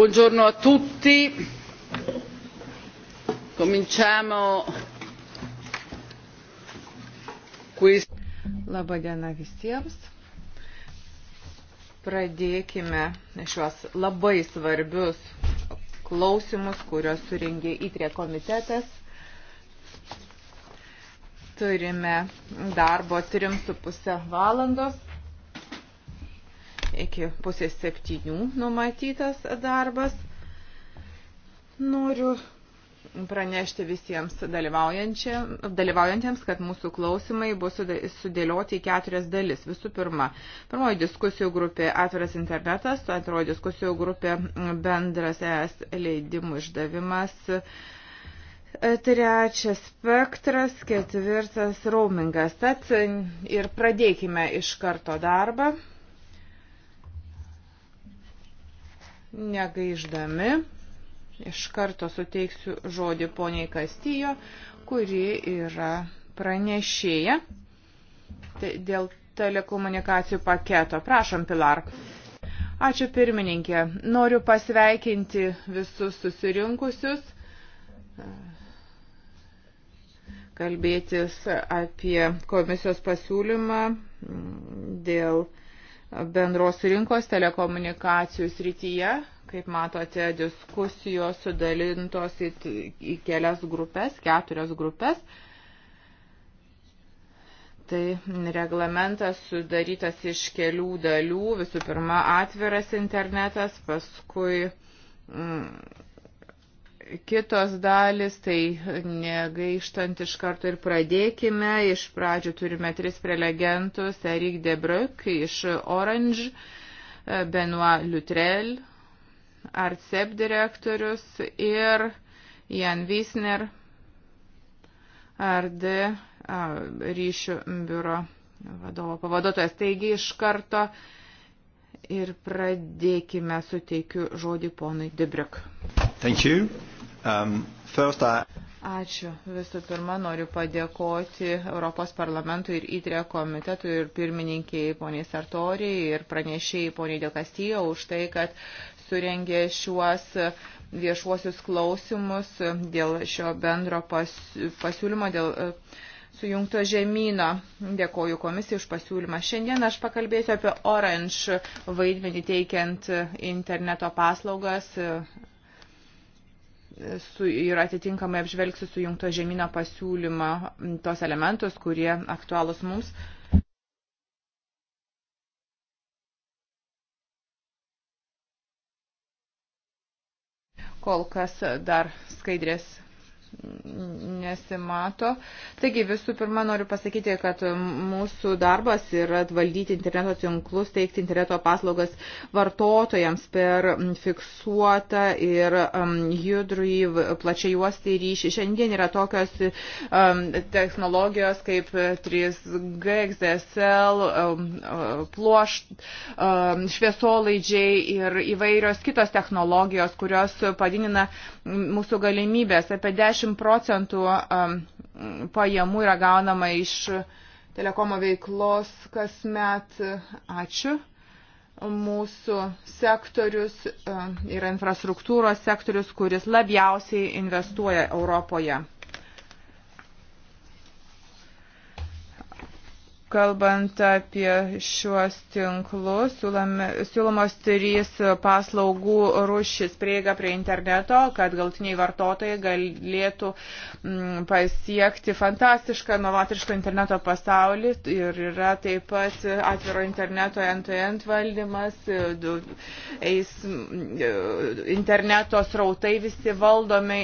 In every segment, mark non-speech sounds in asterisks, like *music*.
buongiorno a tutti cominciamo questo laba diena visiems pradėkime šiuos labai svarbius klausimus kuriuos surengė įtrė komitetas turime darbo trim su puse valandos iki pusės septynių numatytas darbas. Noriu pranešti visiems dalyvaujantiems, kad mūsų klausimai bus sudėlioti į keturias dalis. Visų pirma, pirmoji diskusijų grupė atviras internetas, tai antroji diskusijų grupė bendras ES leidimų išdavimas, trečias spektras, ketvirtas roamingas. Tad ir pradėkime iš karto darbą. negaiždami iš karto suteiksiu žodį poniai Kastijo, kuri yra pranešėja dėl telekomunikacijų paketo. Prašom, Pilar. Ačiū pirmininkė. Noriu pasveikinti visus susirinkusius, kalbėtis apie komisijos pasiūlymą dėl telekomunikacijų bendros rinkos telekomunikacijų srityje. Kaip matote, diskusijos sudalintos į, į kelias grupės, keturias grupės. Tai reglamentas sudarytas iš kelių dalių. Visų pirma, atviras internetas, paskui mm, kitos dalis, tai negaištant iš karto ir pradėkime. Iš pradžių turime tris prelegentus - Erik Debruk iš Orange, Benoit Lutrel, Artsep direktorius ir Jan Wisner, RD ryšių biuro vadovo pavaduotojas. Taigi iš karto ir pradėkime suteikiu žodį ponui Debruk. Thank you. Um, first, I... Ačiū. Visų pirma, noriu padėkoti Europos parlamentui ir įtrė komitetui ir pirmininkiai poniai Sartoriai ir pranešėjai poniai Dėkastijo už tai, kad surengė šiuos viešuosius klausimus dėl šio bendro pas, pasiūlymo, dėl e, sujungto žemyno. Dėkoju komisijai už pasiūlymą. Šiandien aš pakalbėsiu apie Orange vaidmenį teikiant interneto paslaugas su, ir atitinkamai apžvelgsiu sujungto žemyną pasiūlymą, tos elementus, kurie aktualūs mums. Kol kas dar skaidrės nesimato. Taigi visų pirma noriu pasakyti, kad mūsų darbas yra valdyti interneto tinklus, teikti interneto paslaugas vartotojams per fiksuotą ir um, judrųjį plačiai juostį ryšį. Šiandien yra tokios um, technologijos kaip 3G, XSL, um, uh, pluoš, um, šviesolaidžiai ir įvairios kitos technologijos, kurios padinina mūsų galimybės. Apie 10 60 procentų um, pajamų yra gaunama iš telekomo veiklos kasmet. Ačiū. Mūsų sektorius um, yra infrastruktūros sektorius, kuris labiausiai investuoja Europoje. Kalbant apie šiuos tinklus, siūlomos trys paslaugų rušis prieiga prie interneto, kad galtiniai vartotojai galėtų mm, pasiekti fantastišką, novatorišką interneto pasaulį. Ir yra taip pat atviro interneto end-to-end -end valdymas, eis, mm, interneto srautai visi valdomi.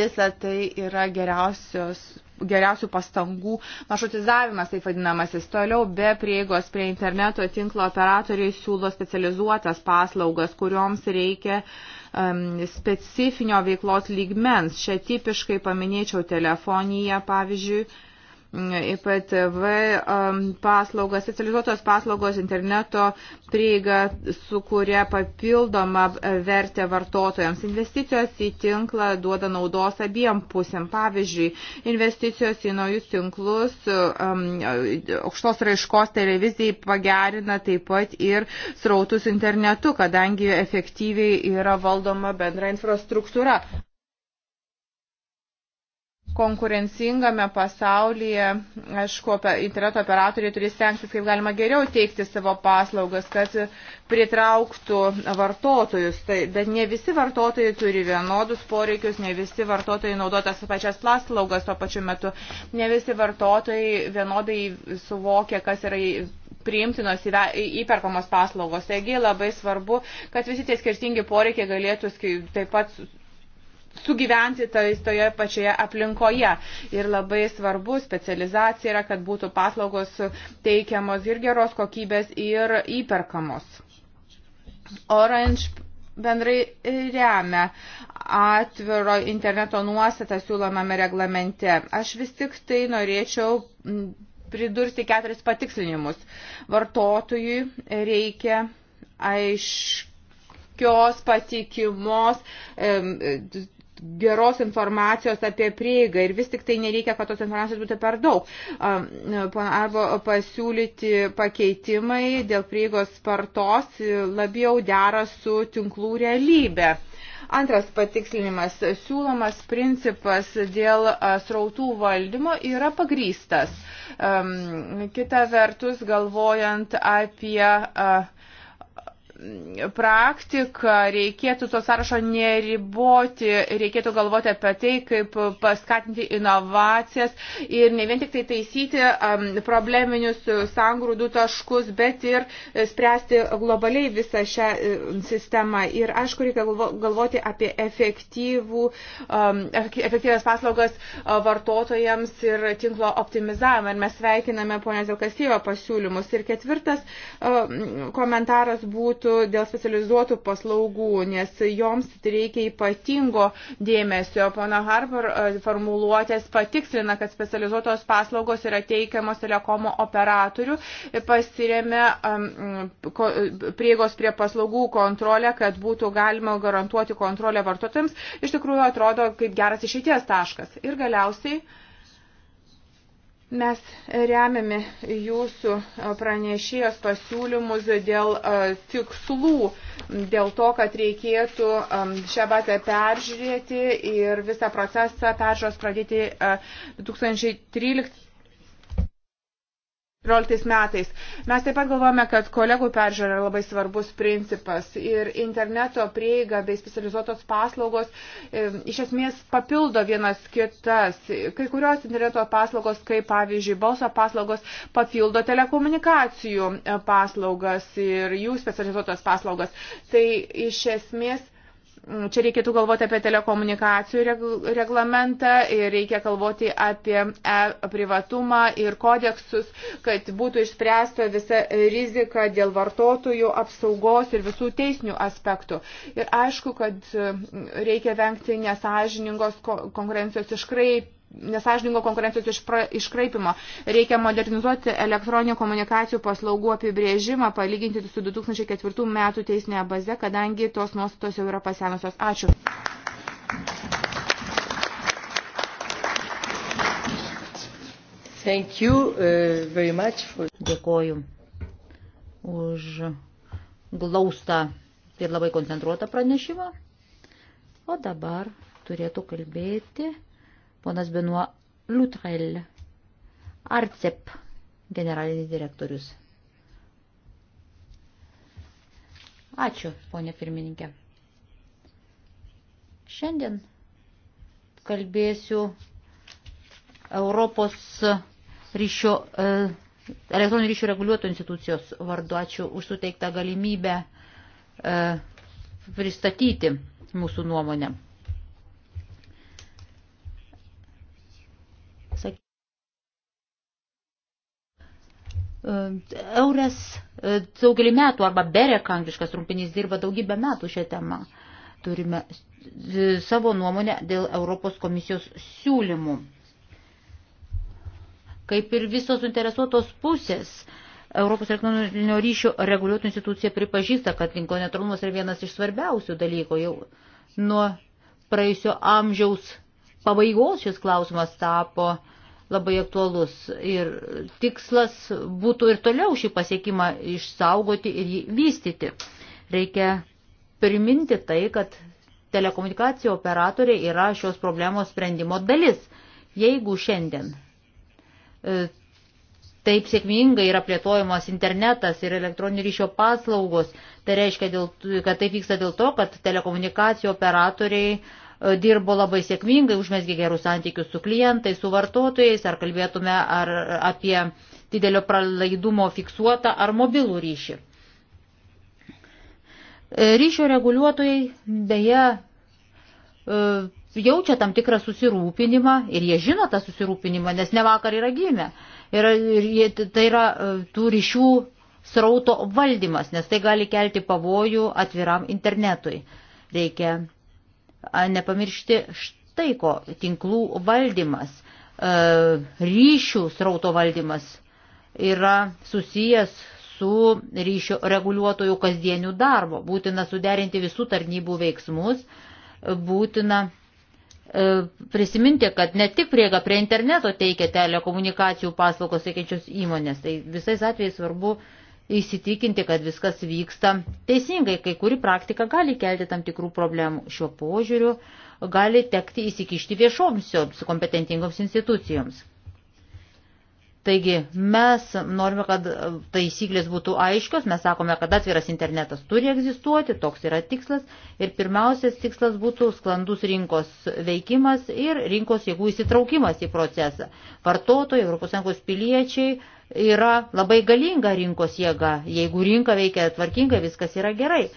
Visa tai yra geriausios geriausių pastangų maršrutizavimas, taip vadinamasis. Toliau be prieigos prie interneto tinklo operatoriai siūlo specializuotas paslaugas, kurioms reikia um, specifinio veiklos lygmens. Čia tipiškai paminėčiau telefoniją, pavyzdžiui IPTV um, paslaugas, specializuotos paslaugos, interneto prieiga sukuria papildomą e, vertę vartotojams. Investicijos į tinklą duoda naudos abiem pusėm. Pavyzdžiui, investicijos į naujus tinklus um, aukštos raiškos televizijai pagerina taip pat ir srautus internetu, kadangi efektyviai yra valdoma bendra infrastruktūra konkurencingame pasaulyje, aišku, interneto operatoriai turi stengtis kaip galima geriau teikti savo paslaugas, kad pritrauktų vartotojus. Tai, bet ne visi vartotojai turi vienodus poreikius, ne visi vartotojai naudotas pačias paslaugas tuo pačiu metu, ne visi vartotojai vienodai suvokia, kas yra priimtinos įperkamos paslaugos. Taigi labai svarbu, kad visi tie skirtingi poreikiai galėtų taip pat sugyventi toje pačioje aplinkoje. Ir labai svarbu specializacija yra, kad būtų paslaugos teikiamos ir geros kokybės, ir įperkamos. Orange bendrai remia atviro interneto nuostatą siūlomame reglamente. Aš vis tik tai norėčiau pridurti keturis patikslinimus. Vartotojui reikia aiškiai aiškios, patikimos geros informacijos apie prieigą ir vis tik tai nereikia, kad tos informacijos būtų per daug. Arba pasiūlyti pakeitimai dėl prieigos spartos labiau dera su tinklų realybė. Antras patikslinimas - siūlomas principas dėl srautų valdymo yra pagrystas. Kita vertus, galvojant apie praktiką, reikėtų to sąrašo neriboti, reikėtų galvoti apie tai, kaip paskatinti inovacijas ir ne vien tik tai taisyti um, probleminius sangrūdų taškus, bet ir spręsti globaliai visą šią um, sistemą. Ir aišku, reikia galvoti apie efektyvų, um, efektyvės paslaugas uh, vartotojams ir tinklo optimizavimą. Ir mes sveikiname ponės Elkastyvo pasiūlymus. Ir ketvirtas komentaras būtų su, dėl specializuotų paslaugų, nes joms reikia ypatingo dėmesio. Pana Harper e, formuluotės patikslina, kad specializuotos paslaugos yra teikiamos telekomo operatorių, pasiremia prieigos prie paslaugų kontrolę, kad būtų galima garantuoti kontrolę vartotojams. Iš tikrųjų atrodo kaip geras išeities taškas. Ir galiausiai. Mes remiame jūsų pranešėjos pasiūlymus dėl e, tikslų, dėl to, kad reikėtų e, šią batę peržiūrėti ir visą procesą peržiūros pradėti e, 2013 2014 metais. Mes taip pat galvojame, kad kolegų peržiūra yra labai svarbus principas ir interneto prieiga bei specializuotos paslaugos e, iš esmės papildo vienas kitas. Kai kurios interneto paslaugos, kaip pavyzdžiui balso paslaugos, papildo telekomunikacijų e, paslaugas ir jų specializuotos paslaugas. Tai iš esmės Čia reikėtų galvoti apie telekomunikacijų reglamentą ir reikia galvoti apie e privatumą ir kodeksus, kad būtų išspręsta visa rizika dėl vartotojų apsaugos ir visų teisinių aspektų. Ir aišku, kad reikia vengti nesažiningos konkurencijos iškraipimą nesažininko konkurencijos išpra, iškraipimo. Reikia modernizuoti elektroninių komunikacijų paslaugų apibrėžimą, palyginti su 2004 metų teisinė baze, kadangi tos nuostatos jau yra pasenusios. Ačiū. Thank you, uh, very much for... Dėkoju už glaustą ir labai koncentruotą pranešimą. O dabar turėtų kalbėti ponas Benuo Lutrel, Arcep generalinis direktorius. Ačiū, ponė pirmininkė. Šiandien kalbėsiu Europos ryšio, e, elektroninių ryšių reguliuotojų institucijos vardu. Ačiū už suteiktą galimybę e, pristatyti mūsų nuomonę. Eures e, daugelį metų arba Berek angliškas trumpinys dirba daugybę metų šią temą. Turime e, savo nuomonę dėl Europos komisijos siūlymų. Kaip ir visos interesuotos pusės, Europos elektroninio ryšio reguliuotų institucija pripažįsta, kad tinklo netrumas yra vienas iš svarbiausių dalykų. Jau nuo praėjusio amžiaus pabaigos šis klausimas tapo uh, labai aktualus ir tikslas būtų ir toliau šį pasiekimą išsaugoti ir jį vystyti. Reikia priminti tai, kad telekomunikacijų operatoriai yra šios problemos sprendimo dalis. Jeigu šiandien e, taip sėkmingai yra plėtojamas internetas ir elektroninio ryšio paslaugos. Tai reiškia, dėl, kad tai vyksta dėl to, kad telekomunikacijų operatoriai E, dirbo labai sėkmingai, užmesgė gerus santykius su klientais, su vartotojais, ar kalbėtume ar apie didelio pralaidumo fiksuotą ar mobilų ryšį. E, ryšio reguliuotojai beje e, jaučia tam tikrą susirūpinimą ir jie žino tą susirūpinimą, nes ne vakar yra gimę. Ir, ir jie, tai yra tų ryšių srauto valdymas, nes tai gali kelti pavojų atviram internetui. Reikia nepamiršti štai ko - tinklų valdymas, e, ryšių srauto valdymas yra susijęs su ryšio reguliuotojų kasdieniu darbu. Būtina suderinti visų tarnybų veiksmus, būtina e, prisiminti, kad ne tik priega prie interneto teikia telekomunikacijų paslaugos teikiančios įmonės, tai visais atvejais svarbu uh, įsitikinti, kad viskas vyksta teisingai, kai kuri praktika gali kelti tam tikrų problemų. Šiuo požiūriu gali tekti įsikišti viešoms kompetentingoms institucijoms. Taigi mes norime, kad taisyklės būtų aiškios, mes sakome, kad atviras internetas turi egzistuoti, toks yra tikslas ir pirmiausias tikslas būtų sklandus rinkos veikimas ir rinkos jėgų įsitraukimas į procesą. Vartotojai, ES piliečiai yra labai galinga rinkos jėga. Jeigu rinka veikia tvarkingai, viskas yra gerai.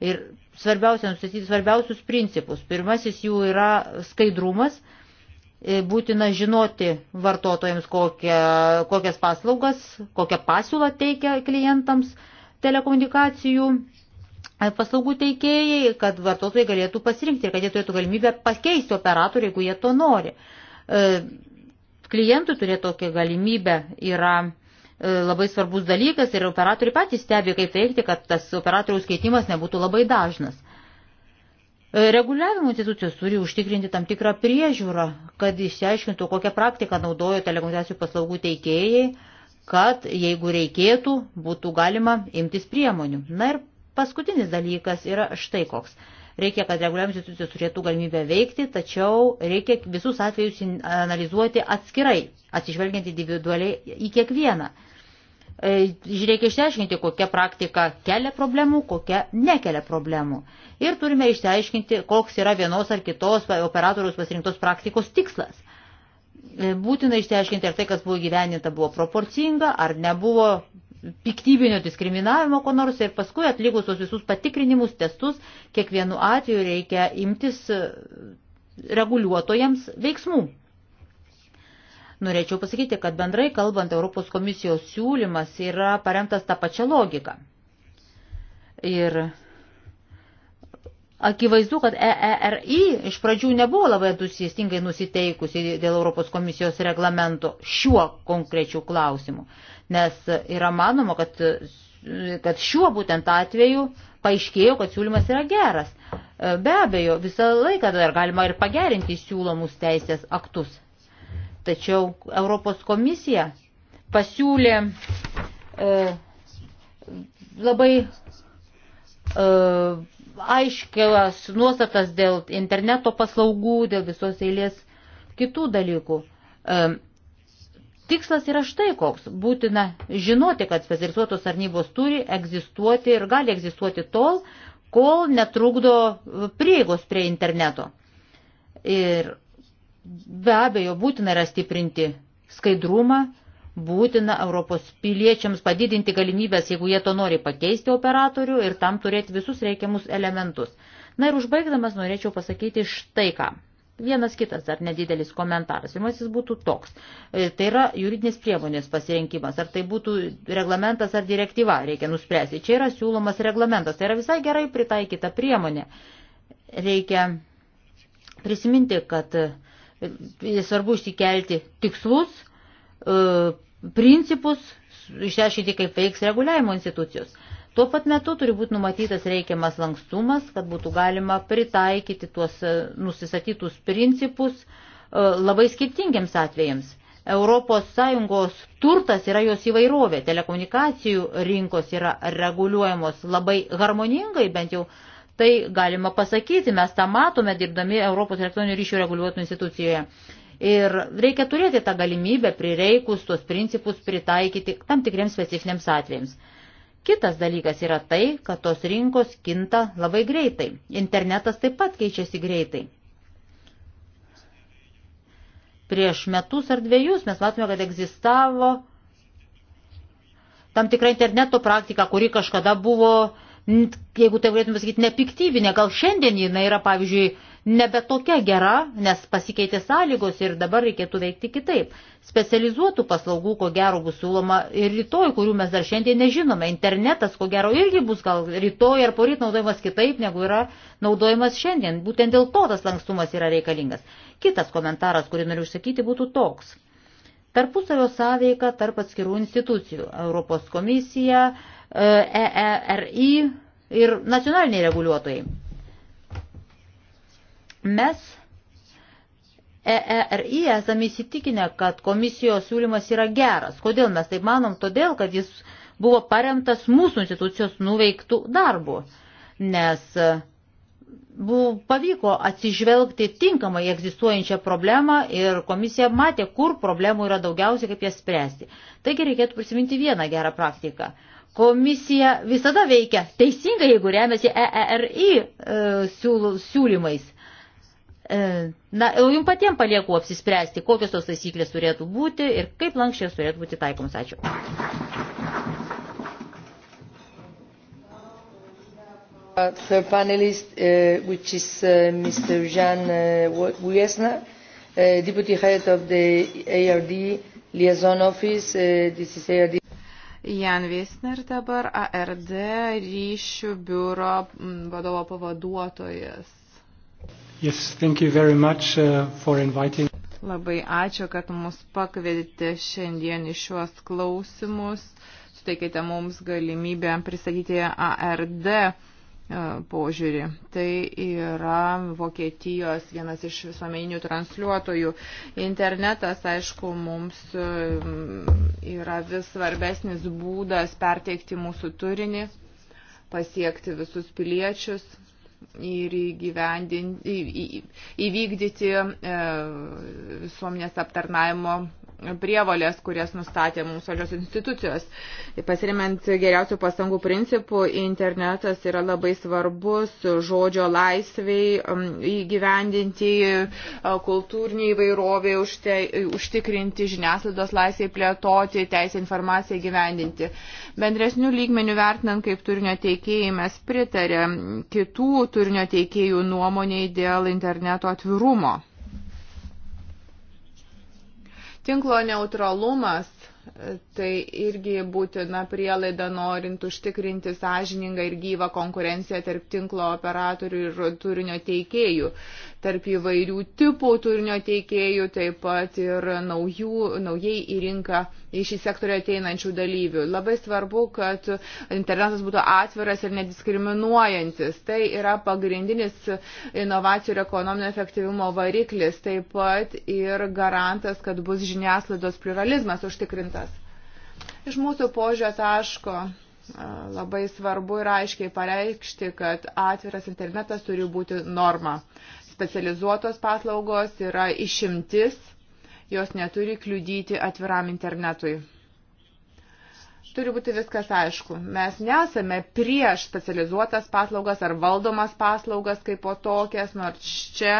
Ir svarbiausia nustatyti svarbiausius principus. Pirmasis jų yra skaidrumas. E, būtina žinoti vartotojams, kokia, kokias paslaugas, kokią pasiūlą teikia klientams telekomunikacijų e, paslaugų teikėjai, kad vartotojai galėtų pasirinkti ir kad jie turėtų galimybę pakeisti operatorių, jeigu jie to nori. E, Klientui turėti tokią galimybę yra E, labai svarbus dalykas ir operatoriai patys stebi, kaip veikti, kad tas operatoriaus keitimas nebūtų labai dažnas. E, reguliavimo institucijos turi užtikrinti tam tikrą priežiūrą, kad išsiaiškintų, kokią praktiką naudojo telekomunikacijų paslaugų teikėjai, kad jeigu reikėtų, būtų galima imtis priemonių. Na ir paskutinis dalykas yra štai koks. Reikia, kad reguliavimo institucijos turėtų galimybę veikti, tačiau reikia visus atvejus analizuoti atskirai, atsižvelgiant individualiai į kiekvieną. E, reikia išsiaiškinti, kokia praktika kelia problemų, kokia nekelia problemų. Ir turime išsiaiškinti, koks yra vienos ar kitos operatorius pasirinktos praktikos tikslas. E, būtina išsiaiškinti, ar tai, kas buvo gyveninta, buvo proporcinga, ar nebuvo piktybinio diskriminavimo ko nors ir paskui atlikus tos visus patikrinimus, testus, kiekvienu atveju reikia imtis reguliuotojams veiksmų. Norėčiau pasakyti, kad bendrai kalbant Europos komisijos siūlymas yra paremtas tą pačią logiką. Ir akivaizdu, kad EERI iš pradžių nebuvo labai entusiastingai nusiteikusi dėl Europos komisijos reglamento šiuo konkrečiu klausimu, nes yra manoma, kad, kad šiuo būtent atveju paaiškėjo, kad siūlymas yra geras. Be abejo, visą laiką dar galima ir pagerinti siūlomus teisės aktus. Tačiau Europos komisija pasiūlė e, labai e, aiškias nuostatas dėl interneto paslaugų, dėl visos eilės kitų dalykų. E, Tikslas yra štai koks. Būtina žinoti, kad specializuotos tarnybos turi egzistuoti ir gali egzistuoti tol, kol netrukdo prieigos prie interneto. Ir Be abejo, būtina yra stiprinti skaidrumą, būtina Europos piliečiams padidinti galimybės, jeigu jie to nori pakeisti operatorių ir tam turėti visus reikiamus elementus. Na ir užbaigdamas norėčiau pasakyti štai ką. Vienas kitas ar nedidelis komentaras. Pirmasis būtų toks. E, tai yra juridinės priemonės pasirinkimas. Ar tai būtų reglamentas ar direktyva, reikia nuspręsti. Čia yra siūlomas reglamentas. Tai yra visai gerai pritaikyta priemonė. Reikia prisiminti, kad uh, svarbu išsikelti tikslus, e, principus, išsiaiškinti, kaip veiks reguliavimo institucijos. Tuo pat metu turi būti numatytas reikiamas lankstumas, kad būtų galima pritaikyti tuos e, nusistatytus principus e, labai skirtingiams atvejams. ES turtas yra jos įvairovė, telekomunikacijų rinkos yra reguliuojamos labai harmoningai, bent jau uh, Tai galima pasakyti, mes tą matome dirbdami Europos elektroninių ryšių reguliuotų institucijoje. Ir reikia turėti tą galimybę prireikus tuos principus pritaikyti tam tikriems specifiniams atvejams. Kitas dalykas yra tai, kad tos rinkos kinta labai greitai. Internetas taip pat keičiasi greitai. Prieš metus ar dviejus mes matome, kad egzistavo tam tikra interneto praktika, kuri kažkada buvo jeigu tai galėtume sakyti, nepiktybinė, gal šiandien jinai yra, pavyzdžiui, nebe tokia gera, nes pasikeitė sąlygos ir dabar reikėtų veikti kitaip. Specializuotų paslaugų, ko gero, bus siūloma ir rytoj, kurių mes dar šiandien nežinome. Internetas, ko gero, irgi bus gal rytoj ar poryt naudojamas kitaip, negu yra naudojamas šiandien. Būtent dėl to tas lankstumas yra reikalingas. Kitas komentaras, kurį noriu išsakyti, būtų toks. Tarpusavio sąveika tarp atskirų institucijų. Europos komisija, EERI ir nacionaliniai reguliuotojai. Mes EERI esame įsitikinę, kad komisijos siūlymas yra geras. Kodėl mes taip manom? Todėl, kad jis buvo paremtas mūsų institucijos nuveiktų darbų, nes e, buvo, pavyko atsižvelgti tinkamai egzistuojančią problemą ir komisija matė, kur problemų yra daugiausiai, kaip jas spręsti. Taigi reikėtų prisiminti vieną gerą praktiką. Komisija visada veikia teisingai, jeigu remiasi EERI e, e, e siūlymais. E, na, jums patiems palieku apsispręsti, kokios tos taisyklės turėtų būti ir kaip lankščios turėtų būti taikomas. Ačiū. Uh, third panelist, uh, which is uh, Mr. Jan uh, Wiesner, uh, Deputy Head of the ARD Liaison Office. Uh, this is ARD. Jan Visner dabar ARD ryšių biuro vadovo pavaduotojas. Yes, thank you very much uh, for inviting. Labai ačiū, kad mus pakvietėte šiandien į šiuos klausimus. Suteikite mums galimybę pristatyti ARD E, požiūrį. Tai yra Vokietijos vienas iš visuomeninių transliuotojų. Internetas, aišku, mums e, yra vis svarbesnis būdas perteikti mūsų turinį, pasiekti visus piliečius ir įvykdyti e, visuomenės aptarnaimo prievalės, kurias nustatė mūsų valdžios institucijos. Pasiriment geriausių pastangų principų, internetas yra labai svarbus žodžio laisviai um, įgyvendinti, uh, kultūrinį įvairovį užtikrinti, žiniaslaidos laisvai plėtoti, teisę informaciją įgyvendinti. Bendresnių lygmenių vertinant, kaip turinio teikėjai mes pritarė kitų turinio teikėjų nuomoniai dėl interneto atvirumo. Tinklo neutralumas tai irgi būtina prielaida norint užtikrinti sąžiningą ir gyvą konkurenciją tarp tinklo operatorių ir turinio teikėjų, tarp įvairių tipų turinio teikėjų, taip pat ir naujų, naujai į rinką, į šį sektorių ateinančių dalyvių. Labai svarbu, kad internetas būtų atviras ir nediskriminuojantis. Tai yra pagrindinis inovacijų ir ekonominio efektyvumo variklis, taip pat ir garantas, kad bus žiniasklaidos pluralizmas užtikrintas. Iš mūsų požiūrio taško e, labai svarbu ir aiškiai pareikšti, kad atviras internetas turi būti norma. Specializuotos paslaugos yra išimtis, jos neturi kliudyti atviram internetui. Turi būti viskas aišku. Mes nesame prieš specializuotas paslaugas ar valdomas paslaugas kaip po tokias, nors čia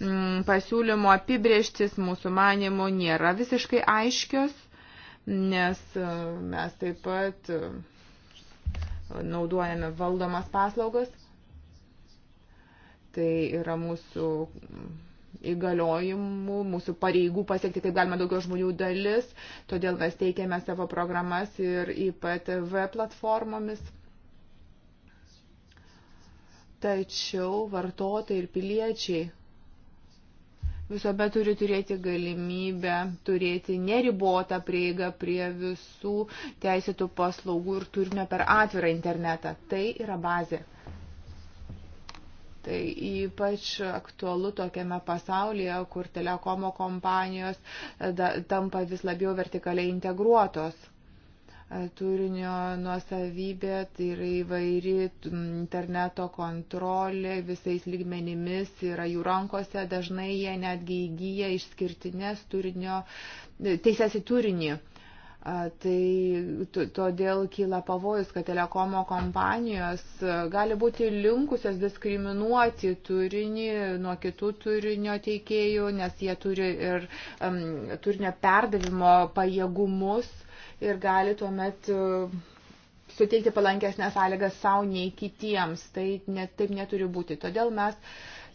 mm, pasiūlymo apibrieštis mūsų manimų nėra visiškai aiškios nes e, mes taip pat e, naudojame valdomas paslaugas. Tai yra mūsų įgaliojimų, mūsų pareigų pasiekti kaip galima daugiau žmonių dalis, todėl mes teikiame savo programas ir IPTV platformomis. Tačiau vartotojai ir piliečiai visuomet turi turėti galimybę turėti neribotą prieigą prie visų teisėtų paslaugų ir turinio per atvirą internetą. Tai yra bazė. Tai ypač aktualu tokiame pasaulyje, kur telekomo kompanijos da, tampa vis labiau vertikaliai integruotos E, turinio nuosavybė, tai yra įvairi interneto kontrolė visais lygmenimis, yra jų rankose, dažnai jie netgi įgyja išskirtinės turinio, e, teisės į turinį. Tai todėl kyla pavojus, kad telekomo kompanijos e, gali būti linkusios diskriminuoti turinį nuo kitų turinio teikėjų, nes jie turi ir um, turinio perdavimo pajėgumus ir gali tuomet e, suteikti palankesnės sąlygas savo nei kitiems. Tai net, taip neturi būti. Todėl mes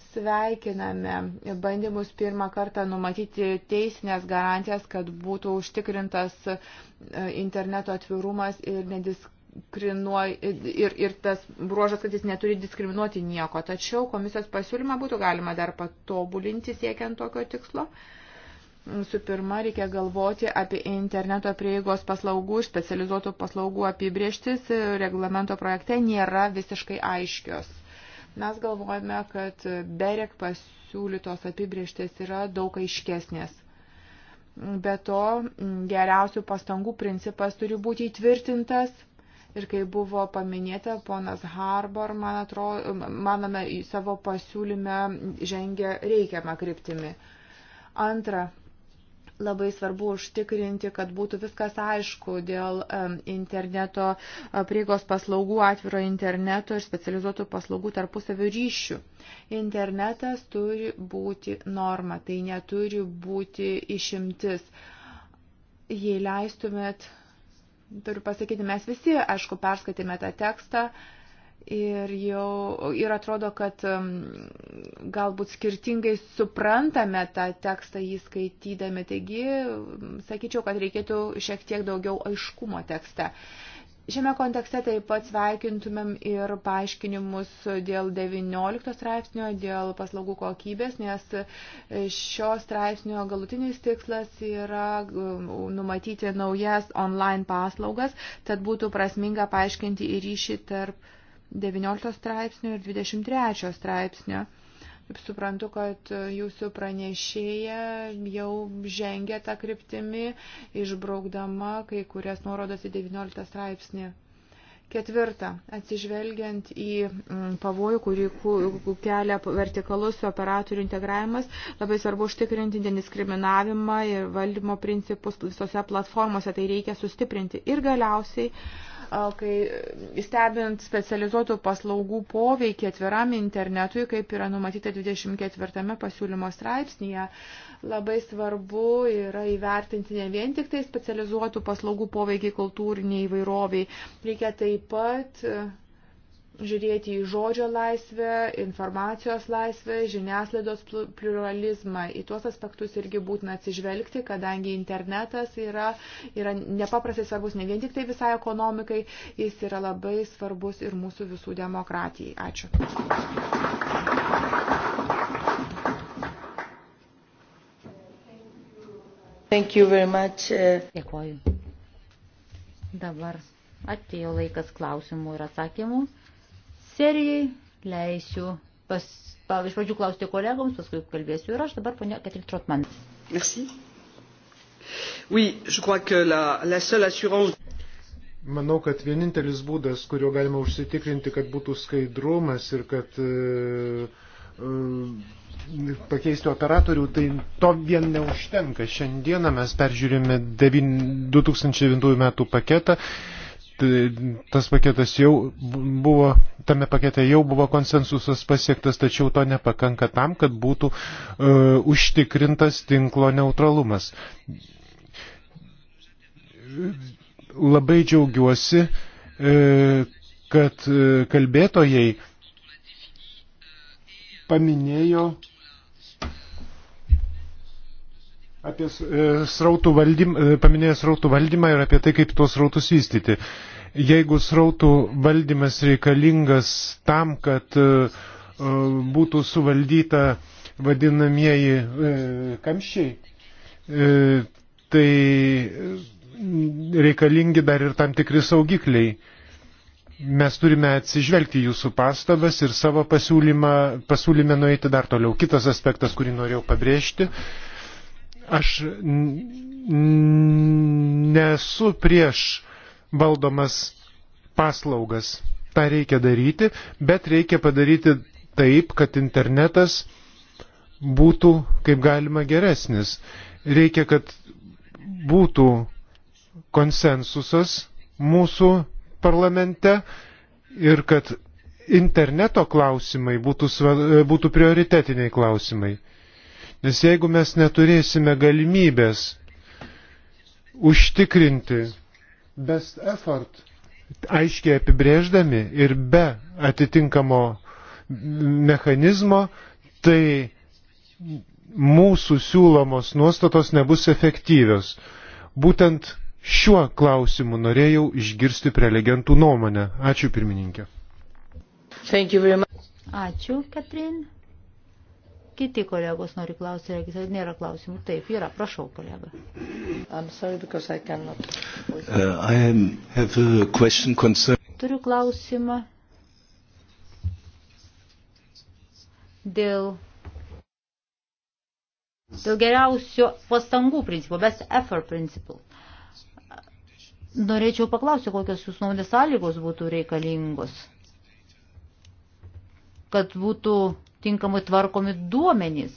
sveikiname bandymus pirmą kartą numatyti teisinės garantijas, kad būtų užtikrintas e, interneto atvirumas ir nediskriminavimas ir, ir tas bruožas, kad jis neturi diskriminuoti nieko. Tačiau komisijos pasiūlymą būtų galima dar patobulinti siekiant tokio tikslo. Uh, Visų pirma, reikia galvoti apie interneto prieigos paslaugų ir specializuotų paslaugų apibrieštis reglamento projekte nėra visiškai aiškios. Mes galvojame, kad BEREK pasiūlytos apibrieštis yra daug aiškesnės. Be to, geriausių pastangų principas turi būti įtvirtintas. Ir kai buvo paminėta, ponas Harbor, man atrodo, manome, savo pasiūlyme žengia reikiamą kryptimį. Antra, Labai svarbu užtikrinti, kad būtų viskas aišku dėl interneto prieigos paslaugų, atviro interneto ir specializuotų paslaugų tarpusavio ryšių. Internetas turi būti norma, tai neturi būti išimtis. Jei leistumėt, turiu pasakyti, mes visi, aišku, perskaitėme tą tekstą Ir jau ir atrodo, kad um, galbūt skirtingai suprantame tą tekstą jį skaitydami. Taigi, um, sakyčiau, kad reikėtų šiek tiek daugiau aiškumo tekste. Šiame kontekste taip pat sveikintumėm ir paaiškinimus dėl 19 straipsnio, dėl paslaugų kokybės, nes šio straipsnio galutinis tikslas yra um, numatyti naujas online paslaugas, tad būtų prasminga paaiškinti ir ryšį tarp 19 straipsnio ir 23 straipsnio. Kaip suprantu, kad jūsų pranešėja jau žengia tą kryptimį, išbraukdama kai kurias nuorodas į 19 straipsnį. Ketvirta, atsižvelgiant į mm, pavojų, kurį kelia vertikalus operatorių integravimas, labai svarbu užtikrinti diskriminavimą ir valdymo principus visose platformose, tai reikia sustiprinti. Ir galiausiai kai e, stebint specializuotų paslaugų poveikį atviram internetui, kaip yra numatyta 24 pasiūlymo straipsnėje, labai svarbu yra įvertinti ne vien tik tai specializuotų paslaugų poveikį kultūriniai įvairoviai, reikia taip pat e, žiūrėti į žodžio laisvę, informacijos laisvę, žiniaslaidos pluralizmą. Į tuos aspektus irgi būtina atsižvelgti, kadangi internetas yra, yra nepaprastai svarbus ne vien tik tai visai ekonomikai, jis yra labai svarbus ir mūsų visų demokratijai. Ačiū. Thank you very much. Uh, Dėkuoju. Dabar atėjo laikas klausimų ir atsakymų serijai. Leisiu pas, pa, iš pradžių klausti kolegoms, paskui kalbėsiu ir aš dabar, ponia Katrin Trotman. Merci. Oui, je crois que la, la seule assurance. Manau, kad vienintelis būdas, kuriuo galima užsitikrinti, kad būtų skaidrumas ir kad e, e, pakeisti operatorių, tai to vien neužtenka. Šiandieną mes peržiūrėjome 2009 metų paketą. E, E, tas paketas jau buvo, tame pakete jau buvo konsensusas pasiektas, tačiau to nepakanka tam, kad būtų uh, užtikrintas tinklo neutralumas. Labai džiaugiuosi, uh, kad kalbėtojai paminėjo apie e, srautų valdymą, e, paminėjęs srautų valdymą ir apie tai, kaip tuos srautus vystyti. Jeigu srautų valdymas reikalingas tam, kad e, būtų suvaldyta vadinamieji kamščiai, tai reikalingi dar ir tam tikri saugikliai. Mes turime atsižvelgti jūsų pastabas ir savo pasiūlymą, pasiūlyme nueiti dar toliau. Kitas aspektas, kurį norėjau pabrėžti, Aš nesu prieš valdomas paslaugas. Ta reikia daryti, bet reikia padaryti taip, kad internetas būtų kaip galima geresnis. Reikia, kad būtų konsensusas mūsų parlamente ir kad interneto klausimai būtų, būtų prioritetiniai klausimai. Nes jeigu mes neturėsime galimybės užtikrinti best effort, aiškiai apibrėždami ir be atitinkamo mechanizmo, tai mūsų siūlomos nuostatos nebus efektyvios. Būtent šiuo klausimu norėjau išgirsti prelegentų nuomonę. Ačiū pirmininkė. Ačiū, Katrin. Kiti kolegos nori klausyti, regis, ar nėra klausimų. Taip, yra. Prašau, kolega. Sorry, I cannot... uh, I concern... Turiu klausimą dėl, dėl geriausio pastangų principo, best effort principle. Norėčiau paklausti, kokios jūsų nuomonės sąlygos būtų reikalingos, kad būtų tinkamai tvarkomi duomenys?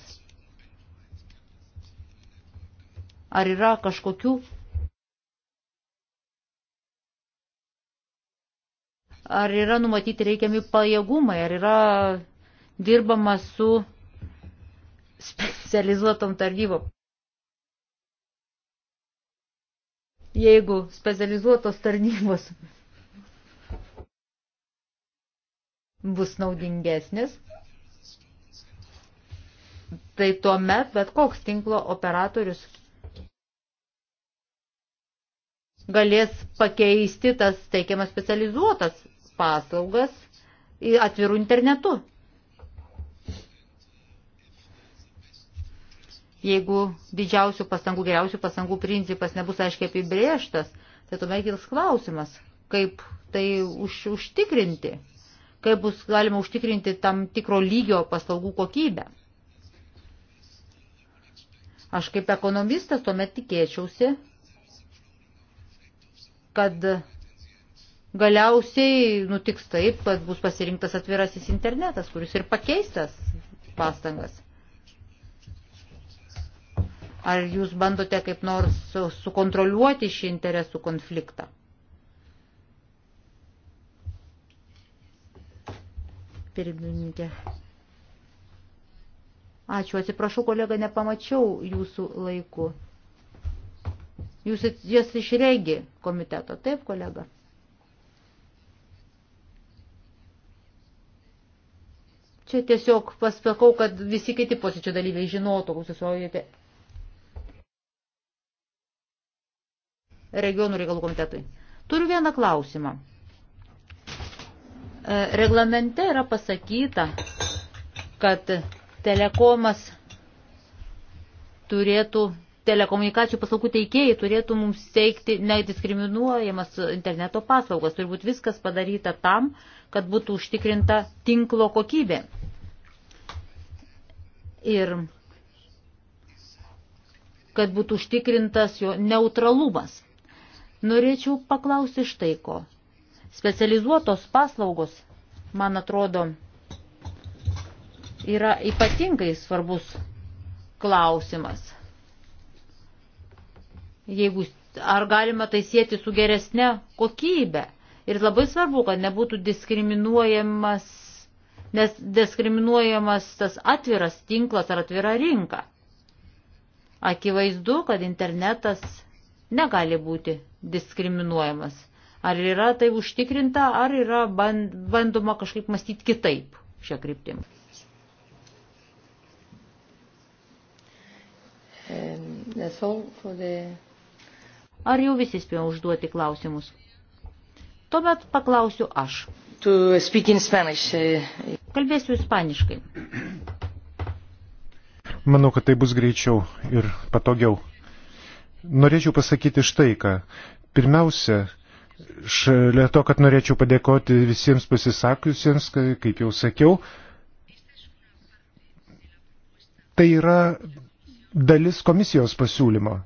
Ar yra kažkokių ar yra numatyti reikiami pajėgumai, ar yra dirbama su specializuotom tarnybom. Jeigu specializuotos tarnybos bus naudingesnės, tai tuo met bet koks tinklo operatorius galės pakeisti tas teikiamas specializuotas paslaugas atvirų internetu. Jeigu didžiausių pastangų, geriausių pastangų principas nebus aiškiai apibrėžtas, tai tuomet kils klausimas, kaip tai už, užtikrinti, kaip bus galima užtikrinti tam tikro lygio paslaugų kokybę. Aš kaip ekonomistas tuomet tikėčiausi, kad galiausiai nutiks taip, kad bus pasirinktas atvirasis internetas, kuris ir pakeistas pastangas. Ar jūs bandote kaip nors sukontroliuoti šį interesų konfliktą? Pirmininkė, Ačiū, atsiprašau, kolega, nepamačiau jūsų laiku. Jūs jas išregi komiteto, taip, kolega? Čia tiesiog pasakau, kad visi kiti posėdžio dalyviai žinotų, jūs susiojate regionų reikalų komitetui. Turiu vieną klausimą. E, reglamente yra pasakyta, kad Telekomas turėtų, telekomunikacijų paslaugų teikėjai turėtų mums teikti nediskriminuojamas interneto paslaugas. Turbūt viskas padaryta tam, kad būtų užtikrinta tinklo kokybė. Ir kad būtų užtikrintas jo neutralumas. Norėčiau paklausti štai ko. Specializuotos paslaugos, man atrodo, yra ypatingai svarbus klausimas. Jeigu, ar galima tai sėti su geresne kokybė? Ir labai svarbu, kad nebūtų diskriminuojamas, nes diskriminuojamas tas atviras tinklas ar atvira rinka. Akivaizdu, kad internetas negali būti diskriminuojamas. Ar yra tai užtikrinta, ar yra bandoma kažkaip mąstyti kitaip šią kryptimą. Ehm, Ar jau visi spėjo užduoti klausimus? Tuomet paklausiu aš. Eh. Kalbėsiu ispaniškai. Manau, kad tai bus greičiau ir patogiau. Norėčiau pasakyti štai ką. Pirmiausia, šalia to, kad norėčiau padėkoti visiems pasisakiusiems, kaip jau sakiau, tai yra dalis komisijos pasiūlymo.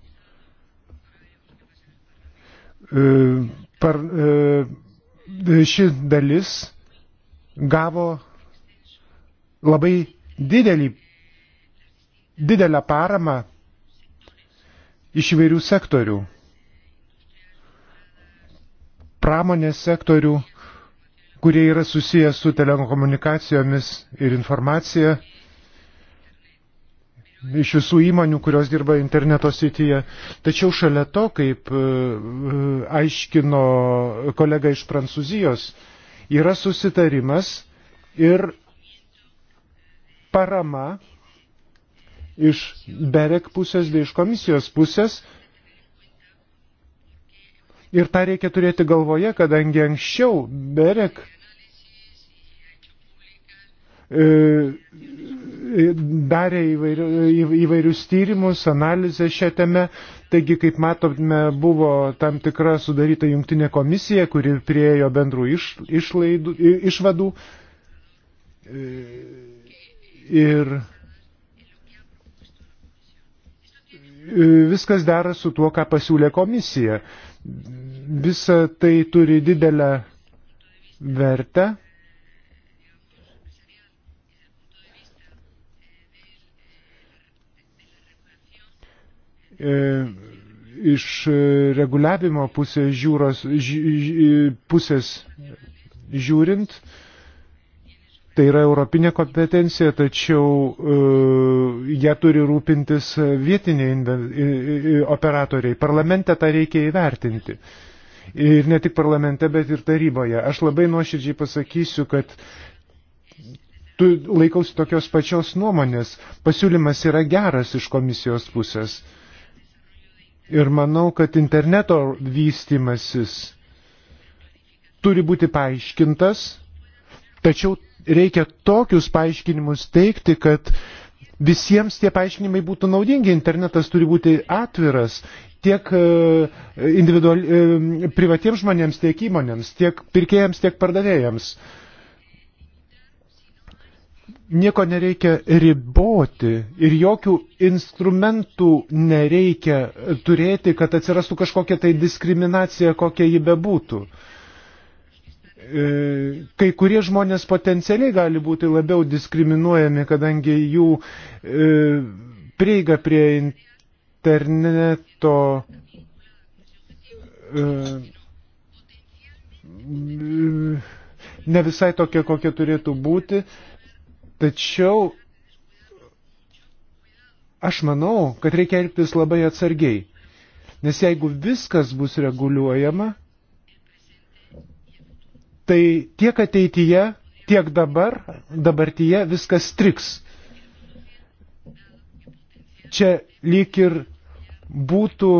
E, par, e, ši dalis gavo labai didelį, didelę paramą iš įvairių sektorių. Pramonės sektorių, kurie yra susijęs su telekomunikacijomis ir informacija iš visų įmonių, kurios dirba interneto srityje. Tačiau šalia to, kaip e, e, aiškino kolega iš Prancūzijos, yra susitarimas ir parama iš Berek pusės bei iš komisijos pusės. Ir tą reikia turėti galvoje, kadangi anksčiau Berek E, e, darė įvairių, įvairius tyrimus, analizę šią temę. Taigi, kaip matome, buvo tam tikra sudaryta jungtinė komisija, kuri priejo bendrų iš, išlaidų, išvadų. E, ir viskas dera su tuo, ką pasiūlė komisija. Visa tai turi didelę vertę E, iš reguliavimo pusės, žiūros, ži, pusės žiūrint, tai yra europinė kompetencija, tačiau uh, e, jie turi rūpintis vietiniai operatoriai. Parlamente tą reikia įvertinti. Ir ne tik parlamente, bet ir taryboje. Aš labai nuoširdžiai pasakysiu, kad tu laikausi tokios pačios nuomonės. Pasiūlymas yra geras iš komisijos pusės. Uh, Ir manau, kad interneto vystimasis turi būti paaiškintas, tačiau reikia tokius paaiškinimus teikti, kad visiems tie paaiškinimai būtų naudingi. Internetas turi būti atviras tiek e, e, privatiems žmonėms, tiek įmonėms, tiek pirkėjams, tiek pardavėjams nieko nereikia riboti ir jokių instrumentų nereikia turėti, kad atsirastų kažkokia tai diskriminacija, kokia ji bebūtų. E, kai kurie žmonės potencialiai gali būti labiau diskriminuojami, kadangi jų e, prieiga prie interneto e, ne visai tokia, kokia turėtų būti. E, Tačiau aš manau, kad reikia elgtis labai atsargiai, nes jeigu viskas bus reguliuojama, tai tiek ateityje, tiek dabar, dabartyje viskas striks. Čia lyg ir būtų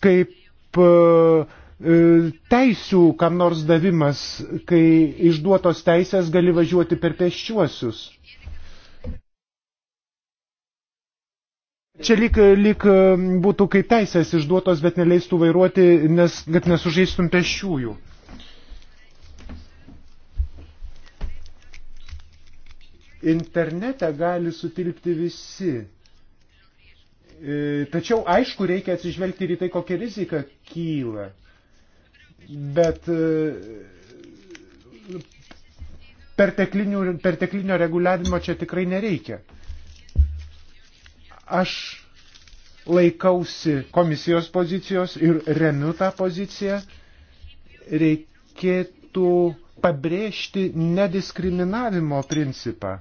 kaip uh, E, teisių kam nors davimas, kai išduotos teisės gali važiuoti per pėsčiuosius. Čia lyg, lyg būtų kaip teisės išduotos, bet neleistų vairuoti, nes, kad nesužeistum pešiųjų. Internete gali sutilpti visi. E, tačiau aišku, reikia atsižvelgti ir į tai, kokia rizika kyla bet e, perteklinio reguliavimo čia tikrai nereikia. Aš laikausi komisijos pozicijos ir remiu tą poziciją. Reikėtų pabrėžti nediskriminavimo principą.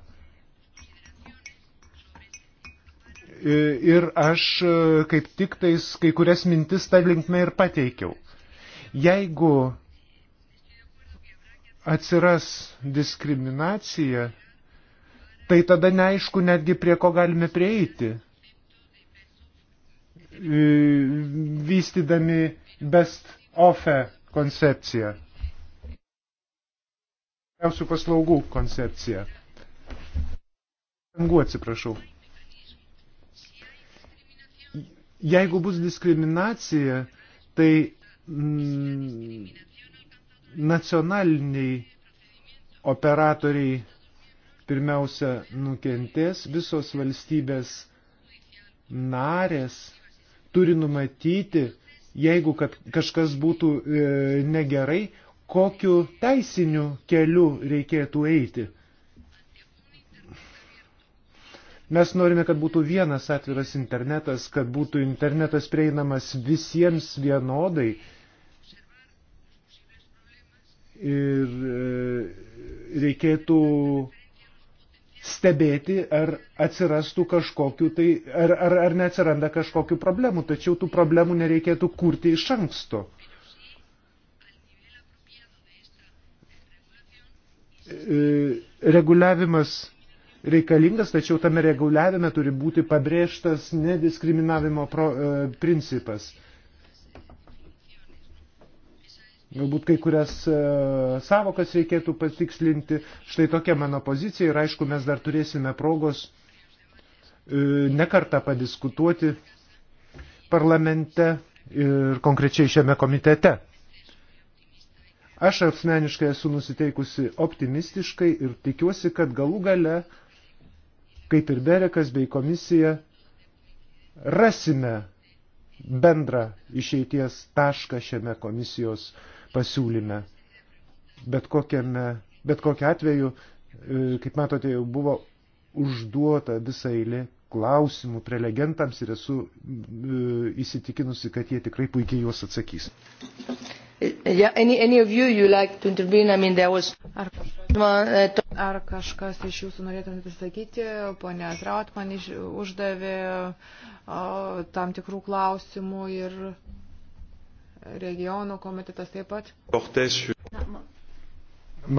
E, ir aš e, kaip tik tais kai kurias mintis tą linkmę ir pateikiau. Jeigu atsiras diskriminacija, tai tada neaišku netgi prie ko galime prieiti. E, vystydami best offer koncepciją. Geriausių paslaugų koncepciją. Angų atsiprašau. Jeigu bus diskriminacija, tai Mm, nacionaliniai operatoriai pirmiausia nukentės, visos valstybės narės turi numatyti, jeigu kažkas būtų e, negerai, kokiu teisiniu keliu reikėtų eiti. Mes norime, kad būtų vienas atviras internetas, kad būtų internetas prieinamas visiems vienodai ir e, reikėtų stebėti, ar atsirastų kažkokiu tai, ar, ar, ar neatsiranda kažkokiu problemu, tačiau tų problemų nereikėtų kurti iš anksto. E, reguliavimas reikalingas, tačiau tame reguliavime turi būti pabrėžtas nediskriminavimo pro, e, principas. E, Galbūt kai kurias e, savokas reikėtų patikslinti. Štai tokia mano pozicija ir aišku, mes dar turėsime progos e, nekartą padiskutuoti parlamente ir konkrečiai šiame komitete. Aš asmeniškai esu nusiteikusi optimistiškai ir tikiuosi, kad galų gale, kaip ir Berekas bei komisija, rasime bendrą išeities tašką šiame komisijos uh, pasiūlyme. Bet, kokiame, bet kokiu atveju, e, kaip matote, jau buvo užduota visa eilė klausimų prelegentams ir esu e, įsitikinusi, kad jie tikrai puikiai juos atsakys. Yeah, any, any of you you like to intervene? I mean, there was. Ar, ar kažkas iš jūsų norėtumėte pasakyti? Pone Trautman uždavė o, tam tikrų klausimų ir regionų komitetas taip pat.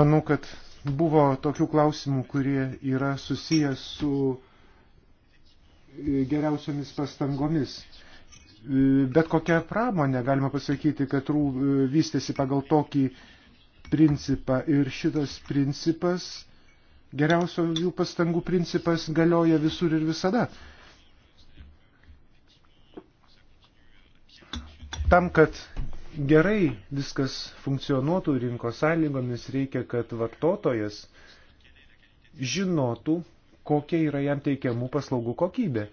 Manau, kad buvo tokių klausimų, kurie yra susijęs su e, geriausiomis pastangomis. E, bet kokią pramonę galima pasakyti, kad rū e, vystėsi pagal tokį principą ir šitas principas, geriausio jų pastangų principas galioja visur ir visada. Tam, kad gerai viskas funkcionuotų rinkos sąlygomis, reikia, kad vartotojas žinotų, kokia yra jam teikiamų paslaugų kokybė.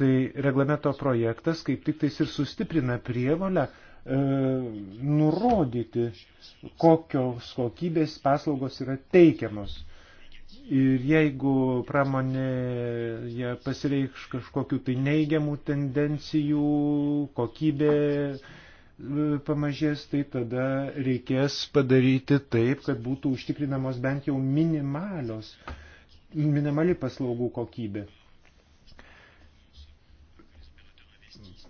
Tai reglamento projektas kaip tik tais ir sustiprina prievalę e, nurodyti, kokios kokybės paslaugos yra teikiamos. Ir jeigu pramonėje pasireikš kažkokių tai neigiamų tendencijų, kokybė e, pamažės, tai tada reikės padaryti taip, kad būtų užtikrinamos bent jau minimalios, minimali paslaugų kokybė.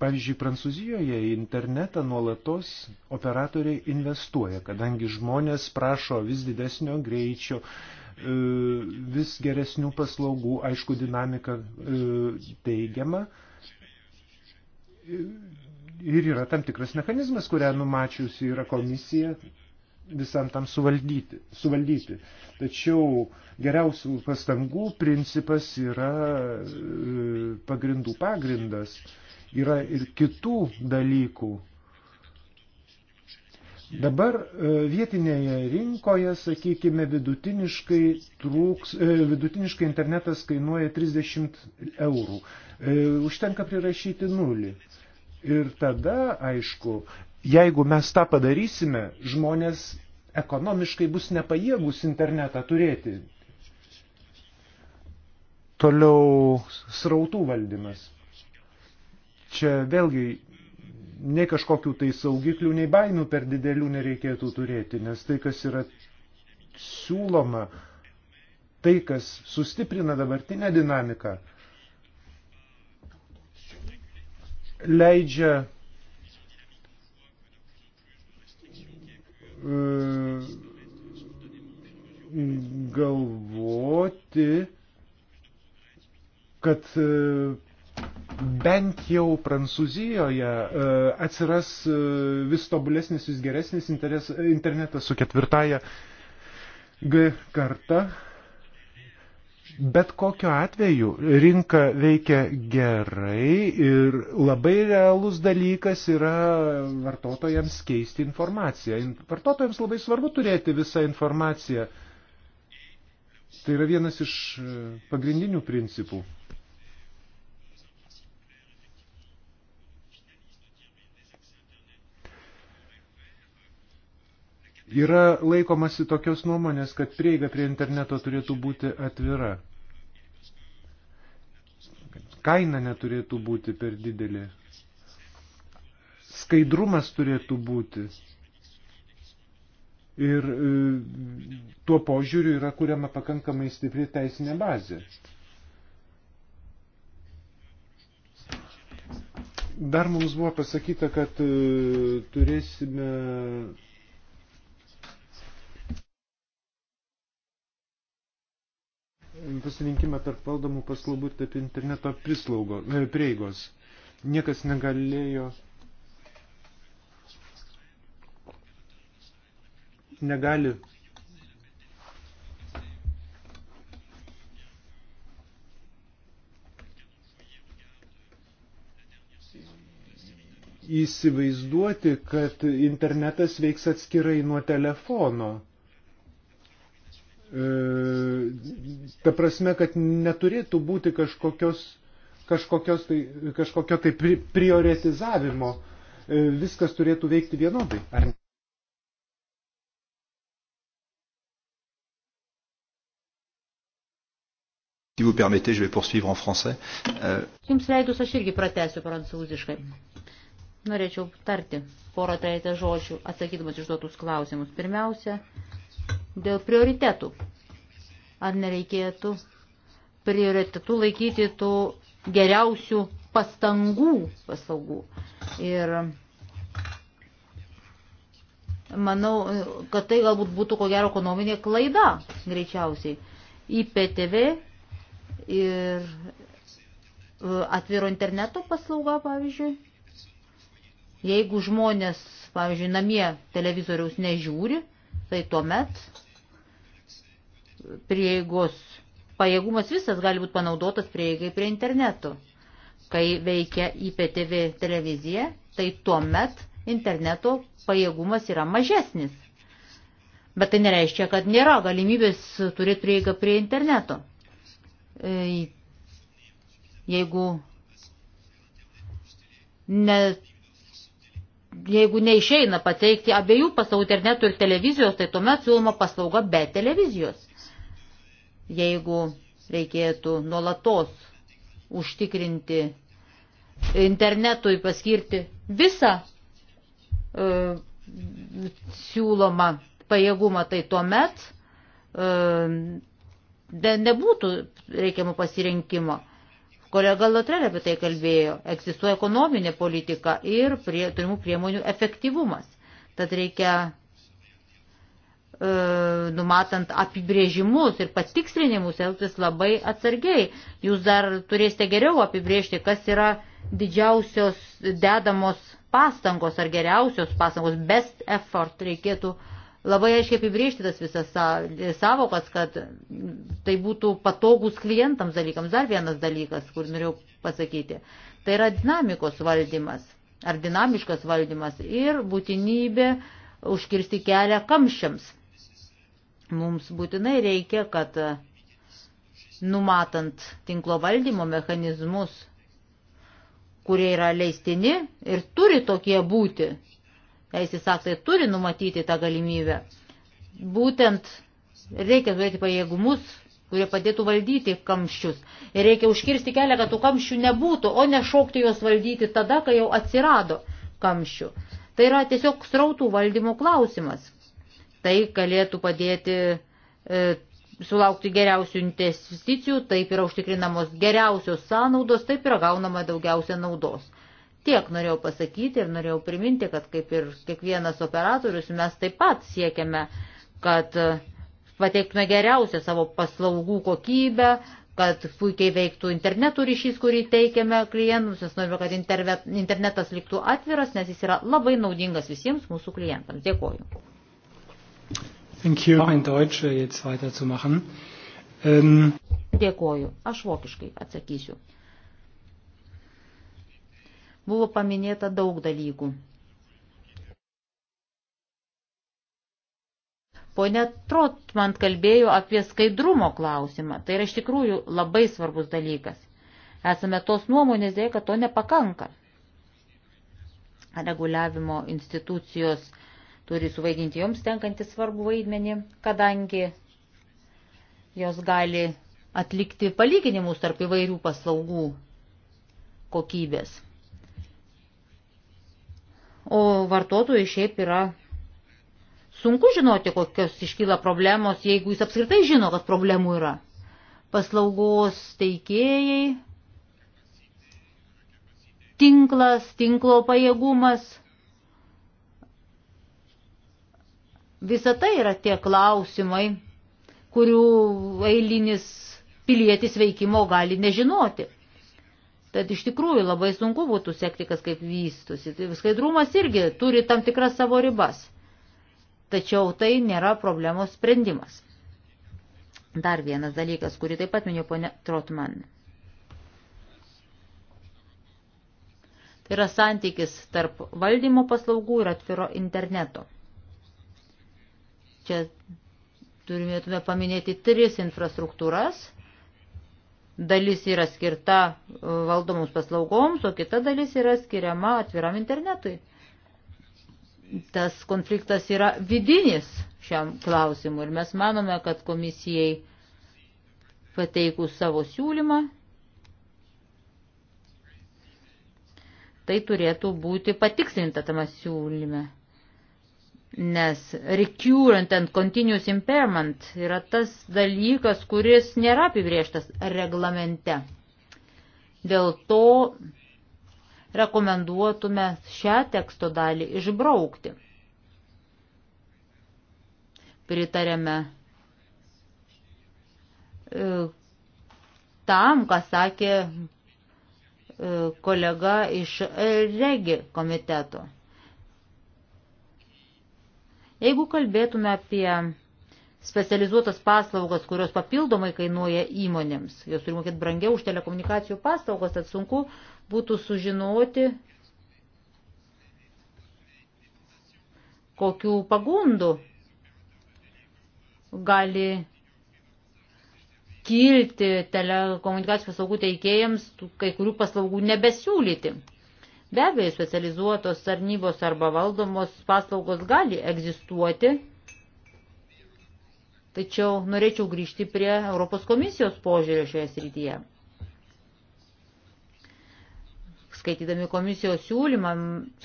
Pavyzdžiui, Prancūzijoje į internetą nuolatos operatoriai investuoja, kadangi žmonės prašo vis didesnio greičio, uh, E, vis geresnių paslaugų, aišku, dinamika e, teigiama. Ir yra tam tikras mechanizmas, kurią numačiusi yra komisija visam tam suvaldyti. suvaldyti. Tačiau geriausių pastangų principas yra e, pagrindų pagrindas. Yra ir kitų dalykų, Dabar e, vietinėje rinkoje, sakykime, vidutiniškai, trūks, e, vidutiniškai internetas kainuoja 30 eurų. E, užtenka prirašyti nulį. Ir tada, aišku, jeigu mes tą padarysime, žmonės ekonomiškai bus nepajėgus internetą turėti. Toliau srautų valdymas. Čia vėlgi nei kažkokių tai saugiklių, nei baimių per didelių nereikėtų turėti, nes tai, kas yra siūloma, tai, kas sustiprina dabartinę dinamiką, leidžia e, galvoti, kad e, bent jau Prancūzijoje e, atsiras e, vis tobulesnis, vis geresnis interes, internetas su ketvirtaja G karta. Bet kokiu atveju rinka veikia gerai ir labai realus dalykas yra vartotojams keisti informaciją. Vartotojams labai svarbu turėti visą informaciją. Tai yra vienas iš e, pagrindinių principų. Yra laikomasi tokios nuomonės, kad prieiga prie interneto turėtų būti atvira. Kaina neturėtų būti per didelė. Skaidrumas turėtų būti. Ir e, tuo požiūriu yra kuriama pakankamai stipri teisinė bazė. Dar mums buvo pasakyta, kad e, turėsime pasirinkimą tarp valdomų paslaugų ir tarp interneto prislaugo, e, prieigos. Niekas negalėjo negali įsivaizduoti, kad internetas veiks atskirai nuo telefono. E, ta prasme, kad neturėtų būti kažkokios, kažkokios tai, kažkokio tai prioritizavimo. E, viskas turėtų veikti vienodai. Ar... Si vous permettez, je vais poursuivre en français. Euh... Jums leidus aš irgi pratęsiu prancūziškai. Norėčiau tarti porą trejate žodžių, atsakydamas išduotus klausimus. Pirmiausia, dėl prioritetų. Ar nereikėtų prioritetų laikyti tų geriausių pastangų paslaugų. Ir manau, kad tai galbūt būtų ko gero ekonominė klaida greičiausiai. IPTV ir e, atviro interneto paslauga, pavyzdžiui. Jeigu žmonės, pavyzdžiui, namie televizoriaus nežiūri, tai tuomet prieigos pajėgumas visas gali būti panaudotas prieigai prie interneto. Kai veikia IPTV televizija, tai tuomet interneto pajėgumas yra mažesnis. Bet tai nereiškia, kad nėra galimybės turėti prieigą prie interneto. E, jeigu, ne, jeigu neišeina pateikti abiejų paslaugų interneto ir televizijos, tai tuomet siūloma paslauga be televizijos jeigu reikėtų nuolatos užtikrinti internetui paskirti visą e, siūlomą pajėgumą, tai tuomet e, nebūtų reikiamų pasirinkimo. Kolega Lotrelė apie tai kalbėjo, egzistuoja ekonominė politika ir prie, turimų priemonių efektyvumas. Tad reikia E, numatant apibrėžimus ir patikslinimus elgtis labai atsargiai. Jūs dar turėsite geriau apibrėžti, kas yra didžiausios dedamos pastangos ar geriausios pastangos, best effort reikėtų labai aiškiai apibrėžti tas visas savokas, kad tai būtų patogus klientams dalykams. Dar vienas dalykas, kur norėjau pasakyti, tai yra dinamikos valdymas ar dinamiškas valdymas ir būtinybė užkirsti kelią kamščiams. Mums būtinai reikia, kad e, numatant tinklo valdymo mechanizmus, kurie yra leistini ir turi tokie būti, teisės aktai turi numatyti tą galimybę, būtent reikia turėti pajėgumus, kurie padėtų valdyti kamščius. Ir reikia užkirsti kelią, kad tų kamščių nebūtų, o ne šokti juos valdyti tada, kai jau atsirado kamščių. Tai yra tiesiog srautų valdymo klausimas. Tai galėtų padėti e, sulaukti geriausių investicijų, taip yra užtikrinamos geriausios sąnaudos, taip yra gaunama daugiausia naudos. Tiek norėjau pasakyti ir norėjau priminti, kad kaip ir kiekvienas operatorius mes taip pat siekiame, kad e, pateiktume geriausią savo paslaugų kokybę, kad puikiai veiktų internetų ryšys, kurį teikiame klientams, nes norime, kad internetas liktų atviras, nes jis yra labai naudingas visiems mūsų klientams. Dėkuoju. Thank you. In Deutsch äh, jetzt weiterzumachen. Ähm. Dėkoju. Aš vokiškai atsakysiu. Buvo paminėta daug dalykų. Pone Trotman kalbėjo apie skaidrumo klausimą. Tai yra iš tikrųjų labai svarbus dalykas. Esame tos nuomonės dėka, to nepakanka. Reguliavimo institucijos uh, turi suvaidinti joms tenkantį svarbų vaidmenį, kadangi jos gali atlikti palyginimus tarp įvairių paslaugų kokybės. O vartotojai šiaip yra sunku žinoti, kokios iškyla problemos, jeigu jis apskritai žino, kad problemų yra. Paslaugos teikėjai, tinklas, tinklo pajėgumas – Visą tai yra tie klausimai, kurių eilinis pilietis veikimo gali nežinoti. Tad iš tikrųjų labai sunku būtų sekti, kas kaip vystosi. Tai skaidrumas irgi turi tam tikras savo ribas. Tačiau tai nėra problemos sprendimas. Dar vienas dalykas, kurį taip pat minėjo ponė Trotman. Tai yra santykis tarp valdymo paslaugų ir atviro interneto. Čia turėtume paminėti tris infrastruktūras. Dalis yra skirta e, valdomoms paslaugoms, o kita dalis yra skiriama atviram internetui. Tas konfliktas yra vidinis šiam klausimui ir mes manome, kad komisijai pateikus savo siūlymą, tai turėtų būti patikslinta tame siūlyme nes recurrent and continuous impairment yra tas dalykas, kuris nėra apibrieštas reglamente. Dėl to rekomenduotume šią teksto dalį išbraukti. Pritarėme e, tam, ką sakė e, kolega iš regi komiteto. Jeigu kalbėtume apie specializuotas paslaugas, kurios papildomai kainuoja įmonėms, jos turi mokėti brangiau už telekomunikacijų paslaugas, tad sunku būtų sužinoti, kokių pagundų gali kilti telekomunikacijų paslaugų teikėjams kai kurių paslaugų nebesiūlyti. Be abejo, specializuotos tarnybos arba valdomos paslaugos gali egzistuoti, tačiau norėčiau grįžti prie Europos komisijos požiūrio šioje srityje. Skaitydami komisijos siūlymą,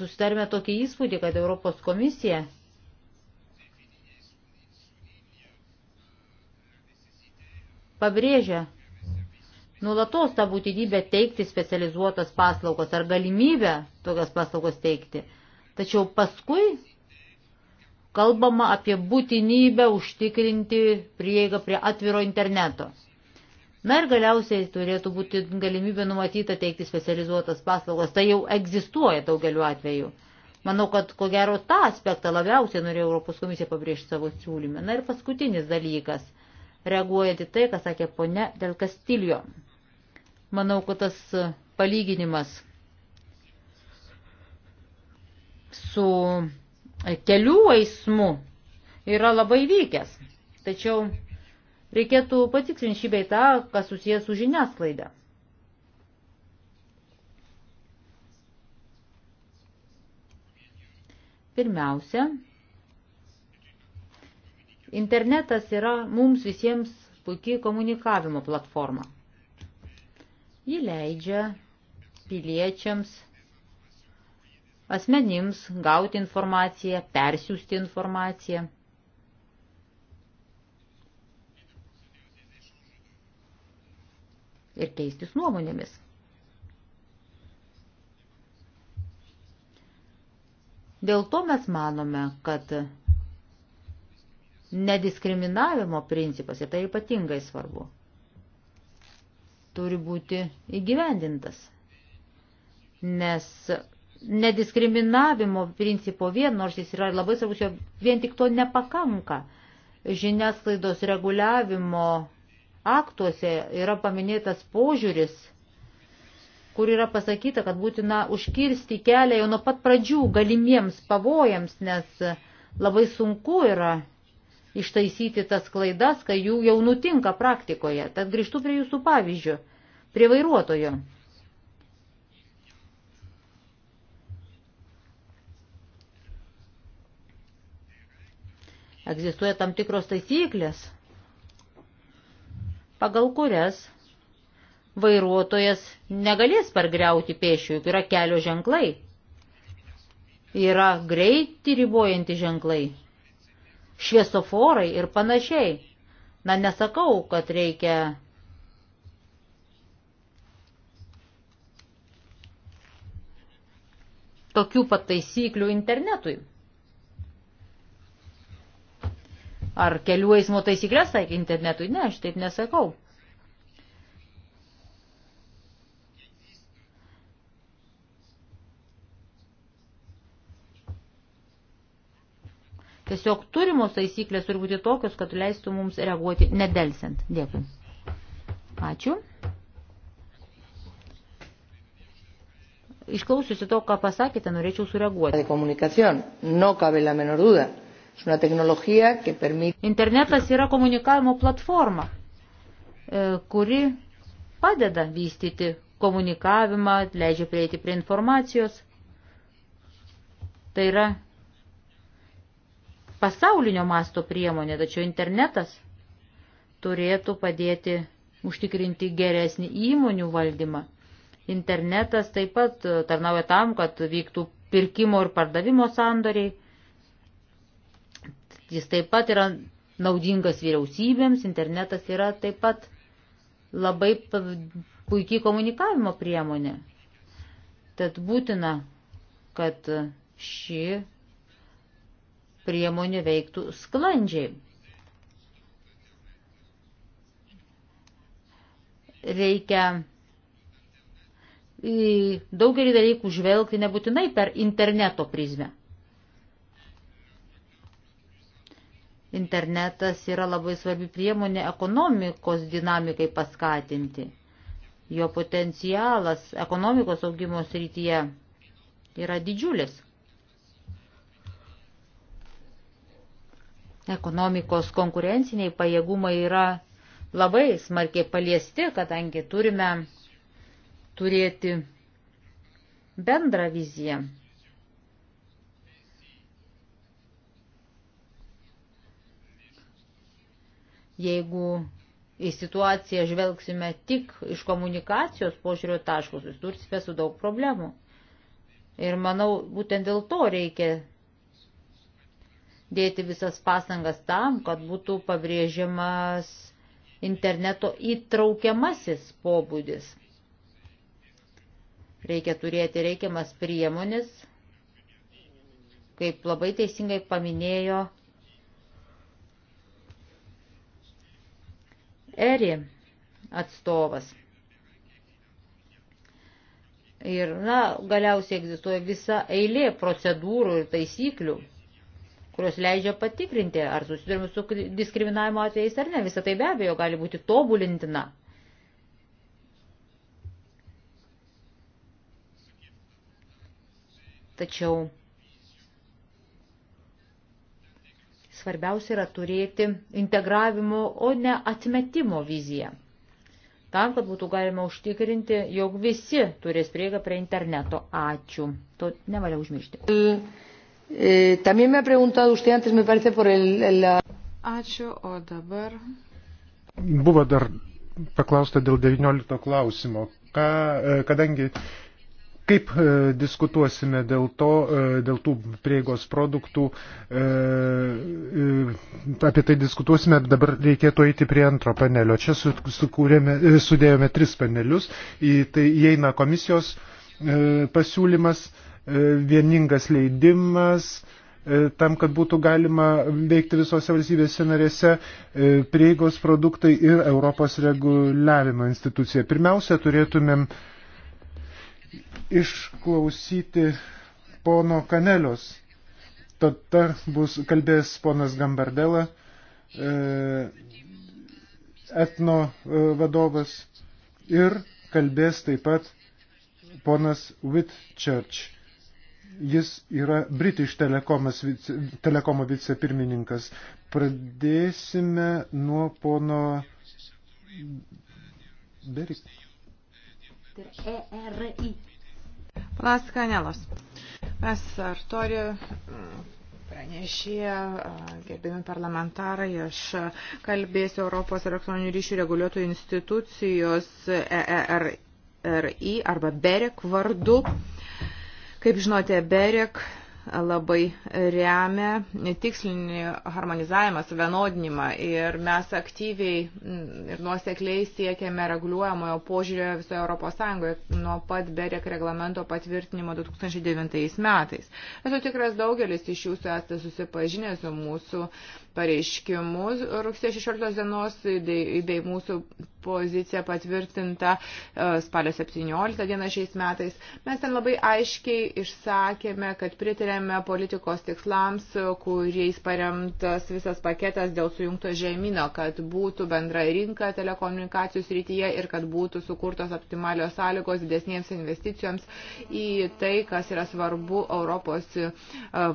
susitarime tokį įspūdį, kad Europos komisija pabrėžia nulatos tą būtinybę teikti specializuotas paslaugas ar galimybę tokias paslaugas teikti. Tačiau paskui kalbama apie būtinybę užtikrinti prieigą prie atviro interneto. Na ir galiausiai turėtų būti galimybė numatyta teikti specializuotas paslaugas. Tai jau egzistuoja daugeliu atveju. Manau, kad ko gero tą aspektą labiausiai norėjo Europos komisija pabrėžti savo siūlyme. Na ir paskutinis dalykas, reaguojant į tai, ką sakė ponia Del Castillo. Manau, kad tas e, palyginimas su e, kelių eismu yra labai vykęs. Tačiau reikėtų patikslinti šį beitą, kas susijęs su žiniasklaida. Pirmiausia, internetas yra mums visiems puikiai komunikavimo platforma. Ji leidžia piliečiams, asmenims gauti informaciją, persiųsti informaciją. Ir keistis nuomonėmis. Dėl to mes manome, kad nediskriminavimo principas ir tai ypatingai svarbu turi būti įgyvendintas. Nes nediskriminavimo principo vien, nors jis yra labai svarbus, jo vien tik to nepakanka. Žiniasklaidos reguliavimo aktuose yra paminėtas požiūris, kur yra pasakyta, kad būtina užkirsti kelią jau nuo pat pradžių galimiems pavojams, nes labai sunku yra ištaisyti tas klaidas, kai jų jau nutinka praktikoje. Tad grįžtu prie jūsų pavyzdžių prie vairuotojo. Egzistuoja tam tikros taisyklės, pagal kurias vairuotojas negalės pargriauti pėšių, juk yra kelio ženklai, yra greitį ribojantį ženklai, šviesoforai ir panašiai. Na, nesakau, kad reikia tokių pataisyklių internetui. Ar kelių eismo taisyklės taikė internetui? Ne, aš taip nesakau. Tiesiog turimos taisyklės turi būti tokios, kad leistų mums reaguoti nedelsiant. Dėkui. Ačiū. Išklausiusi to, ką pasakėte, norėčiau sureaguoti. Internetas yra komunikavimo platforma, e, kuri padeda vystyti komunikavimą, leidžia prieiti prie informacijos. Tai yra pasaulinio masto priemonė, tačiau internetas turėtų padėti užtikrinti geresnį įmonių valdymą Internetas taip pat e, tarnauja tam, kad vyktų pirkimo ir pardavimo sandoriai. Jis taip pat yra naudingas vyriausybėms, internetas yra taip pat labai puikiai komunikavimo priemonė. Tad būtina, kad ši priemonė veiktų sklandžiai. Reikia į daugelį dalykų žvelgti nebūtinai per interneto prizmę. Internetas yra labai svarbi priemonė ekonomikos dinamikai paskatinti. Jo potencialas ekonomikos augimo srityje yra didžiulis. Ekonomikos konkurenciniai pajėgumai yra labai smarkiai paliesti, kadangi turime turėti bendrą viziją. Jeigu į situaciją žvelgsime tik iš komunikacijos požiūrio taškų, susidursime su daug problemų. Ir manau, būtent dėl to reikia dėti visas pastangas tam, kad būtų pabrėžiamas interneto įtraukiamasis pobūdis. Reikia turėti reikiamas priemonės, kaip labai teisingai paminėjo Eri atstovas. Ir, na, galiausiai egzistuoja visa eilė procedūrų ir taisyklių, kurios leidžia patikrinti, ar susidurime su diskriminavimo atvejais ar ne. Visą tai be abejo gali būti tobulintina. Tačiau svarbiausia yra turėti integravimo, o ne atmetimo viziją. Tam, kad būtų galima užtikrinti, jog visi turės prieigą prie interneto. Ačiū. To nevalia užmiršti. Ačiū, o dabar. Buvo dar paklausta dėl 19 klausimo. Ką, e, kadangi Kaip e, diskutuosime dėl to, e, dėl tų prieigos produktų, e, e, apie tai diskutuosime, dabar reikėtų eiti prie antro panelio. Čia su, sukūrėme, e, sudėjome tris panelius, į tai įeina komisijos e, pasiūlymas, e, vieningas leidimas, e, tam, kad būtų galima veikti visose valstybėse narėse, e, prieigos produktai ir Europos reguliavimo institucija. Pirmiausia, turėtumėm e, išklausyti pono Kanelios. Tada bus kalbės ponas Gambardela, e, etno e, vadovas ir kalbės taip pat ponas Whitchurch. Jis yra British telekomas, telekomo vicepirmininkas. Pradėsime nuo pono Berik. ERI. Panas Kanelas. Mes ar turi mm, pranešėja, gerbiami parlamentarai, aš kalbėsiu Europos elektroninių ryšių reguliuotojų institucijos EERI e arba BEREK vardu. Kaip žinote, BEREK labai remia tikslinį harmonizavimą, suvienodinimą ir mes aktyviai mm, ir nuosekliai siekiame reguliuojamojo požiūrio visoje Europos Sąjungoje nuo pat BEREK reglamento patvirtinimo 2009 metais. Esu tikras daugelis iš jūsų esate susipažinę su mūsų pareiškimus rugsėjo 16 dienos bei mūsų pozicija patvirtinta e, spalio 17 dieną šiais metais. Mes ten labai aiškiai išsakėme, kad pritarėme politikos tikslams, kuriais paremtas visas paketas dėl sujungto žemino, kad būtų bendra rinka telekomunikacijų srityje ir kad būtų sukurtos optimalios sąlygos didesniems investicijoms į tai, kas yra svarbu Europos e,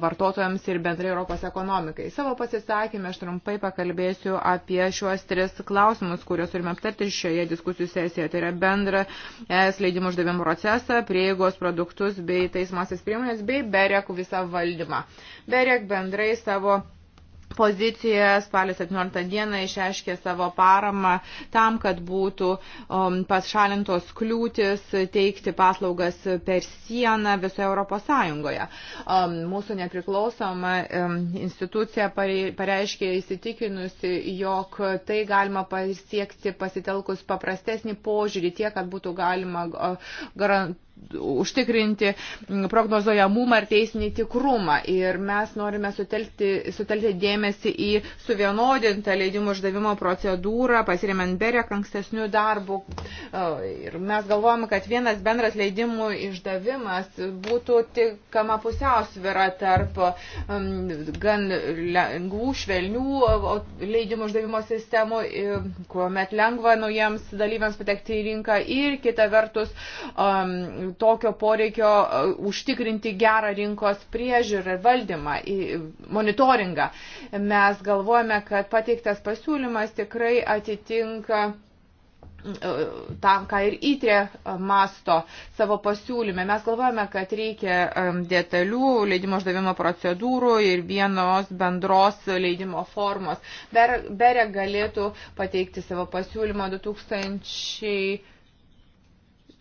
vartotojams ir bendrai Europos ekonomikai. Savo pasisakymą pasisakymę aš trumpai pakalbėsiu apie šiuos tris klausimus, kuriuos turime aptarti šioje diskusijų sesijoje. Tai yra bendra es leidimų uždavimo procesą, prieigos produktus bei teismasis priemonės bei BEREK visą valdymą. BEREK bendrai savo poziciją spalio 17 dieną išreiškė savo paramą tam, kad būtų um, pašalintos kliūtis teikti paslaugas per sieną visoje Europos Sąjungoje. Um, mūsų nepriklausoma um, institucija pareiškė įsitikinusi, jog tai galima pasiekti pasitelkus paprastesnį požiūrį tiek, kad būtų galima uh, garantuoti užtikrinti prognozuojamumą ir teisinį tikrumą. Ir mes norime sutelkti, sutelkti dėmesį į suvienodintą leidimų uždavimo procedūrą, pasirėmant berek ankstesnių darbų. Ir mes galvojame, kad vienas bendras leidimų išdavimas būtų tikama pusiausvyrą tarp um, gan lengvų, švelnių leidimų uždavimo sistemų, kuomet lengva naujiems dalyviams patekti į rinką ir kita vertus um, tokio poreikio e, užtikrinti gerą rinkos priežiūrą ir valdymą, monitoringą. Mes galvojame, kad pateiktas pasiūlymas tikrai atitinka e, tam, ką ir įtrė masto savo pasiūlyme. Mes galvojame, kad reikia e, detalių leidimo išdavimo procedūrų ir vienos bendros leidimo formos. Berė galėtų pateikti savo pasiūlymą 2000.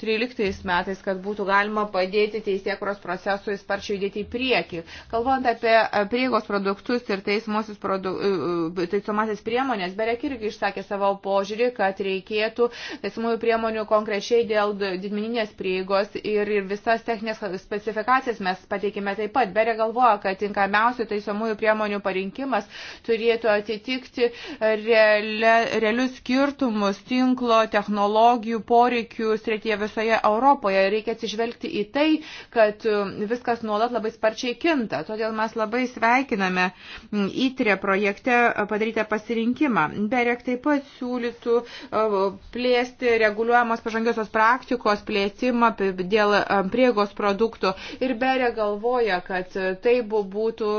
2013 metais, kad būtų galima padėti teisėkuros procesui sparčiai judėti į priekį. Kalbant apie e, prieigos produktus ir teismosius produ, e, e, teisomasis priemonės, Berek irgi išsakė savo požiūrį, kad reikėtų teismųjų priemonių konkrečiai dėl didmininės prieigos ir, ir visas techninės specifikacijas mes pateikime taip pat. Berek galvoja, kad tinkamiausių teisomųjų priemonių parinkimas turėtų atitikti realia, realius skirtumus tinklo technologijų poreikių srityje visoje Europoje. Reikia atsižvelgti į tai, kad um, viskas nuolat labai sparčiai kinta. Todėl mes labai sveikiname įtrė um, e projekte uh, padarytą pasirinkimą. Berek taip pat siūlytų uh, plėsti reguliuojamos pažangiosios praktikos plėtimą dėl um, priegos produktų. Ir Berek galvoja, kad uh, tai būtų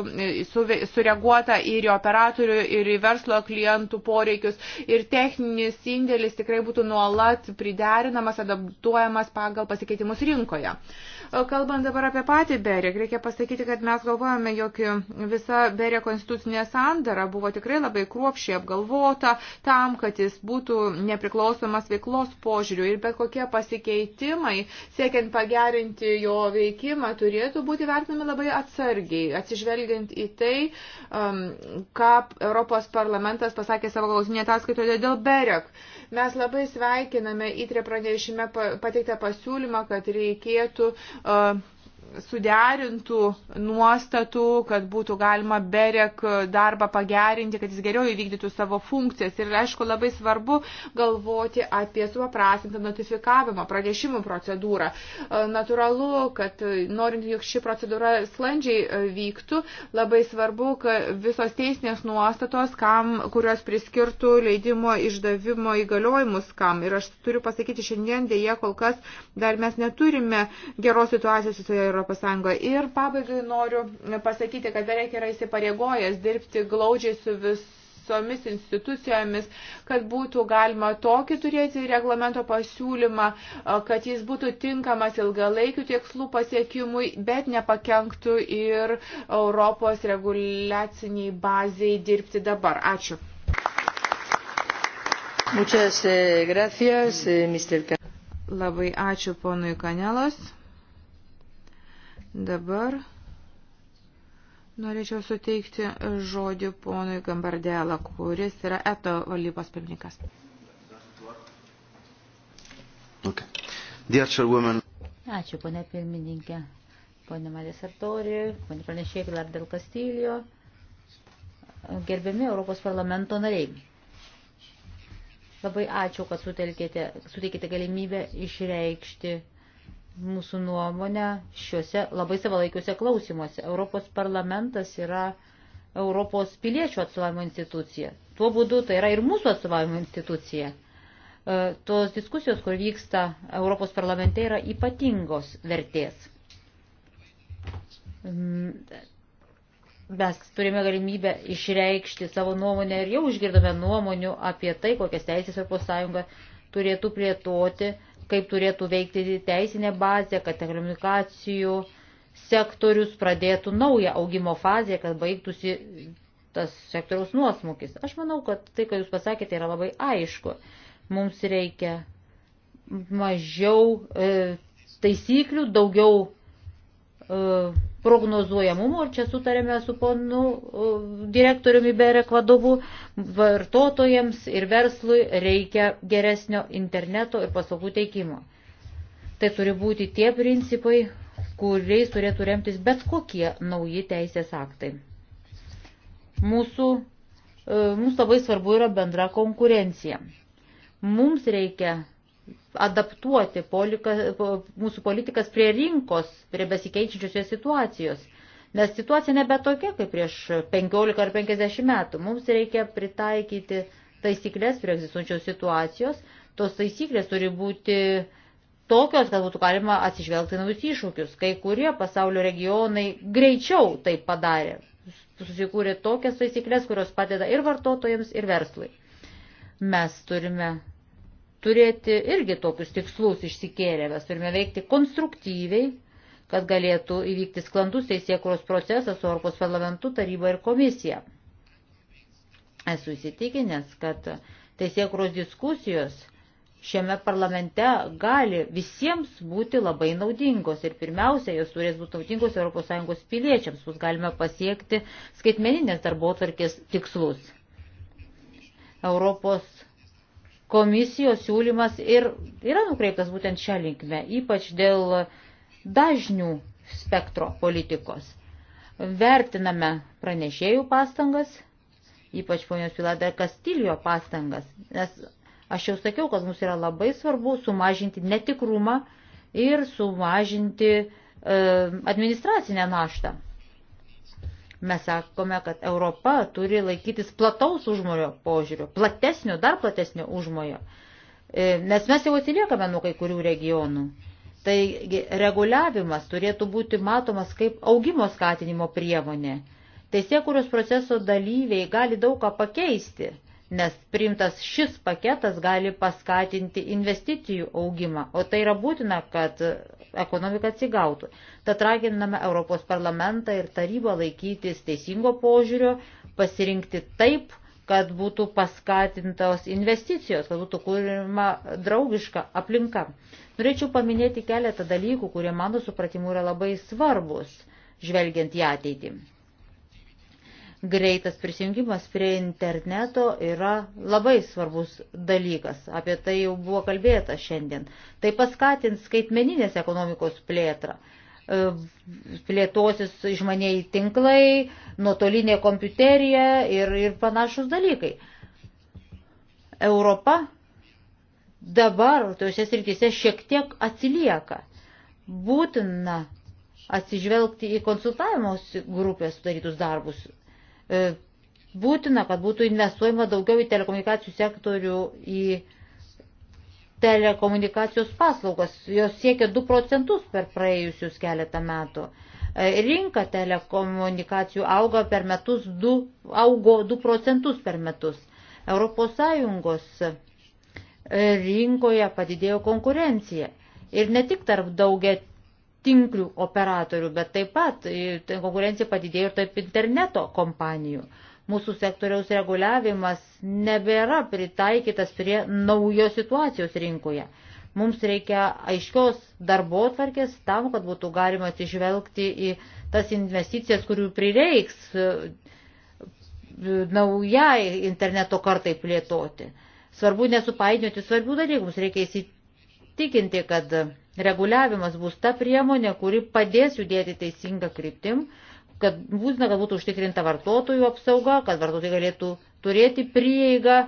sureaguota ir į operatorių, ir į verslo klientų poreikius. Ir techninis indėlis tikrai būtų nuolat priderinamas, adaptuojamas koreguojamas pagal pasikeitimus rinkoje. Kalbant dabar apie patį Berek, reikia pasakyti, kad mes galvojame, jog visa Berek konstitucinė sandara buvo tikrai labai kruopšiai apgalvota tam, kad jis būtų nepriklausomas veiklos požiūrių ir bet kokie pasikeitimai, siekiant pagerinti jo veikimą, turėtų būti vertinami labai atsargiai, atsižvelgiant į tai, um, ką Europos parlamentas pasakė savo galutinėje ataskaitoje dėl Berek. Mes labai sveikiname įtrė pranešime pateiktą pasiūlymą, kad reikėtų uh, suderintų nuostatų, kad būtų galima berek darbą pagerinti, kad jis geriau įvykdytų savo funkcijas. Ir aišku, labai svarbu galvoti apie supaprastintą notifikavimo, pranešimų procedūrą. E, Naturalu, kad e, norint, jog ši procedūra slandžiai e, vyktų, labai svarbu, kad visos teisinės nuostatos, kam, kurios priskirtų leidimo išdavimo įgaliojimus kam. Ir aš turiu pasakyti, šiandien dėje kol kas dar mes neturime geros situacijos visoje Europoje ES. Ir pabaigai noriu pasakyti, kad beveik yra įsipareigojęs dirbti glaudžiai su visomis institucijomis, kad būtų galima tokį turėti reglamento pasiūlymą, kad jis būtų tinkamas ilgalaikių tikslų pasiekimui, bet nepakenktų ir Europos reguliaciniai baziai dirbti dabar. Ačiū. Muchas eh, gracias, eh, Mr. Labai ačiū ponui Kanelos. Dabar norėčiau suteikti žodį ponui Gambardėlą, kuris yra eto valdybos pirmininkas. Okay. Ačiū, ponė pirmininkė, ponė Marija Sartori, ponė pranešėjai Pilar del Castillo, gerbiami Europos parlamento nariai. Labai ačiū, kad suteikite galimybę išreikšti mūsų nuomonę šiuose labai savalaikiuose klausimuose. Europos parlamentas yra Europos piliečių atstovavimo institucija. Tuo būdu tai yra ir mūsų atstovavimo institucija. E, tos diskusijos, kur vyksta Europos parlamente, yra ypatingos vertės. Mm, mes turime galimybę išreikšti savo nuomonę ir jau išgirdome nuomonių apie tai, kokias teisės Europos Sąjunga turėtų plėtoti kaip turėtų veikti teisinė bazė, kad telekomunikacijų sektorius pradėtų naują augimo fazę, kad baigtųsi tas sektoriaus nuosmukis. Aš manau, kad tai, ką Jūs pasakėte, yra labai aišku. Mums reikia mažiau e, taisyklių, daugiau E, prognozuojamumo, ir čia sutarėme su ponu e, direktoriumi Berek vadovu, vartotojams ir verslui reikia geresnio interneto ir paslaugų teikimo. Tai turi būti tie principai, kuriais turėtų remtis bet kokie nauji teisės aktai. Mūsų, e, mums labai svarbu yra bendra konkurencija. Mums reikia adaptuoti polika, mūsų politikas prie rinkos, prie besikeičiančios situacijos. Nes situacija nebe tokia, kaip prieš 15 ar 50 metų. Mums reikia pritaikyti taisyklės prie egzistuojančios situacijos. Tos taisyklės turi būti tokios, kad būtų galima atsižvelgti naujus iššūkius. Kai kurie pasaulio regionai greičiau tai padarė. Susikūrė tokias taisyklės, kurios padeda ir vartotojams, ir verslui. Mes turime turėti irgi tokius tikslus išsikėlę. Mes turime veikti konstruktyviai, kad galėtų įvykti sklandus teisėkuros procesas su Europos parlamentu, taryba ir komisija. Esu įsitikinęs, kad teisėkuros diskusijos šiame parlamente gali visiems būti labai naudingos ir pirmiausia, jos turės būti naudingos ES piliečiams, bus galima pasiekti skaitmeninės darbo tvarkės tikslus. Europos Komisijos siūlymas ir yra nukreiptas būtent šią linkmę, ypač dėl dažnių spektro politikos. Vertiname pranešėjų pastangas, ypač ponios Piladar Kastilio pastangas, nes aš jau sakiau, kad mums yra labai svarbu sumažinti netikrumą ir sumažinti e, administracinę naštą. Mes sakome, kad Europa turi laikytis plataus užmojo požiūrio, platesnio, dar platesnio užmojo, e, nes mes jau atsiliekame nuo kai kurių regionų. Tai reguliavimas turėtų būti matomas kaip augimo skatinimo priemonė. Teisėkūros proceso dalyviai gali daug ką pakeisti, nes priimtas šis paketas gali paskatinti investicijų augimą, o tai yra būtina, kad ekonomika atsigautų. Tad raginame Europos parlamentą ir tarybą laikytis teisingo požiūrio, pasirinkti taip, kad būtų paskatintos investicijos, kad būtų kūrima draugiška aplinka. Norėčiau paminėti keletą dalykų, kurie mano supratimu yra labai svarbus, žvelgiant į ateitį greitas prisijungimas prie interneto yra labai svarbus dalykas. Apie tai jau buvo kalbėta šiandien. Tai paskatins skaitmeninės ekonomikos plėtrą. E, plėtosis išmaniai tinklai, nuotolinė kompiuterija ir, ir panašus dalykai. Europa dabar tose srityse šiek tiek atsilieka. Būtina atsižvelgti į konsultavimo grupės sudarytus darbus E, būtina, kad būtų investuojama daugiau į telekomunikacijų sektorių, į telekomunikacijos paslaugas. Jos siekia 2 procentus per praėjusius keletą metų. E, rinka telekomunikacijų auga per metus 2, augo 2 procentus per metus. Europos Sąjungos e, rinkoje padidėjo konkurencija. Ir ne tik tarp daugia tinklių operatorių, bet taip pat e, tai konkurencija padidėjo ir taip interneto kompanijų. Mūsų sektoriaus reguliavimas nebėra pritaikytas prie naujos situacijos rinkoje. Mums reikia aiškios darbo atvarkės tam, kad būtų galima atsižvelgti į tas investicijas, kurių prireiks e, naujai interneto kartai plėtoti. Svarbu nesupainioti svarbių dalykų, mums reikia įsitikinti, kad Reguliavimas bus ta priemonė, kuri padės judėti teisingą kryptim, kad būtina, kad būtų užtikrinta vartotojų apsauga, kad vartotojai galėtų turėti prieigą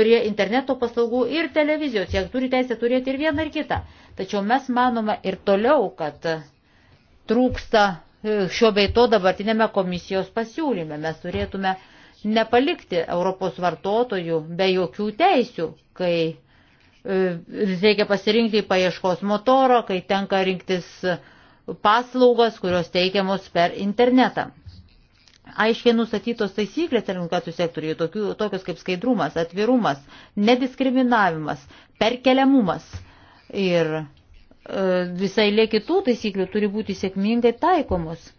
prie interneto paslaugų ir televizijos, jie turi teisę turėti ir vieną ir kitą. Tačiau mes manome ir toliau, kad trūksta e, šio beito dabartinėme komisijos pasiūlyme. Mes turėtume nepalikti Europos vartotojų be jokių teisių, kai E, reikia pasirinkti paieškos motoro, kai tenka rinktis paslaugas, kurios teikiamos per internetą. Aiškiai nustatytos taisyklės telekomunikacijų sektoriuje, tokios kaip skaidrumas, atvirumas, nediskriminavimas, perkeliamumas ir e, visai lė kitų taisyklių turi būti sėkmingai taikomos. E,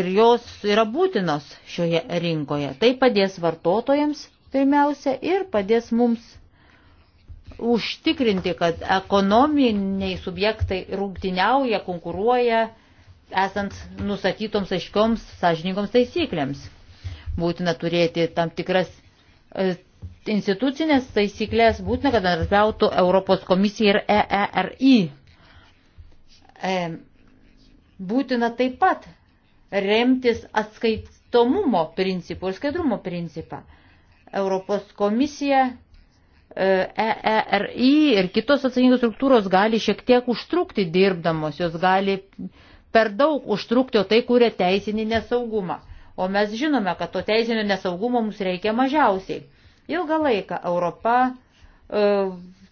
ir jos yra būtinos šioje rinkoje. Tai padės vartotojams pirmiausia ir padės mums užtikrinti, kad ekonominiai subjektai rungtiniauja, konkuruoja, esant nusatytoms aiškioms sąžininkoms taisyklėms. Būtina turėti tam tikras e, institucinės taisyklės, būtina, kad bendradarbiautų Europos komisija ir EERI. E, būtina taip pat remtis atskaitomumo principų ir skaidrumo principą. Europos komisija, EERI e ir kitos atsakingos struktūros gali šiek tiek užtrukti dirbdamos, jos gali per daug užtrukti, o tai kuria teisinį nesaugumą. O mes žinome, kad to teisinio nesaugumo mums reikia mažiausiai. Ilgą laiką Europa e,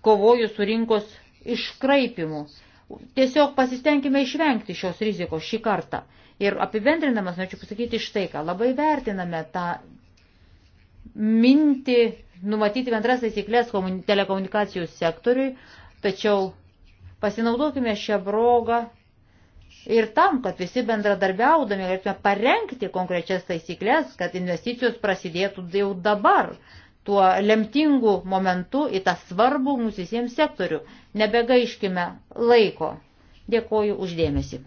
kovojo su rinkos iškraipimu. Tiesiog pasistengime išvengti šios rizikos šį kartą. Ir apibendrinamas, norėčiau pasakyti štai ką, labai vertiname tą mintį numatyti bendras taisyklės telekomunikacijų sektoriui, tačiau pasinaudokime šią brogą ir tam, kad visi bendradarbiaudami galėtume parengti konkrečias taisyklės, kad investicijos prasidėtų jau dabar, tuo lemtingu momentu į tą svarbų mūsų visiems sektorių. Nebegaiškime laiko. Dėkoju uždėmesi.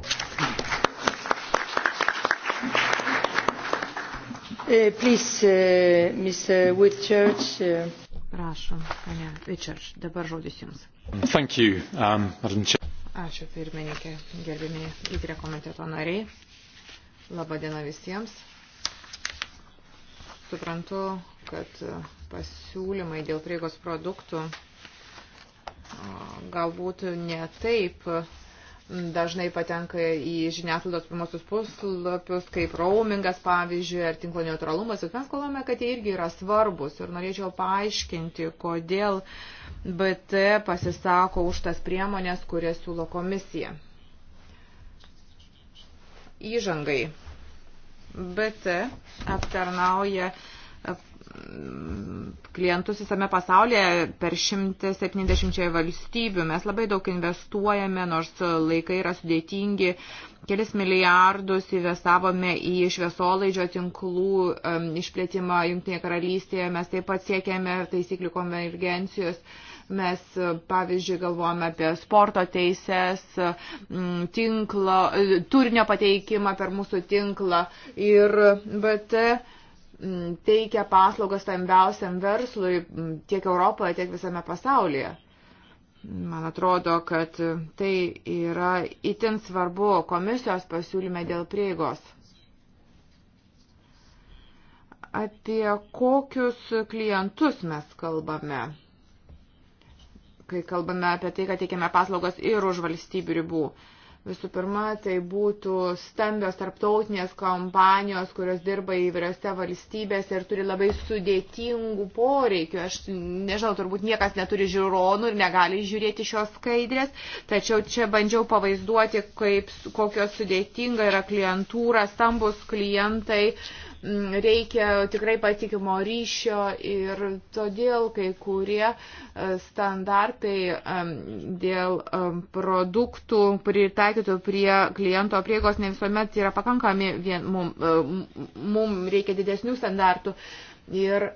Uh, please, uh, Mr. Whitchurch. Uh. Prašom, ponia Whitchurch, dabar žodis jums. Thank you, um, Madam Chair. Ačiū pirmininkė, gerbimi įtrė komiteto nariai. Labadiena visiems. Suprantu, kad pasiūlymai dėl prieigos produktų galbūt ne taip dažnai patenka į žiniasklaidos pirmosius puslapius, kaip roamingas, pavyzdžiui, ar tinklo neutralumas. Ir mes kalbame, kad jie irgi yra svarbus. Ir norėčiau paaiškinti, kodėl BT pasisako už tas priemonės, kurias siūlo komisija. Įžangai. BT aptarnauja klientus visame pasaulyje per 170 valstybių. Mes labai daug investuojame, nors laikai yra sudėtingi. Kelis milijardus investavome į šviesolaidžio tinklų išplėtimą Junktinėje karalystėje. Mes taip pat siekėme taisyklių konvergencijos. Mes, pavyzdžiui, galvojame apie sporto teises, tinklo, turinio pateikimą per mūsų tinklą ir BT. Bet Mm, teikia paslaugas stambiausiam verslui mm, tiek Europoje, tiek visame pasaulyje. Man atrodo, kad tai yra itin svarbu komisijos pasiūlyme dėl prieigos. Apie kokius klientus mes kalbame, kai kalbame apie tai, kad teikiame paslaugas ir už valstybių ribų. Uh, Visų pirma, tai būtų stambios tarptautinės kompanijos, kurios dirba įvairiose valstybėse ir turi labai sudėtingų poreikių. Aš nežinau, turbūt niekas neturi žiūronų ir negali žiūrėti šios skaidrės, tačiau čia bandžiau pavaizduoti, kaip, kokios sudėtinga yra klientūra, stambus klientai. Uh, Mm, reikia tikrai patikimo ryšio ir todėl kai kurie e, standartai dėl produktų pritaikytų prie kliento prieigos ne visuomet yra pakankami, vien, mum, e, mum reikia didesnių standartų. Ir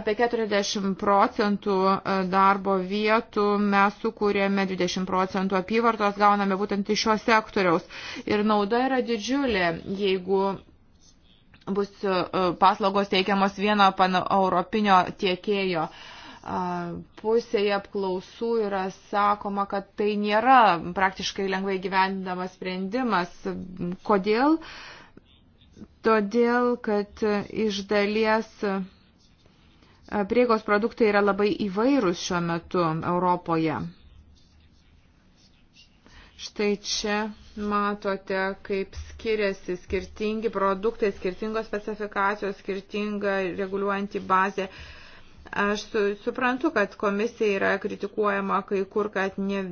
apie 40 procentų e, darbo vietų mes sukūrėme, 20 procentų apyvartos gauname būtent iš šio sektoriaus. Ir nauda yra didžiulė, jeigu bus e, paslaugos teikiamos vieno paneuropinio tiekėjo. E, pusėje apklausų yra sakoma, kad tai nėra praktiškai lengvai gyvendinamas sprendimas. Kodėl? Todėl, kad iš dalies e, prieigos produktai yra labai įvairūs šiuo metu Europoje. Štai čia matote, kaip skiriasi skirtingi produktai, skirtingos specifikacijos, skirtinga reguliuojanti bazė. Aš su, suprantu, kad komisija yra kritikuojama kai kur, kad ne,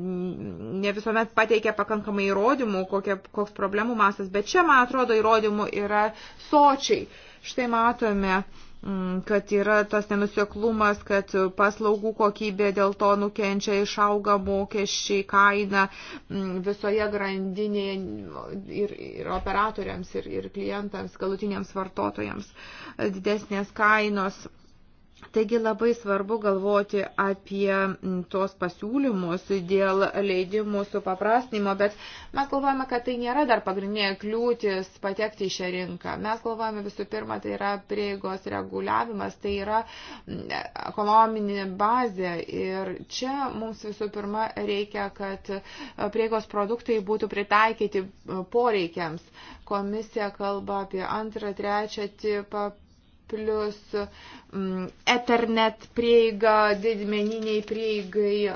ne visuomet pateikia pakankamai įrodymų, kokie, koks problemų masas, bet čia, man atrodo, įrodymų yra sočiai. Štai matome Mm, kad yra tas nenuseklumas, kad paslaugų kokybė dėl to nukenčia, išauga mokesčiai, kaina mm, visoje grandinėje ir, ir operatoriams, ir, ir klientams, galutiniams vartotojams didesnės kainos. Taigi labai svarbu galvoti apie tuos pasiūlymus dėl leidimų supaprastinimo, bet mes galvojame, kad tai nėra dar pagrindinė kliūtis patekti į šią rinką. Mes galvojame visų pirma, tai yra prieigos reguliavimas, tai yra ekonominė bazė ir čia mums visų pirma reikia, kad e, prieigos produktai būtų pritaikyti e, poreikiams. Komisija kalba apie antrą, trečią tipą plus Mm, Ethernet prieiga, didmeniniai prieigai,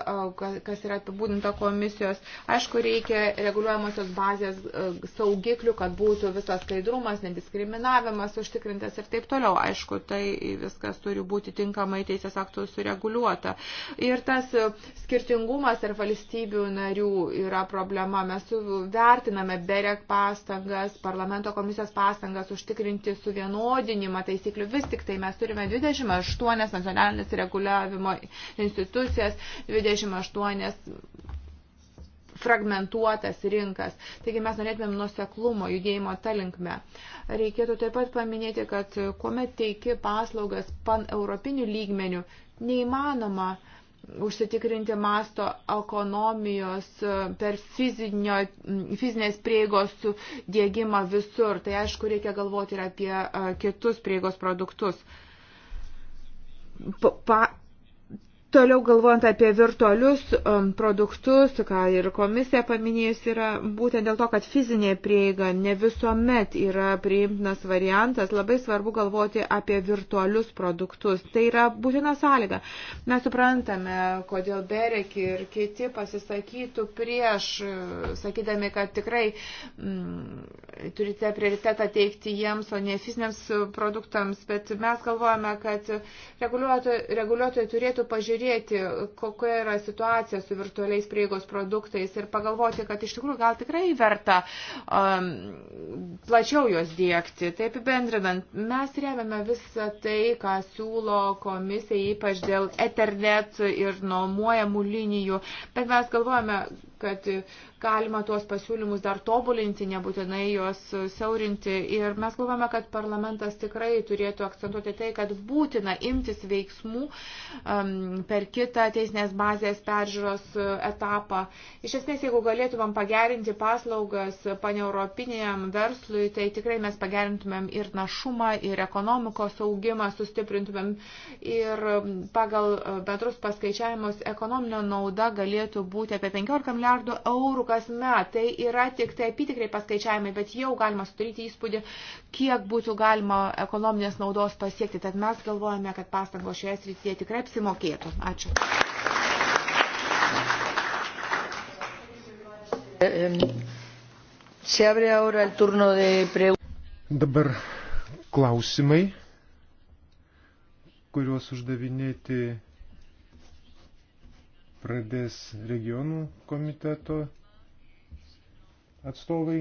kas yra apibūdinta komisijos. Aišku, reikia reguliuojamosios bazės saugiklių, kad būtų visas skaidrumas, nediskriminavimas užtikrintas ir taip toliau. Aišku, tai viskas turi būti tinkamai teisės aktų sureguliuota. Ir tas skirtingumas ar valstybių narių yra problema. Mes vertiname BEREK pastangas, parlamento komisijos pastangas užtikrinti suvienodinimą taisyklių. Vis tik tai mes turime 20 28 nacionalinės reguliavimo institucijas, 28 fragmentuotas rinkas. Taigi mes norėtumėm nuseklumo judėjimo tą linkme. Reikėtų taip pat paminėti, kad kuomet teiki paslaugas pan-europinių lygmenių, neįmanoma užsitikrinti masto ekonomijos e, per fizinio, fizinės prieigos dėgymą visur. Tai aišku, reikia galvoti ir apie e, kitus prieigos produktus pa, Toliau galvojant apie virtualius um, produktus, ką ir komisija paminėjus yra, būtent dėl to, kad fizinė prieiga ne visuomet yra priimtinas variantas, labai svarbu galvoti apie virtualius produktus. Tai yra būtina sąlyga. Mes suprantame, kodėl Berek ir kiti pasisakytų prieš, e, sakydami, kad tikrai mm, turite prioritetą teikti jiems, o ne fiziniams produktams, bet mes galvojame, kad reguliuotojai turėtų pažiūrėti, pasižiūrėti, kokia yra situacija su virtualiais prieigos produktais ir pagalvoti, kad iš tikrųjų gal tikrai verta um, plačiau juos dėkti. Taip bendrinant, mes remiame visą tai, ką siūlo komisija, ypač dėl Ethernet ir nuomojamų linijų, bet mes galvojame, kad galima tuos pasiūlymus dar tobulinti, nebūtinai juos siaurinti. Ir mes galvome, kad parlamentas tikrai turėtų akcentuoti tai, kad būtina imtis veiksmų um, per kitą teisinės bazės peržiūros uh, etapą. Iš esmės, jeigu galėtumėm pagerinti paslaugas paneuropiniam verslui, tai tikrai mes pagerintumėm ir našumą, ir ekonomikos augimą, sustiprintumėm ir um, pagal uh, bendrus paskaičiavimus ekonominio nauda galėtų būti apie 15 milijardų milijardų eurų kasmet. Tai yra tik tai apitikriai paskaičiavimai, bet jau galima sudaryti įspūdį, kiek būtų galima ekonominės naudos pasiekti. Tad mes galvojame, kad pastangos šioje srityje tikrai apsimokėtų. Ačiū. Dabar klausimai, kuriuos uždavinėti pradės regionų komiteto atstovai.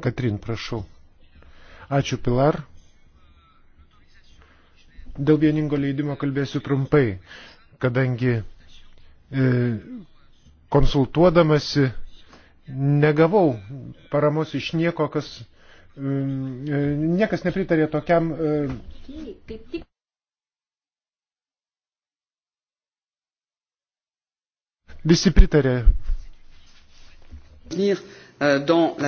Katrin, prašau. Ačiū, Pilar. Dėl vieningo leidimo kalbėsiu trumpai, kadangi e, konsultuodamasi negavau paramos iš nieko, kas mm, e, niekas nepritarė tokiam. E, Visi pritarė. Euh, euh,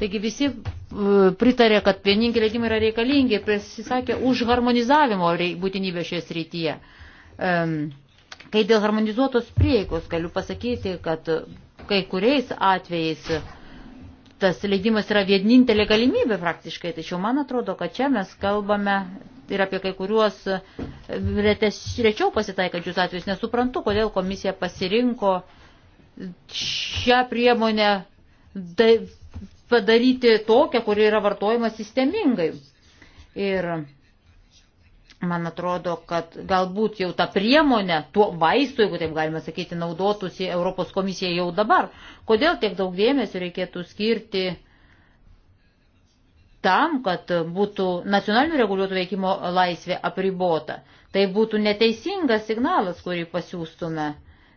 Taigi visi euh, pritarė, kad vieningi leidimai yra reikalingi ir pasisakė už harmonizavimo būtinybę šioje srityje. Kai dėl harmonizuotos prieigos galiu pasakyti, kad kai kuriais atvejais tas leidimas yra vienintelė galimybė praktiškai, tačiau man atrodo, kad čia mes kalbame ir apie kai kuriuos retes, rečiau pasitaikančius atvejus. Nesuprantu, kodėl komisija pasirinko šią priemonę padaryti tokią, kuri yra vartojama sistemingai. Ir Man atrodo, kad galbūt jau tą priemonę, tuo vaistu, jeigu taip galima sakyti, naudotųsi Europos komisija jau dabar. Kodėl tiek daug dėmesio reikėtų skirti tam, kad būtų nacionalinių reguliuotų veikimo laisvė apribota? Tai būtų neteisingas signalas, kurį pasiūstume.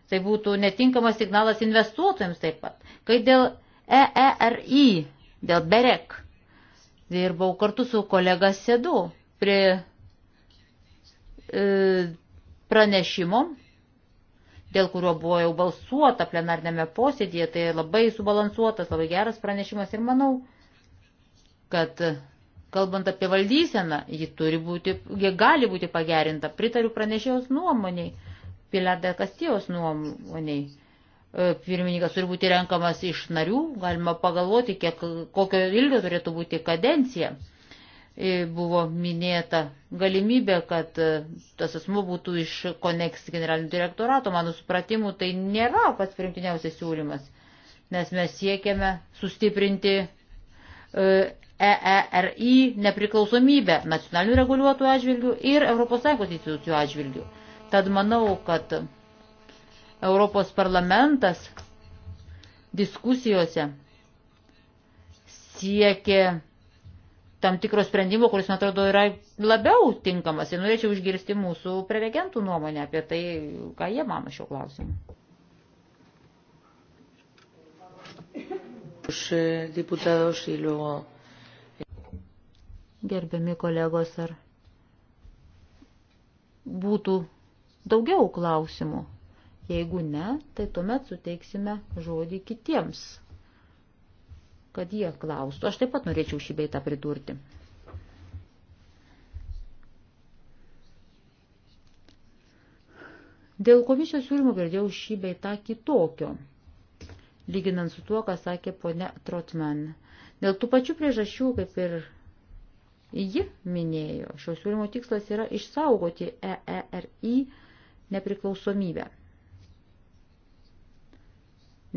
Tai būtų netinkamas signalas investuotojams taip pat. Kai dėl EERI, dėl BEREK, dirbau kartu su kolega Sedu prie E, pranešimo, dėl kurio buvo jau balsuota plenarnėme posėdėje, tai labai subalansuotas, labai geras pranešimas ir manau, kad kalbant apie valdyseną, ji, turi būti, ji gali būti pagerinta. Pritariu pranešėjos nuomoniai, Pilarda Kastijos nuomoniai. E, pirmininkas turi būti renkamas iš narių, galima pagalvoti, kiek, kokio ilgio turėtų būti kadencija. E, buvo minėta galimybė, kad e, tas asmuo būtų iš Koneks generalinio direktorato. Mano supratimu, tai nėra pats primtiniausias siūlymas, nes mes siekiame sustiprinti EERI e nepriklausomybę nacionalinių reguliuotojų atžvilgių ir ES institucijų atžvilgių. Tad manau, kad Europos parlamentas diskusijose siekė tam tikro sprendimo, kuris, man atrodo, yra labiau tinkamas. Ir norėčiau išgirsti mūsų prelegentų nuomonę apie tai, ką jie mano šiuo klausimu. E, e, Gerbiami kolegos, ar būtų daugiau klausimų? Jeigu ne, tai tuomet suteiksime žodį kitiems kad jie klaustų. Aš taip pat norėčiau šį beitą pridurti. Dėl komisijos siūlymų girdėjau šį beitą kitokio, lyginant su tuo, ką sakė ponia Trotman. Dėl tų pačių priežasčių, kaip ir ji minėjo, šio siūlymo tikslas yra išsaugoti EERI nepriklausomybę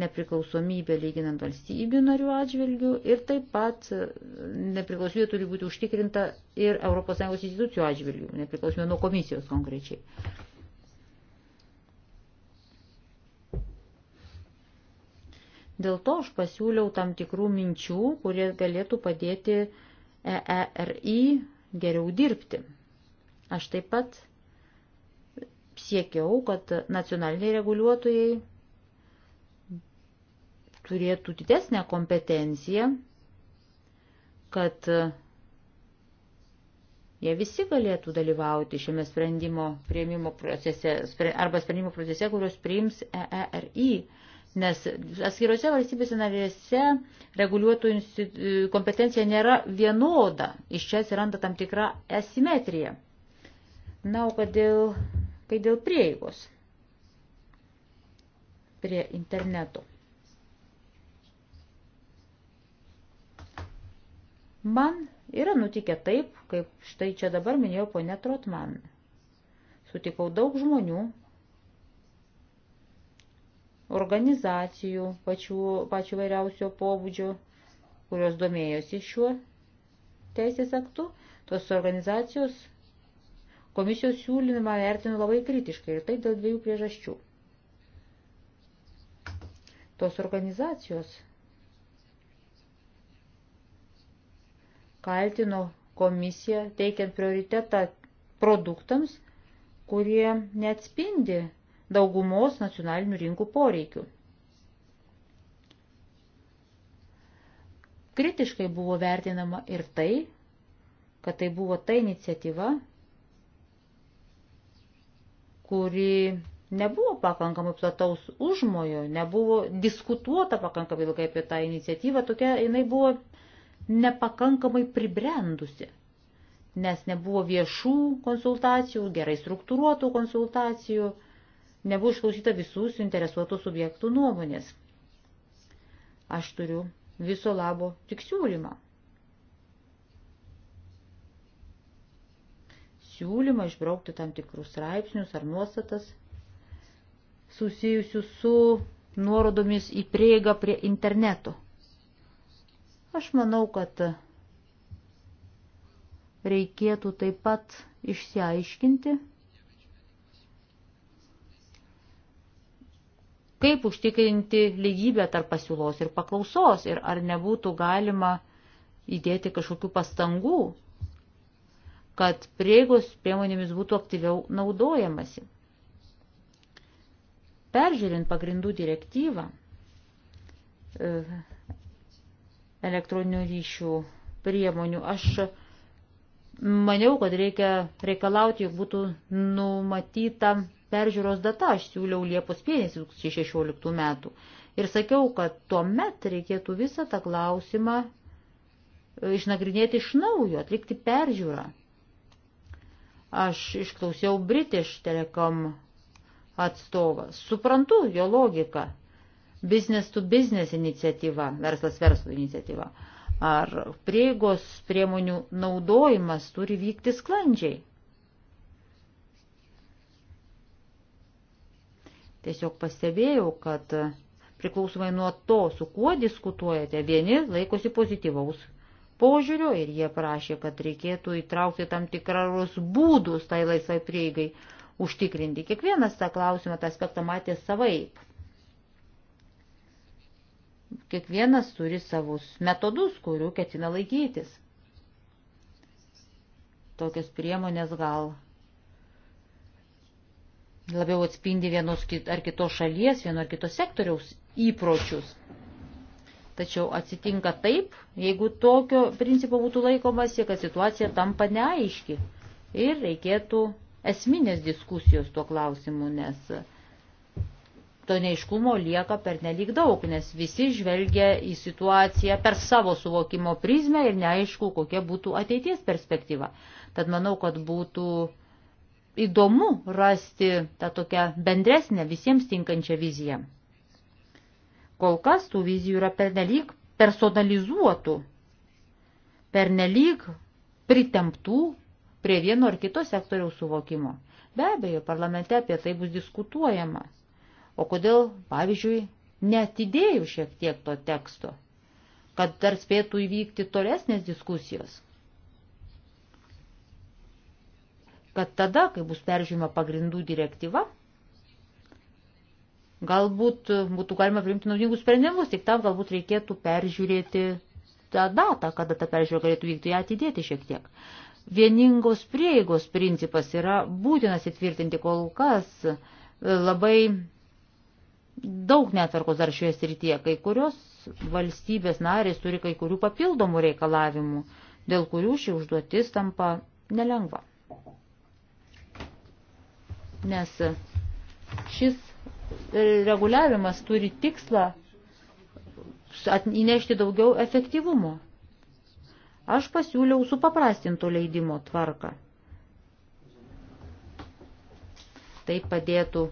nepriklausomybė lyginant valstybių narių atžvilgių ir taip pat nepriklausomybė turi būti užtikrinta ir ES institucijų atžvilgių, nepriklausomybė nuo komisijos konkrečiai. Dėl to aš pasiūliau tam tikrų minčių, kurie galėtų padėti EERI geriau dirbti. Aš taip pat siekiau, kad nacionaliniai reguliuotojai turėtų didesnę kompetenciją, kad e, jie visi galėtų dalyvauti šiame sprendimo prieimimo procese arba sprendimo procese, kurios priims EERI, nes atskirose valstybėse narėse reguliuotojų e, kompetencija nėra vienoda, iš čia atsiranda tam tikra asimetrija. Na, o kad dėl, kai dėl prieigos prie interneto. Man yra nutikę taip, kaip štai čia dabar minėjo ponė Trotman. Sutikau daug žmonių, organizacijų pačių, pačių vairiausio pobūdžio, kurios domėjosi šiuo teisės aktu. Tos organizacijos komisijos siūlymą vertinu labai kritiškai ir tai dėl dviejų priežasčių. Tos organizacijos kaltino komisiją teikiant prioritetą produktams, kurie neatspindi daugumos nacionalinių rinkų poreikių. Kritiškai buvo vertinama ir tai, kad tai buvo ta iniciatyva, kuri nebuvo pakankamai plataus užmojo, nebuvo diskutuota pakankamai ilgai apie tą iniciatyvą, tokia jinai buvo nepakankamai pribrendusi, nes nebuvo viešų konsultacijų, gerai struktūruotų konsultacijų, nebuvo išklausyta visų suinteresuotų subjektų nuomonės. Aš turiu viso labo tik siūlymą. Siūlymą išbraukti tam tikrus straipsnius ar nuostatas susijusius su nuorodomis į prieigą prie interneto. Aš manau, kad reikėtų taip pat išsiaiškinti, kaip užtikrinti lygybę tarp pasiūlos ir paklausos ir ar nebūtų galima įdėti kažkokių pastangų, kad prieigos priemonėmis būtų aktyviau naudojamasi. Peržiūrint pagrindų direktyvą, e, elektroninių ryšių priemonių. Aš maniau, kad reikia reikalauti, jog būtų numatyta peržiūros data. Aš siūliau Liepos mėnesį 2016 metų. Ir sakiau, kad tuo met reikėtų visą tą klausimą e, išnagrinėti iš naujo, atlikti peržiūrą. Aš išklausiau British Telecom atstovas. Suprantu jo logiką business to business iniciatyva, verslas verslo iniciatyva, ar prieigos priemonių naudojimas turi vykti sklandžiai. Tiesiog pastebėjau, kad priklausomai nuo to, su kuo diskutuojate, vieni laikosi pozityvaus požiūrio ir jie prašė, kad reikėtų įtraukti tam tikrarus būdus tai laisvai prieigai užtikrinti. Kiekvienas tą klausimą, tą aspektą matė savaip. Kiekvienas turi savus metodus, kurių ketina laikytis. Tokios priemonės gal labiau atspindi vienos ar kitos šalies, vieno ar kitos sektoriaus įpročius. Tačiau atsitinka taip, jeigu tokio principo būtų laikomasi, kad situacija tampa neaiški ir reikėtų esminės diskusijos tuo klausimu, nes to neiškumo lieka per nelik daug, nes visi žvelgia į situaciją per savo suvokimo prizmę ir neaišku, kokia būtų ateities perspektyva. Tad manau, kad būtų įdomu rasti tą tokią bendresnę visiems tinkančią viziją. Kol kas tų vizijų yra per nelik personalizuotų, per nelik pritemptų prie vieno ar kito sektoriaus suvokimo. Be abejo, parlamente apie tai bus diskutuojama O kodėl, pavyzdžiui, netidėjau šiek tiek to teksto, kad dar spėtų įvykti tolesnės diskusijos? Kad tada, kai bus peržiūrima pagrindų direktyva, galbūt būtų galima priimti naudingus sprendimus, tik tam galbūt reikėtų peržiūrėti tą datą, kada ta peržiūra galėtų vykti, ją atidėti šiek tiek. Vieningos prieigos principas yra būtinas įtvirtinti kol kas labai daug netvarkos dar šioje srityje. Kai kurios valstybės narės turi kai kurių papildomų reikalavimų, dėl kurių ši užduotis tampa nelengva. Nes šis reguliavimas turi tikslą įnešti daugiau efektyvumo. Aš pasiūliau supaprastinto leidimo tvarką. Tai padėtų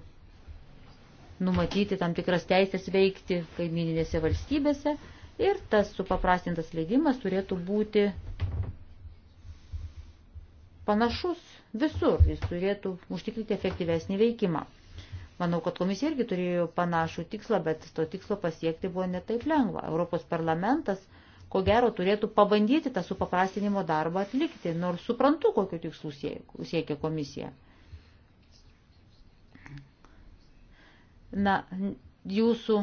numatyti tam tikras teisės veikti kaimininėse valstybėse ir tas supaprastintas leidimas turėtų būti panašus visur, jis turėtų užtikrinti efektyvesnį veikimą. Manau, kad komisija irgi turėjo panašų tikslą, bet to tikslo pasiekti buvo netaip lengva. Europos parlamentas, ko gero, turėtų pabandyti tą supaprastinimo darbą atlikti, nors suprantu, kokiu tikslu siekia komisija. Siekia Na, jūsų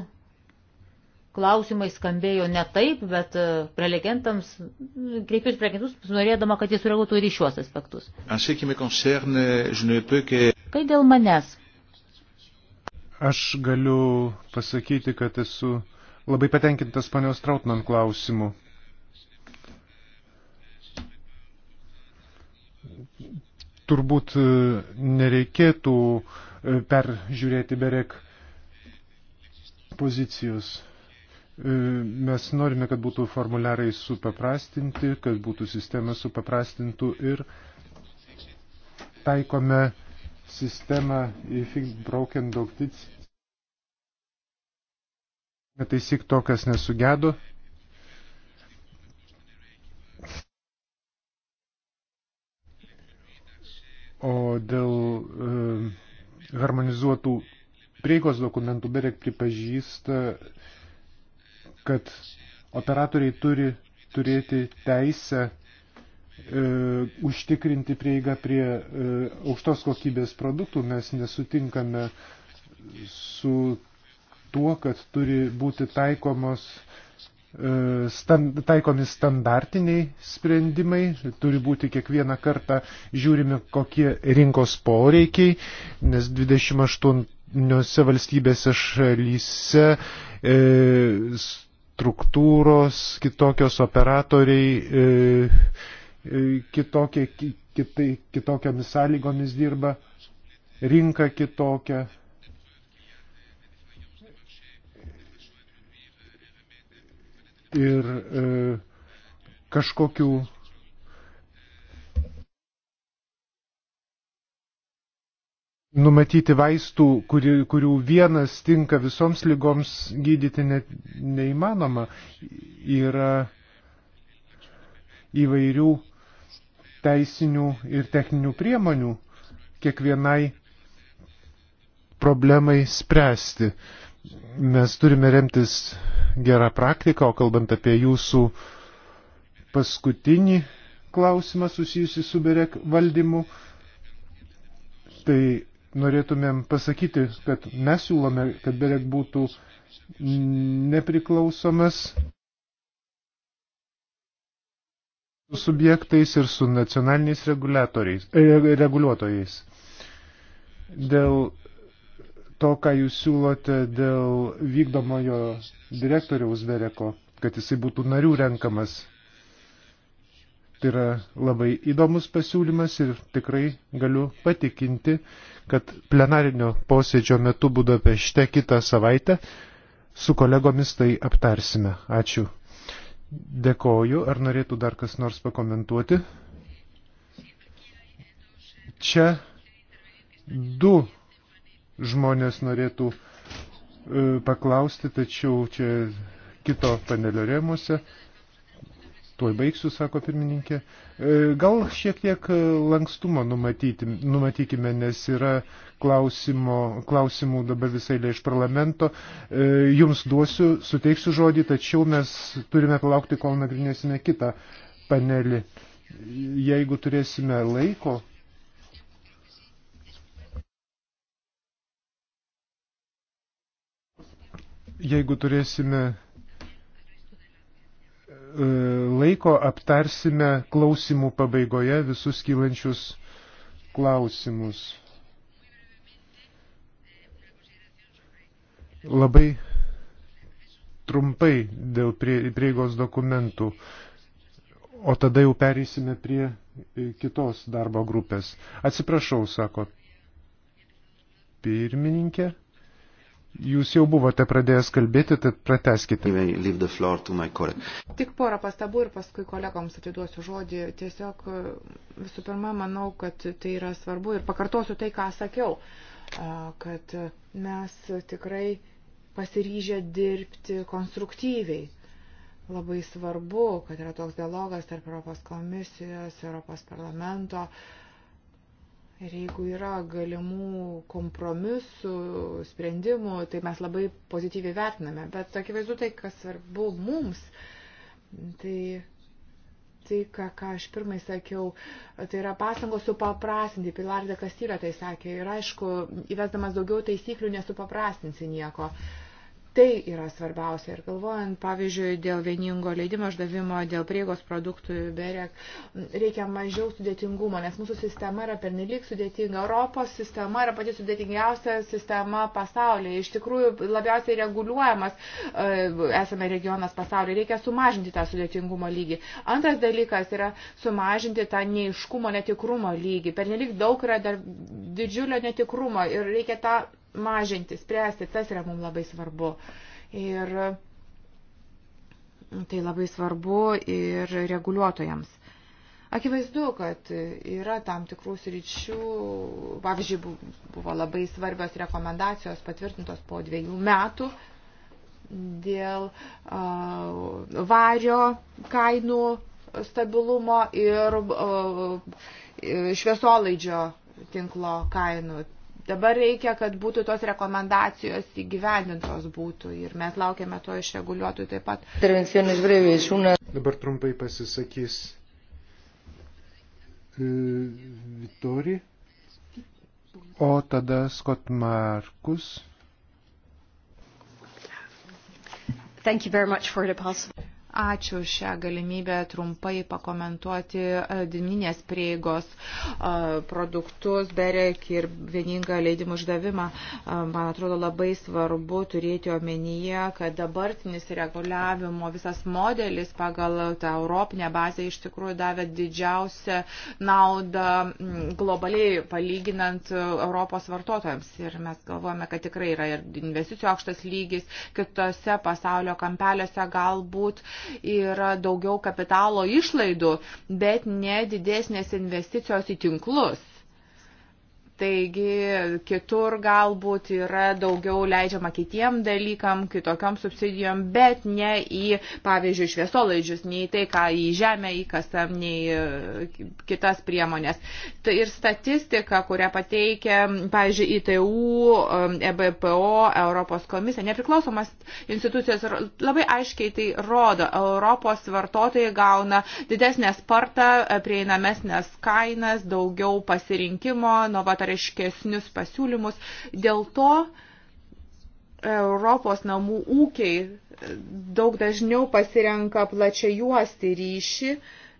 klausimai skambėjo ne taip, bet e, prelegentams, kreipius prelegentus, norėdama, kad jis sureaguotų ir į šiuos aspektus. Kai dėl manęs? Aš galiu pasakyti, kad esu labai patenkintas panios Trautman klausimu. Turbūt e, nereikėtų e, peržiūrėti berek pozicijos. E, mes norime, kad būtų formuliarai supaprastinti, kad būtų sistema supaprastintų ir taikome sistemą į Fig Broken Doctic. Netaisyk to, kas nesugedo. O dėl e, harmonizuotų Prieigos dokumentų berek pripažįsta, kad operatoriai turi turėti teisę e, užtikrinti prieigą prie e, aukštos kokybės produktų. Mes nesutinkame su tuo, kad turi būti taikomos e, stand, taikomi standartiniai sprendimai, turi būti kiekvieną kartą žiūrimi, kokie rinkos poreikiai, nes 28 kaiminiuose valstybėse šalyse e, struktūros, kitokios operatoriai, e, e kitokie, kitai, kitokiamis sąlygomis dirba, rinka kitokia. Ir e, kažkokių numatyti vaistų, kuri, kurių vienas tinka visoms lygoms gydyti net neįmanoma. Yra įvairių teisinių ir techninių priemonių kiekvienai problemai spręsti. Mes turime remtis gerą praktiką, o kalbant apie jūsų paskutinį klausimą susijusi su berek valdymu, tai norėtumėm pasakyti, kad mes siūlome, kad Berek būtų nepriklausomas subjektais ir su nacionaliniais e, reguliuotojais. Dėl to, ką jūs siūlote dėl vykdomojo direktoriaus Bereko, kad jisai būtų narių renkamas Tai yra labai įdomus pasiūlymas ir tikrai galiu patikinti, kad plenarinio posėdžio metu Budapešte kitą savaitę su kolegomis tai aptarsime. Ačiū. Dėkoju. Ar norėtų dar kas nors pakomentuoti? Čia du žmonės norėtų e, paklausti, tačiau čia kito panelio rėmuose. Tuoj baigsiu, sako pirmininkė. E, gal šiek tiek e, lankstumo numatyti, numatykime, nes yra klausimo, klausimų dabar visai lė iš parlamento. E, jums duosiu, suteiksiu žodį, tačiau mes turime palaukti, kol nagrinėsime kitą panelį. Jeigu turėsime laiko, jeigu turėsime E, laiko aptarsime klausimų pabaigoje visus kylančius klausimus. Labai trumpai dėl prieigos dokumentų, o tada jau pereisime prie e, kitos darbo grupės. Atsiprašau, sako pirmininkė. Jūs jau buvote pradėjęs kalbėti, tad prateskite. Tik porą pastabų ir paskui kolegoms atiduosiu žodį. Tiesiog visų pirma, manau, kad tai yra svarbu ir pakartosiu tai, ką sakiau, kad mes tikrai pasiryžę dirbti konstruktyviai labai svarbu, kad yra toks dialogas tarp Europos komisijos, Europos parlamento. Uh, Ir jeigu yra galimų kompromisų, sprendimų, tai mes labai pozityviai vertiname. Bet akivaizdu tai, kas svarbu mums, tai tai, ką, ką aš pirmai sakiau, tai yra pastangos supaprastinti. Pilardė Kastyra tai sakė. Ir aišku, įvesdamas daugiau taisyklių nesupaprastinsi nieko. Uh, Tai yra svarbiausia. Ir galvojant, pavyzdžiui, dėl vieningo leidimo išdavimo, dėl prieigos produktų BEREK, reikia mažiau sudėtingumo, nes mūsų sistema yra pernelyg sudėtinga. Europos sistema yra pati sudėtingiausia sistema pasaulyje. Iš tikrųjų, labiausiai reguliuojamas e, esame regionas pasaulyje. Reikia sumažinti tą sudėtingumo lygį. Antras dalykas yra sumažinti tą neiškumo, netikrumo lygį. Pernelyg daug yra dar didžiulio netikrumo ir reikia tą mažinti, spręsti, tas yra mums labai svarbu. Ir tai labai svarbu ir reguliuotojams. Akivaizdu, kad yra tam tikrų sričių, pavyzdžiui, buvo labai svarbios rekomendacijos patvirtintos po dviejų metų dėl uh, vario kainų stabilumo ir uh, šviesolaidžio tinklo kainų. Dabar reikia, kad būtų tos rekomendacijos įgyvendintos būtų ir mes laukiame to iš reguliuotojų taip pat. Dabar trumpai pasisakys e, Vitori, o tada Scott Markus. Thank you very much for the possibility. Ačiū šią galimybę trumpai pakomentuoti e, dimininės prieigos e, produktus, berek ir vieningą leidimų uždavimą. E, man atrodo labai svarbu turėti omenyje, kad dabartinis reguliavimo visas modelis pagal tą Europinę bazę iš tikrųjų davė didžiausią naudą globaliai palyginant Europos vartotojams. Ir mes galvojame, kad tikrai yra ir investicijų aukštas lygis, kitose pasaulio kampeliuose galbūt. Uh, yra daugiau kapitalo išlaidų, bet ne didesnės investicijos į tinklus. Taigi kitur galbūt yra daugiau leidžiama kitiem dalykam, kitokiam subsidijom, bet ne į, pavyzdžiui, šviesolaidžius, nei tai, ką į žemę įkasam, nei e, kitas priemonės. Tai ir statistika, kurią pateikia, pavyzdžiui, ITU, um, EBPO, Europos komisija, nepriklausomas institucijos labai aiškiai tai rodo. Europos vartotojai gauna didesnę spartą, prieinamesnės kainas, daugiau pasirinkimo, novatarių novatoriškesnius pasiūlymus. Dėl to Europos namų ūkiai e, daug dažniau pasirenka plačiai juosti ryšį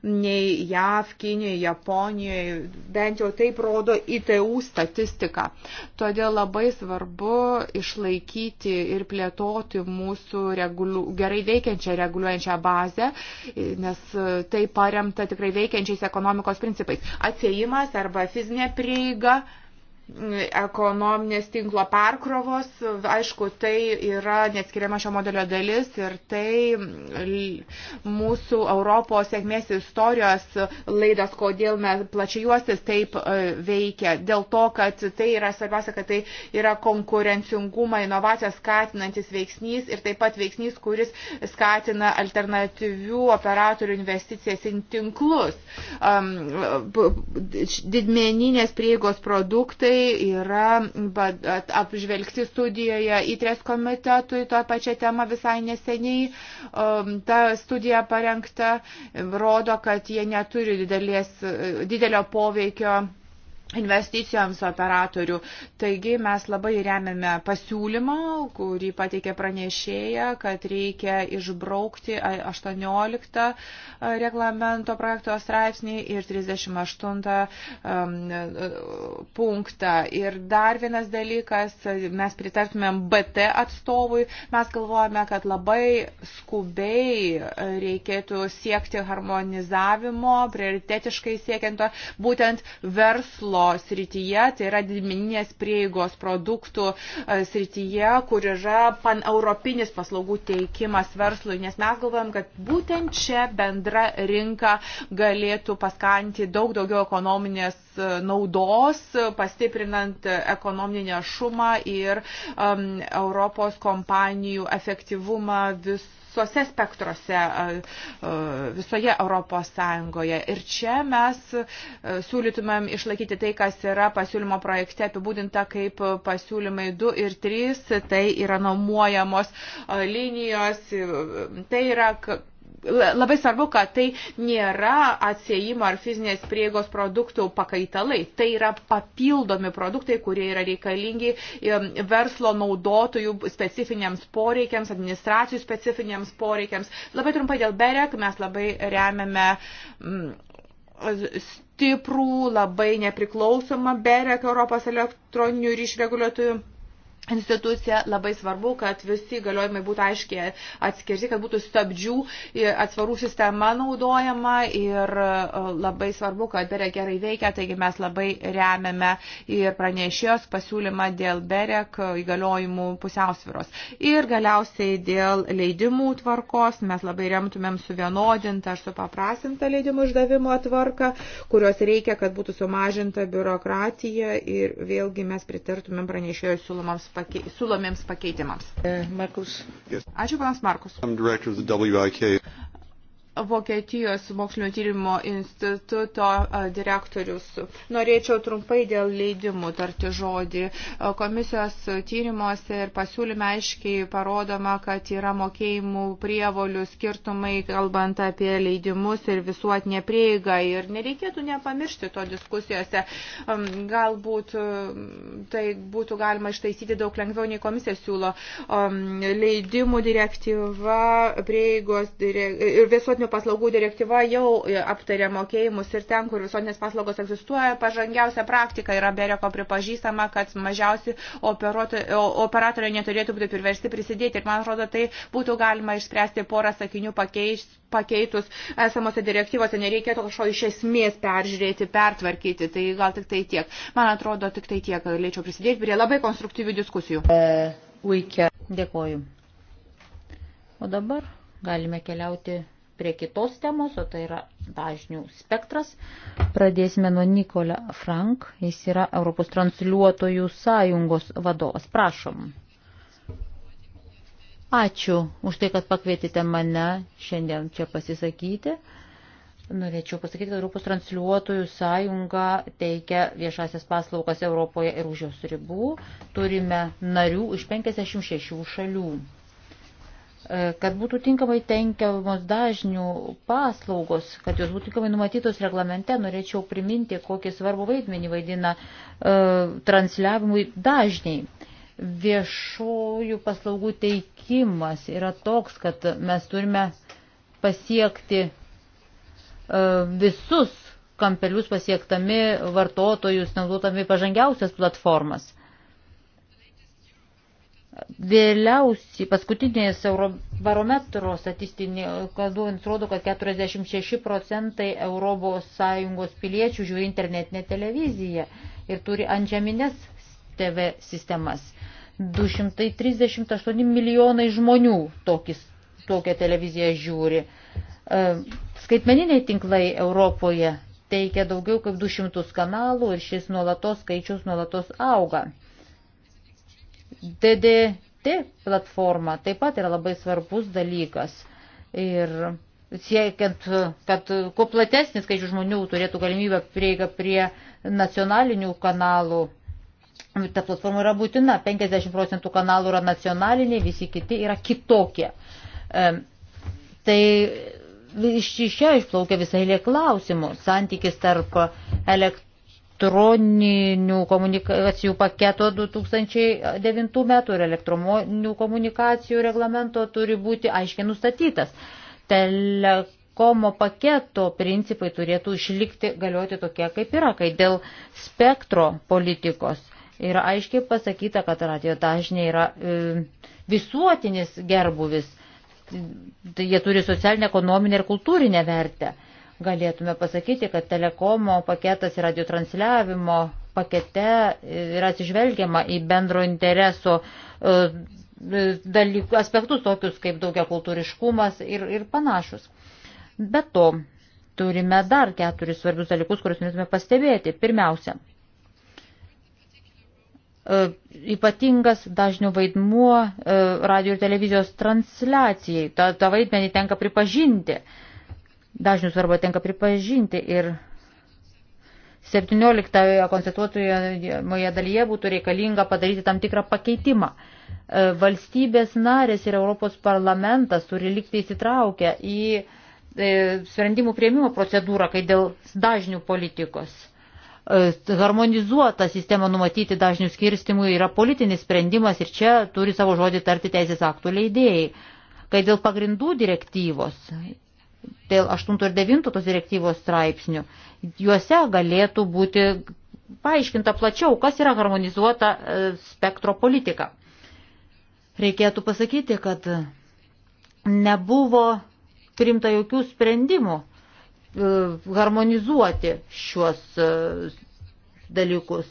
nei JAV, Kinijoje, Japonijoje, bent jau taip rodo ITU statistika. Todėl labai svarbu išlaikyti ir plėtoti mūsų reguliu, gerai veikiančią reguliuojančią bazę, nes tai paremta tikrai veikiančiais ekonomikos principais. Atsėjimas arba fizinė prieiga ekonominės tinklo perkrovos. Aišku, tai yra neatskiriama šio modelio dalis ir tai mūsų Europos sėkmės istorijos laidas, kodėl mes plačiajuostis taip e, veikia. Dėl to, kad tai yra svarbiausia, kad tai yra konkurencingumą, inovacijas skatinantis veiksnys ir taip pat veiksnys, kuris skatina alternatyvių operatorių investicijas į tinklus. Didmeninės prieigos produktai atvejai yra apžvelgti studijoje įtrės e komitetui, to pačią temą visai neseniai. Um, ta studija parengta rodo, kad jie neturi didelės, didelio poveikio investicijoms operatorių. Taigi mes labai remiame pasiūlymą, kurį pateikė pranešėja, kad reikia išbraukti 18 e, reglamento projekto straipsnį ir 38 um, e, punktą. Ir dar vienas dalykas, mes pritartumėm BT atstovui, mes galvojame, kad labai skubiai reikėtų siekti harmonizavimo, prioritetiškai siekiant būtent verslo verslo srityje, tai yra didmeninės prieigos produktų e, srityje, kur yra paneuropinis paslaugų teikimas verslui, nes mes galvojam, kad būtent čia bendra rinka galėtų paskanti daug daugiau ekonominės naudos, pastiprinant ekonominį našumą ir um, Europos kompanijų efektyvumą visų visose spektruose, uh, uh, visoje Europos Sąjungoje. Ir čia mes uh, siūlytumėm išlaikyti tai, kas yra pasiūlymo projekte apibūdinta kaip pasiūlymai 2 ir 3, tai yra nuomojamos linijos, tai yra labai svarbu, kad tai nėra atsiejimo ar fizinės prieigos produktų pakaitalai. Tai yra papildomi produktai, kurie yra reikalingi verslo naudotojų specifiniams poreikiams, administracijų specifiniams poreikiams. Labai trumpai dėl BEREK mes labai remiame stiprų, labai nepriklausomą BEREK Europos elektroninių ryšių reguliuotojų institucija, labai svarbu, kad visi galiojimai būtų aiškiai atskirti, kad būtų stabdžių atsvarų sistema naudojama ir e, labai svarbu, kad BEREK gerai veikia, taigi mes labai remiame ir pranešėjos pasiūlymą dėl BEREK įgaliojimų pusiausviros. Ir galiausiai dėl leidimų tvarkos mes labai remtumėm suvienodintą ar supaprasintą leidimų išdavimo tvarką, kurios reikia, kad būtų sumažinta biurokratija ir vėlgi mes pritartumėm pranešėjos siūlomams pakei, siūlomiems pakeitimams. Markus. Ačiū, panas Markus. Vokietijos mokslinio tyrimo instituto direktorius. Norėčiau trumpai dėl leidimų tarti žodį. Komisijos tyrimuose ir pasiūlyme aiškiai parodoma, kad yra mokėjimų prievolių skirtumai, kalbant apie leidimus ir visuotinę prieigą. Ir nereikėtų nepamiršti to diskusijose. Galbūt tai būtų galima ištaisyti daug lengviau nei komisija siūlo. Leidimų direktyva, prieigos direk... ir visuotinė tarptautinių paslaugų direktyva jau e, aptarė mokėjimus ir ten, kur visuotinės paslaugos egzistuoja, pažangiausia praktika yra bereko pripažįstama, kad mažiausi operatoriai neturėtų būti priversti prisidėti. Ir man atrodo, tai būtų galima išspręsti porą sakinių pakeis, pakeitus esamose direktyvose. Nereikėtų kažko iš esmės peržiūrėti, pertvarkyti. Tai gal tik tai tiek. Man atrodo, tik tai tiek galėčiau prisidėti prie labai konstruktyvių diskusijų. Uh, Dėkoju. O dabar galime keliauti prie kitos temos, o tai yra dažnių spektras. Pradėsime nuo Nikola Frank, jis yra Europos transliuotojų sąjungos vadovas. Prašom. Ačiū už tai, kad pakvietėte mane šiandien čia pasisakyti. Norėčiau pasakyti, kad Europos transliuotojų sąjunga teikia viešasias paslaugas Europoje ir už jos ribų. Turime narių iš 56 šalių. E, kad būtų tinkamai tenkiamos dažnių paslaugos, kad jos būtų tinkamai numatytos reglamente, norėčiau priminti, kokį svarbų vaidmenį vaidina e, transliavimui dažniai. Viešojų paslaugų teikimas yra toks, kad mes turime pasiekti e, visus kampelius pasiektami vartotojus, naudotami pažangiausias platformas Vėliausiai paskutinės barometro statistikos duomenys rodo, kad 46 procentai ES piliečių žiūri internetinę televiziją ir turi antžeminės TV sistemas. 238 milijonai žmonių tokis, tokią televiziją žiūri. E, skaitmeniniai tinklai Europoje teikia daugiau kaip 200 kanalų ir šis nuolatos skaičius nuolatos auga. DDT platforma taip pat yra labai svarbus dalykas. Ir siekiant, kad kuo platesnis skaičius žmonių turėtų galimybę prieiga prie nacionalinių kanalų. Ta platforma yra būtina, 50 procentų kanalų yra nacionaliniai, visi kiti yra kitokie. E, tai iš čia išplaukia visai lė klausimų. Santykis tarp elektronikų elektroninių komunikacijų paketo 2009 metų ir elektroninių komunikacijų reglamento turi būti aiškiai nustatytas. Telekomo paketo principai turėtų išlikti galioti tokie, kaip yra, kai dėl spektro politikos yra aiškiai pasakyta, kad radio dažniai yra e, visuotinis gerbuvis, tai jie turi socialinę, ekonominę ir kultūrinę vertę. E, galėtume pasakyti, kad telekomo paketas ir radiotransliavimo pakete yra atsižvelgiama į bendro intereso e, e, dalykų, aspektus tokius kaip daugia kultūriškumas ir, ir panašus. Be to, turime dar keturis svarbius dalykus, kuriuos norėtume pastebėti. Pirmiausia, e, ypatingas dažnių vaidmuo radio ir televizijos transliacijai. Ta, ta vaidmenį tenka pripažinti. E, dažnių svarbą tenka pripažinti ir 17 konstituotoje dalyje būtų reikalinga padaryti tam tikrą pakeitimą. E, valstybės narės ir Europos parlamentas turi likti įsitraukę į e, sprendimų prieimimo procedūrą, kai dėl dažnių politikos e, harmonizuotą sistemą numatyti dažnių skirstimui yra politinis sprendimas ir čia turi savo žodį tarti teisės aktų leidėjai. Kai dėl pagrindų direktyvos dėl 8 ir 9 tos direktyvos straipsnių, juose galėtų būti paaiškinta plačiau, kas yra harmonizuota e, spektro politika. Reikėtų pasakyti, kad nebuvo primta jokių sprendimų e, harmonizuoti šiuos e, dalykus.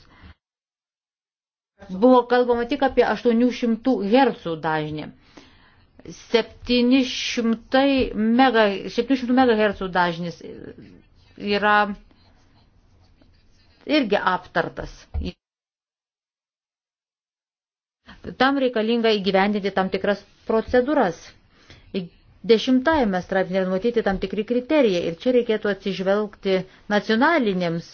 Buvo kalbama tik apie 800 Hz dažnį. 700 MHz dažnis yra irgi aptartas. Tam reikalinga įgyvendinti tam tikras procedūras. Dešimtajame straipsnėje numatyti tam tikri kriterijai ir čia reikėtų atsižvelgti nacionalinėms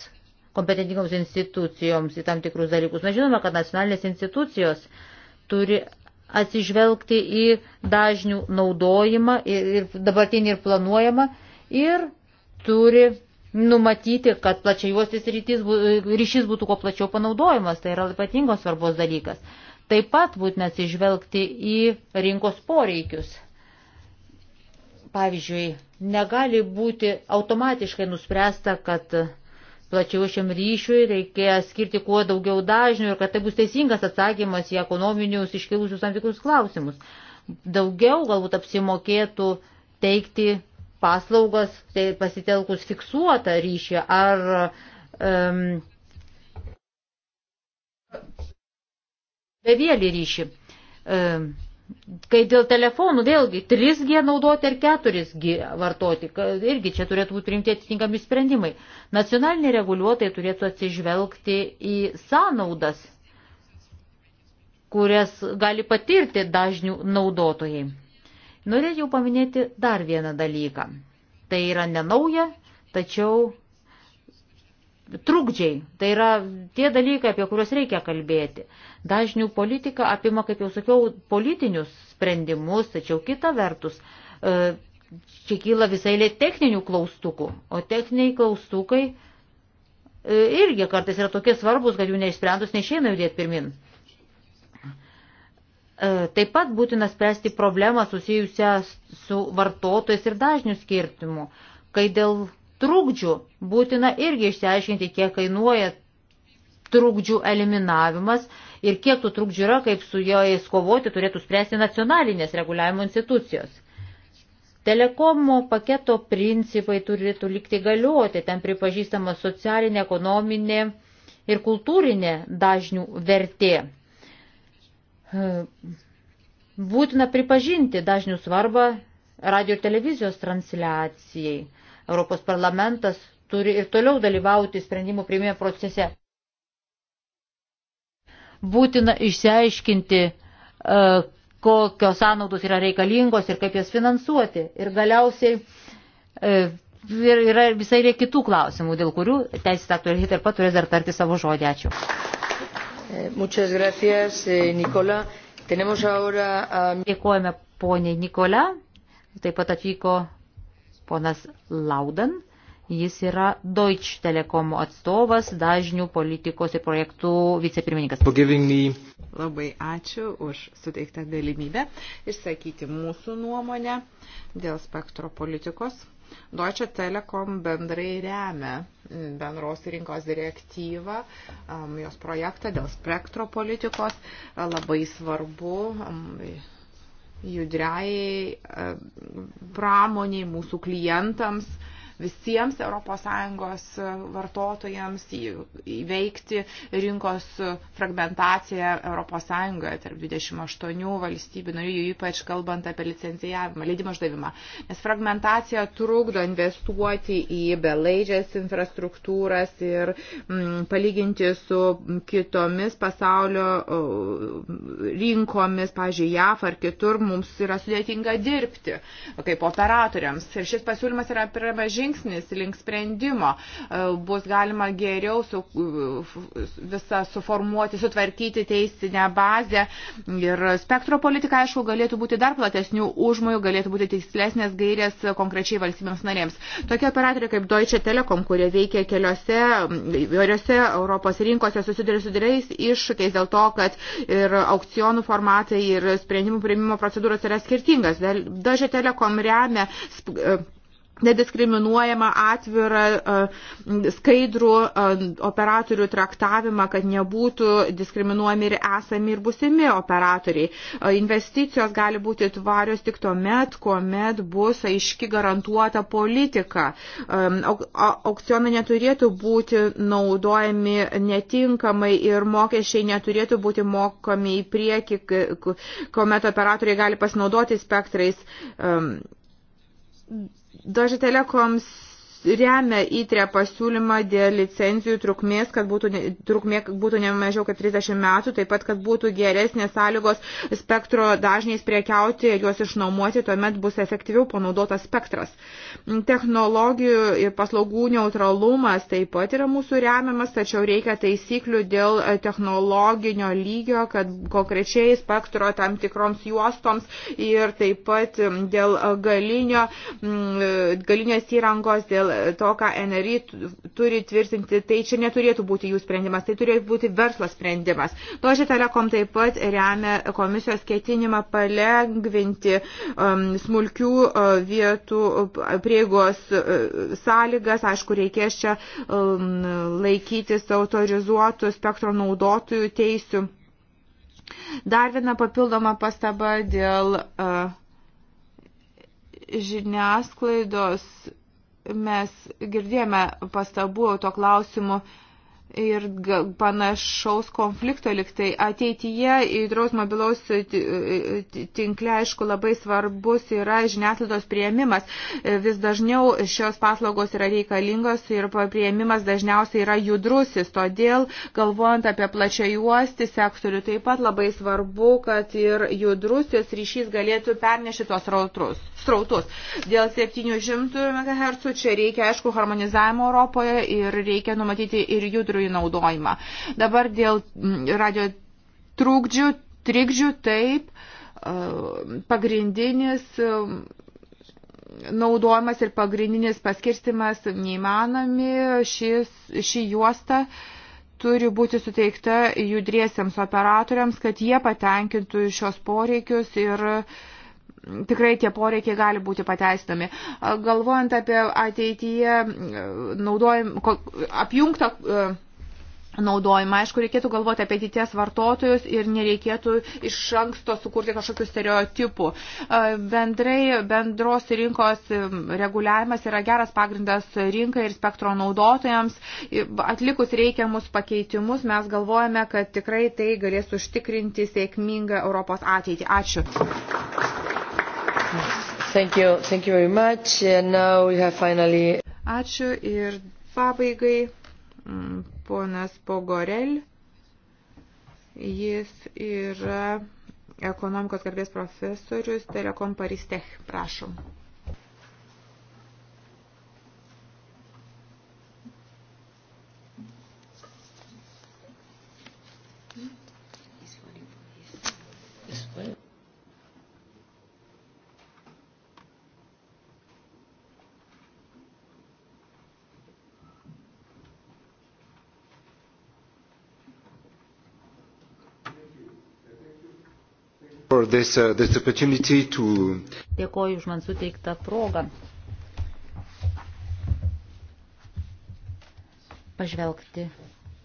kompetentingoms institucijoms į tam tikrus dalykus. Mes žinome, kad nacionalinės institucijos turi atsižvelgti į dažnių naudojimą ir, ir dabartinį ir planuojamą ir turi numatyti, kad plačiai juostis rytis, ryšys būtų kuo plačiau panaudojamas. Tai yra ypatingos svarbos dalykas. Taip pat būtina atsižvelgti į rinkos poreikius. Pavyzdžiui, negali būti automatiškai nuspręsta, kad plačiau šiam ryšiui, reikia skirti kuo daugiau dažnių ir kad tai bus teisingas atsakymas į ekonominius iškilusius tam tikrus klausimus. Daugiau galbūt apsimokėtų teikti paslaugas tai pasitelkus fiksuotą ryšį ar um, bevėlį ryšį. Um, Kai dėl telefonų vėlgi 3G naudoti ar 4G vartoti, irgi čia turėtų būti rimti atitinkami sprendimai. Nacionaliniai reguliuotojai turėtų atsižvelgti į sąnaudas, kurias gali patirti dažnių naudotojai. Norėčiau paminėti dar vieną dalyką. Tai yra nenauja, tačiau trukdžiai. Tai yra tie dalykai, apie kuriuos reikia kalbėti. Dažnių politika apima, kaip jau sakiau, politinius sprendimus, tačiau kita vertus, e, čia kyla visai lė techninių klaustukų, o techniniai klaustukai e, irgi kartais yra tokie svarbus, kad jų neišsprendus neišeina judėti pirmin. E, taip pat būtina spręsti problemą susijusią su vartotojais ir dažnių skirtimu, kai dėl trukdžių būtina irgi išsiaiškinti, kiek kainuoja trukdžių eliminavimas ir kiek tų trukdžių yra, kaip su jais kovoti turėtų spręsti nacionalinės reguliavimo institucijos. Telekomo paketo principai turėtų likti galioti, ten pripažįstama socialinė, ekonominė ir kultūrinė dažnių vertė. Būtina pripažinti dažnių svarbą radio ir televizijos transliacijai. Europos parlamentas turi ir toliau dalyvauti sprendimų priimimo procese būtina išsiaiškinti, e, kokios sąnaudos yra reikalingos ir kaip jas finansuoti. Ir galiausiai e, yra visai reikia kitų klausimų, dėl kurių teisės aktų ir pat turės dar tarti savo žodį. Ačiū. Eh, muchas gracias, eh, Nikola. Tenemos ahora a... Dėkojame poniai Nikola. Taip pat atvyko ponas Laudan. Jis yra Deutsche Telekom atstovas, dažnių politikos ir projektų vicepirmininkas. Labai ačiū už suteiktą galimybę išsakyti mūsų nuomonę dėl spektro politikos. Deutsche Telekom bendrai remia bendros rinkos direktyvą, jos projektą dėl spektro politikos. Labai svarbu judriai e, pramoniai mūsų klientams visiems ES vartotojams įveikti rinkos fragmentaciją ES tarp 28 valstybių narių, ypač kalbant apie licencijavimą, leidimo išdavimą. Nes fragmentacija trukdo investuoti į belaidžias infrastruktūras ir m, mm, palyginti su kitomis pasaulio rinkomis, pažiūrėjau, JAF ar kitur, mums yra sudėtinga dirbti kaip operatoriams. Ir šis pasiūlymas yra primažinti žingsnis link sprendimo. E, bus galima geriau su, visą suformuoti, sutvarkyti teisinę bazę. Ir spektro politika, aišku, galėtų būti dar platesnių užmojų, galėtų būti tikslesnės gairės konkrečiai valstybėms narėms. Tokie operatoriai kaip Deutsche Telekom, kurie veikia keliose, įvairiose Europos rinkose, susiduria su dėliais iššūkiais dėl to, kad ir aukcionų formatai, ir sprendimų priimimo procedūros yra skirtingas. Deutsche Telekom remia. Sp e, nediskriminuojama atvirą, e, skaidrų e, operatorių traktavimą, kad nebūtų diskriminuojami ir esami ir busimi operatoriai. E, investicijos gali būti tvarios tik tuo met, kuomet bus aiški garantuota politika. Aukcionai neturėtų būti naudojami netinkamai ir mokesčiai neturėtų būti mokami į priekį, kuomet operatoriai gali pasinaudoti spektrais Deutsche Telekoms remia įtrę pasiūlymą dėl licencijų trukmės, kad būtų, trukmė būtų ne mažiau kaip 30 metų, taip pat, kad būtų geresnės sąlygos spektro dažniais priekiauti ir juos išnuomoti, tuomet bus efektyviau panaudotas spektras. Technologijų ir paslaugų neutralumas taip pat yra mūsų remiamas, tačiau reikia taisyklių dėl technologinio lygio, kad konkrečiai spektro tam tikroms juostoms ir taip pat dėl galinio, galinės įrangos, dėl to, ką NRI turi tvirtinti, tai čia neturėtų būti jų sprendimas, tai turėtų būti verslo sprendimas. Dožė Telekom taip pat remia komisijos ketinimą palengvinti um, smulkių uh, vietų uh, prieigos uh, sąlygas. Aišku, reikės čia um, laikytis autorizuotų spektro naudotojų teisių. Dar viena papildoma pastaba dėl uh, žiniasklaidos Mes girdėjome pastabų to klausimu ir panašaus konflikto liktai. Ateityje įdraus mobilaus tinkle, aišku, labai svarbus yra žiniasklaidos prieimimas. Vis dažniau šios paslaugos yra reikalingos ir prieimimas dažniausiai yra judrusis. Todėl, galvojant apie plačiai juosti sektorių, taip pat labai svarbu, kad ir judrusis ryšys galėtų pernešti tuos rautrus. Strautus. Dėl 700 MHz čia reikia, aišku, harmonizavimo Europoje ir reikia numatyti ir judrų jų naudojimą. Dabar dėl mm, radio trūkdžių, trikdžių, taip, e, pagrindinis e, naudojimas ir pagrindinis paskirstimas neįmanomi, šis, ši juosta turi būti suteikta judriesiams operatoriams, kad jie patenkintų šios poreikius ir mm, tikrai tie poreikiai gali būti pateisinami. Galvojant apie ateityje mm, naudojim, apjungtą e, naudojimą. Aišku, reikėtų galvoti apie ateities vartotojus ir nereikėtų iš anksto sukurti kažkokių stereotipų. Bendrai bendros rinkos reguliavimas yra geras pagrindas rinkai ir spektro naudotojams. Atlikus reikiamus pakeitimus mes galvojame, kad tikrai tai galės užtikrinti sėkmingą Europos ateitį. Ačiū. Thank you. Thank you very much. And now we have finally... Ačiū ir pabaigai ponas Pogorel. Jis yra ekonomikos garbės profesorius Telekom Paristech. Prašom. This, uh, this to... Dėkoju už man suteiktą progą pažvelgti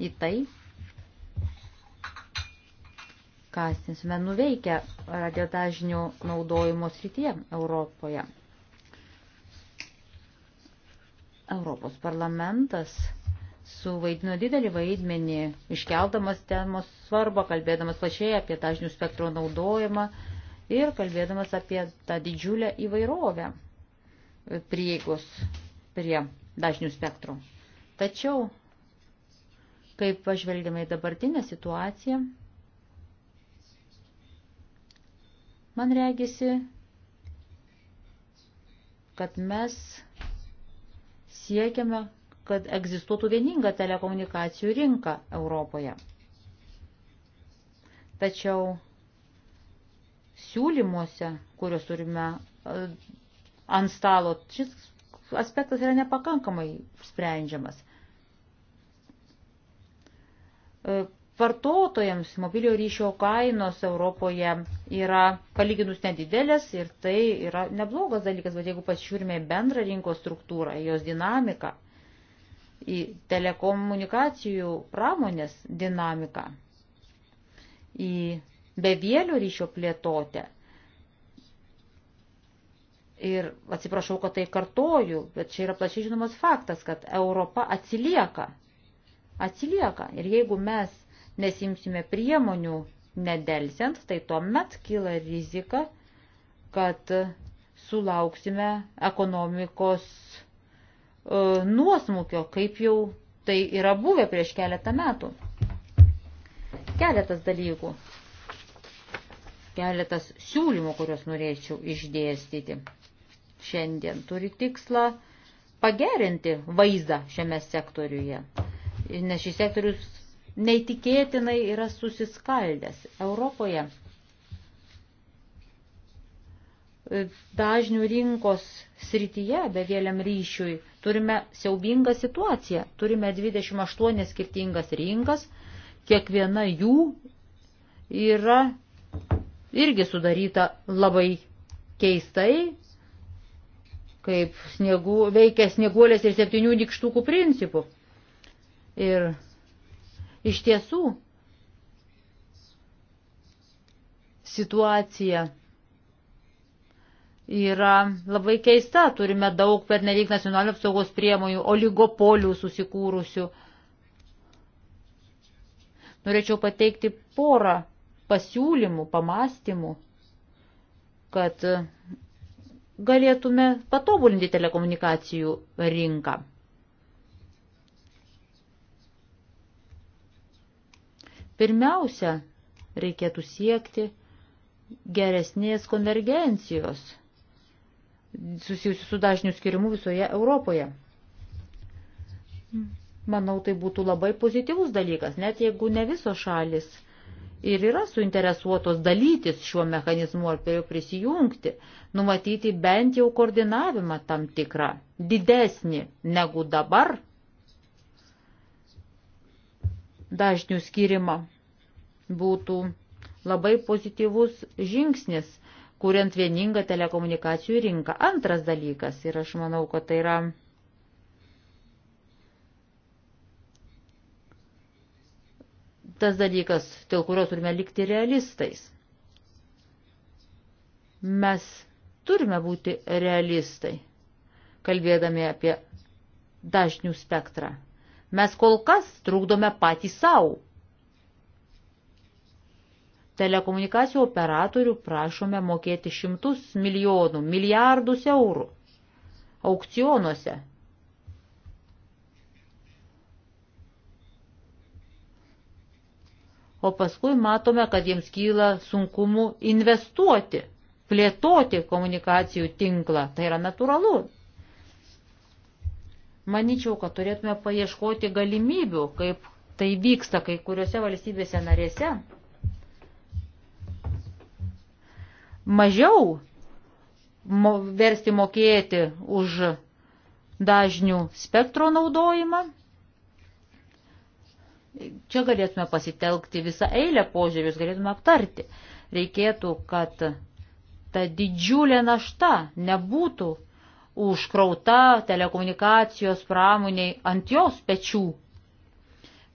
į tai, ką esame nuveikę radiodažnių naudojimo srityje Europoje. Europos parlamentas suvaidino didelį vaidmenį, iškeldamas temos svarbą, kalbėdamas plačiai apie tą žinių spektro naudojimą ir kalbėdamas apie tą didžiulę įvairovę prieigos prie dažnių spektro. Tačiau, kaip pažvelgiame į dabartinę situaciją, man regisi, kad mes siekiame kad egzistuotų vieninga telekomunikacijų rinka Europoje. Tačiau siūlymuose, kuriuos turime e, ant stalo, šis aspektas yra nepakankamai sprendžiamas. E, vartotojams mobilio ryšio kainos Europoje yra palyginus nedidelės ir tai yra neblogas dalykas, bet jeigu pasižiūrime bendrą rinkos struktūrą, jos dinamiką, į telekomunikacijų pramonės dinamiką, į bevėlio ryšio plėtotę. Ir atsiprašau, kad tai kartoju, bet čia yra plačiai žinomas faktas, kad Europa atsilieka. Atsilieka. Ir jeigu mes nesimsime priemonių nedelsiant, tai tuomet kyla rizika, kad sulauksime ekonomikos E, nuosmukio, kaip jau tai yra buvę prieš keletą metų. Keletas dalykų, keletas siūlymų, kuriuos norėčiau išdėstyti. Šiandien turi tikslą pagerinti vaizdą šiame sektoriuje, nes šis sektorius neįtikėtinai yra susiskaldęs Europoje. dažnių rinkos srityje bevėliam ryšiui turime siaubingą situaciją. Turime 28 skirtingas rinkas, kiekviena jų yra irgi sudaryta labai keistai, kaip sniegu, veikia snieguolės ir septynių dikštukų principų. Ir iš tiesų situacija yra labai keista. Turime daug per nelik nacionalinio apsaugos priemonių, oligopolių susikūrusių. Norėčiau pateikti porą pasiūlymų, pamastymų, kad galėtume patobulinti telekomunikacijų rinką. Pirmiausia, reikėtų siekti geresnės konvergencijos – susijusių su dažnių skirimu visoje Europoje. Manau, tai būtų labai pozityvus dalykas, net jeigu ne visos šalis ir yra suinteresuotos dalytis šiuo mechanizmu ar prie jo prisijungti, numatyti bent jau koordinavimą tam tikrą, didesnį negu dabar dažnių skirimą būtų labai pozityvus žingsnis kuriant vieningą telekomunikacijų rinką. Antras dalykas, ir aš manau, kad tai yra tas dalykas, dėl kurio turime likti realistais. Mes turime būti realistai, kalbėdami apie dažnių spektrą. Mes kol kas trukdome patį savo, telekomunikacijų operatorių prašome mokėti šimtus milijonų, milijardus eurų aukcionuose. O paskui matome, kad jiems kyla sunkumų investuoti, plėtoti komunikacijų tinklą. Tai yra natūralu. Maničiau, kad turėtume paieškoti galimybių, kaip tai vyksta kai kuriuose valstybėse narėse. mažiau mo, versti mokėti už dažnių spektro naudojimą. Čia galėtume pasitelkti visą eilę požiūrius, galėtume aptarti. Reikėtų, kad ta didžiulė našta nebūtų užkrauta telekomunikacijos pramoniai ant jos pečių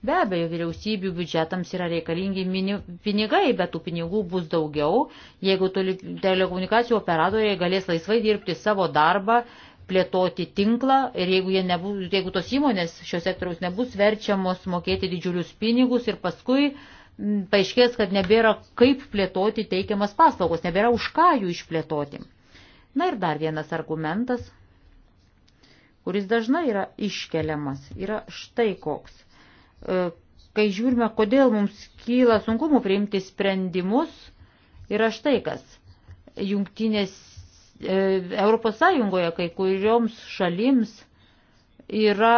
Be abejo, vyriausybių biudžetams yra reikalingi mini, pinigai, bet tų pinigų bus daugiau, jeigu telekomunikacijų operatoriai galės laisvai dirbti savo darbą, plėtoti tinklą ir jeigu, nebus, jeigu tos įmonės šios sektoriaus nebus verčiamos mokėti didžiulius pinigus ir paskui paaiškės, kad nebėra kaip plėtoti teikiamas paslaugos, nebėra už ką jų išplėtoti. Na ir dar vienas argumentas, kuris dažnai yra iškeliamas, yra štai koks E, kai žiūrime, kodėl mums kyla sunkumų priimti sprendimus, yra štai kas. Jungtinės e, Europos Sąjungoje kai kurioms šalims yra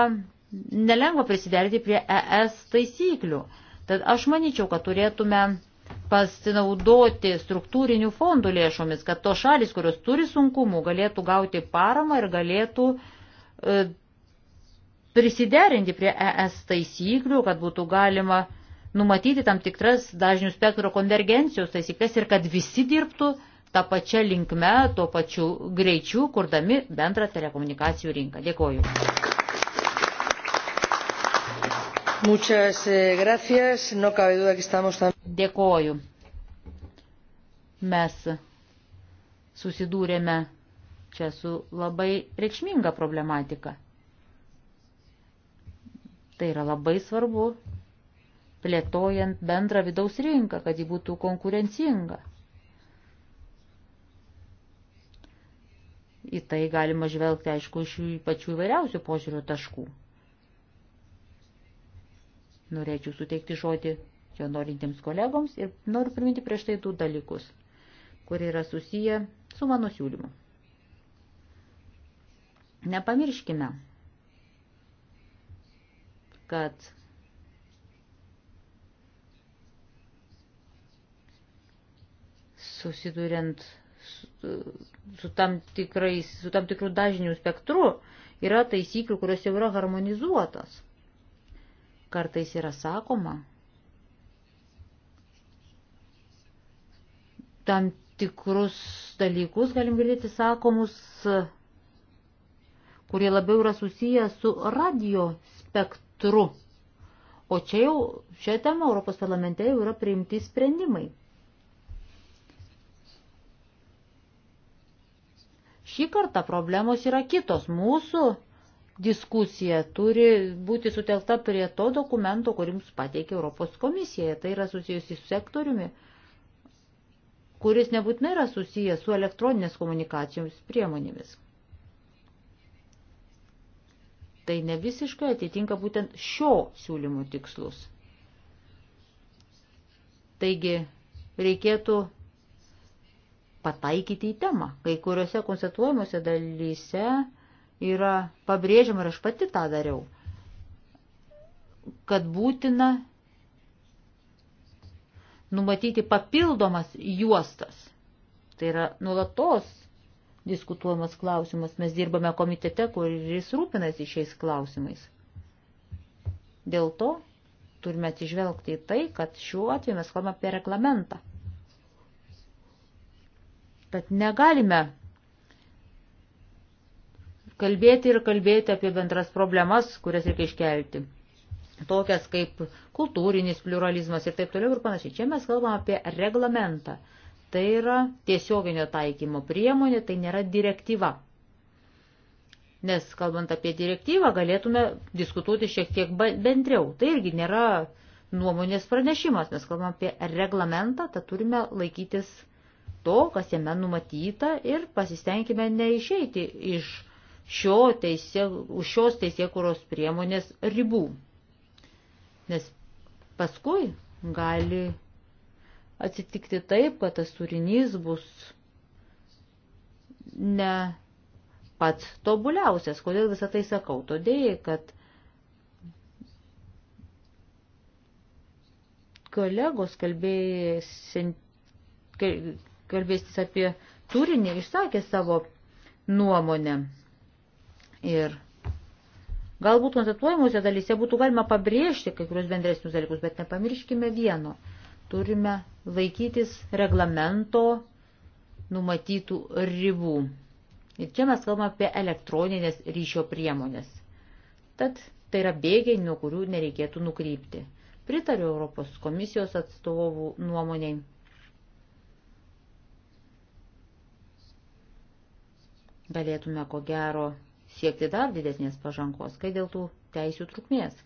nelengva prisiderti prie ES taisyklių. Tad aš manyčiau, kad turėtume pasinaudoti struktūrinių fondų lėšomis, kad tos šalis, kurios turi sunkumų, galėtų gauti paramą ir galėtų e, prisiderinti prie ES taisyklių, kad būtų galima numatyti tam tikras dažnių spektro konvergencijos taisyklės ir kad visi dirbtų tą pačią linkmę, tuo pačiu greičiu, kurdami bendrą telekomunikacijų rinką. Dėkoju. Muchas eh, gracias. No cabe duda que estamos tam... Dėkoju. Mes susidūrėme čia su labai reikšminga problematika. Tai yra labai svarbu, plėtojant bendrą vidaus rinką, kad ji būtų konkurencinga. Į tai galima žvelgti, aišku, iš pačių įvairiausių požiūrių taškų. Norėčiau suteikti žodį jo norintiems kolegoms ir noriu priminti prieš tai tų dalykus, kurie yra susiję su mano siūlymu. Nepamirškime, kad susiduriant su, su, tam, tikrais, su tam tikrų dažnių spektru yra taisyklių, kurios jau yra harmonizuotos. Kartais yra sakoma, tam tikrus dalykus galim girdėti sakomus, kurie labiau yra susiję su radio spektru semestru. O čia jau šią temą Europos parlamente jau yra priimti sprendimai. Šį kartą problemos yra kitos. Mūsų diskusija turi būti sutelkta prie to dokumento, kurims pateikė Europos komisija. Tai yra susijusi su sektoriumi, kuris nebūtinai yra susijęs su elektroninės komunikacijomis priemonėmis tai ne visiškai atitinka būtent šio siūlymų tikslus. Taigi reikėtų pataikyti į temą. Kai kuriuose konstatuojamuose dalyse yra pabrėžiama, ir aš pati tą dariau, kad būtina numatyti papildomas juostas. Tai yra nulatos diskutuojamas klausimas. Mes dirbame komitete, kuris rūpinasi šiais klausimais. Dėl to turime atsižvelgti į tai, kad šiuo atveju mes kalbame apie reglamentą. Tad negalime kalbėti ir kalbėti apie bendras problemas, kurias reikia iškelti. Tokias kaip kultūrinis pluralizmas ir taip toliau ir panašiai. Čia mes kalbame apie reglamentą. Tai yra tiesioginio taikymo priemonė, tai nėra direktyva. Nes kalbant apie direktyvą, galėtume diskutuoti šiek tiek bendriau. Tai irgi nėra nuomonės pranešimas. Mes kalbam apie reglamentą, tad turime laikytis to, kas jame numatyta ir pasistengime neišeiti iš šio teisė, šios teisėkuros priemonės ribų. Nes paskui gali atsitikti taip, kad tas turinys bus ne pats tobuliausias. Kodėl visą tai sakau? Todėl, kad kolegos kalbėsis apie turinį, išsakė savo nuomonę. Ir galbūt konstatuojimuose dalyse būtų galima pabrėžti kai kurios bendresnius dalykus, bet nepamirškime vieno – turime laikytis reglamento numatytų ribų. Ir čia mes kalbame apie elektroninės ryšio priemonės. Tad tai yra bėgiai, nuo kurių nereikėtų nukrypti. Pritariu Europos komisijos atstovų nuomoniai. Galėtume ko gero siekti dar didesnės pažangos, kai dėl tų teisių trukmės.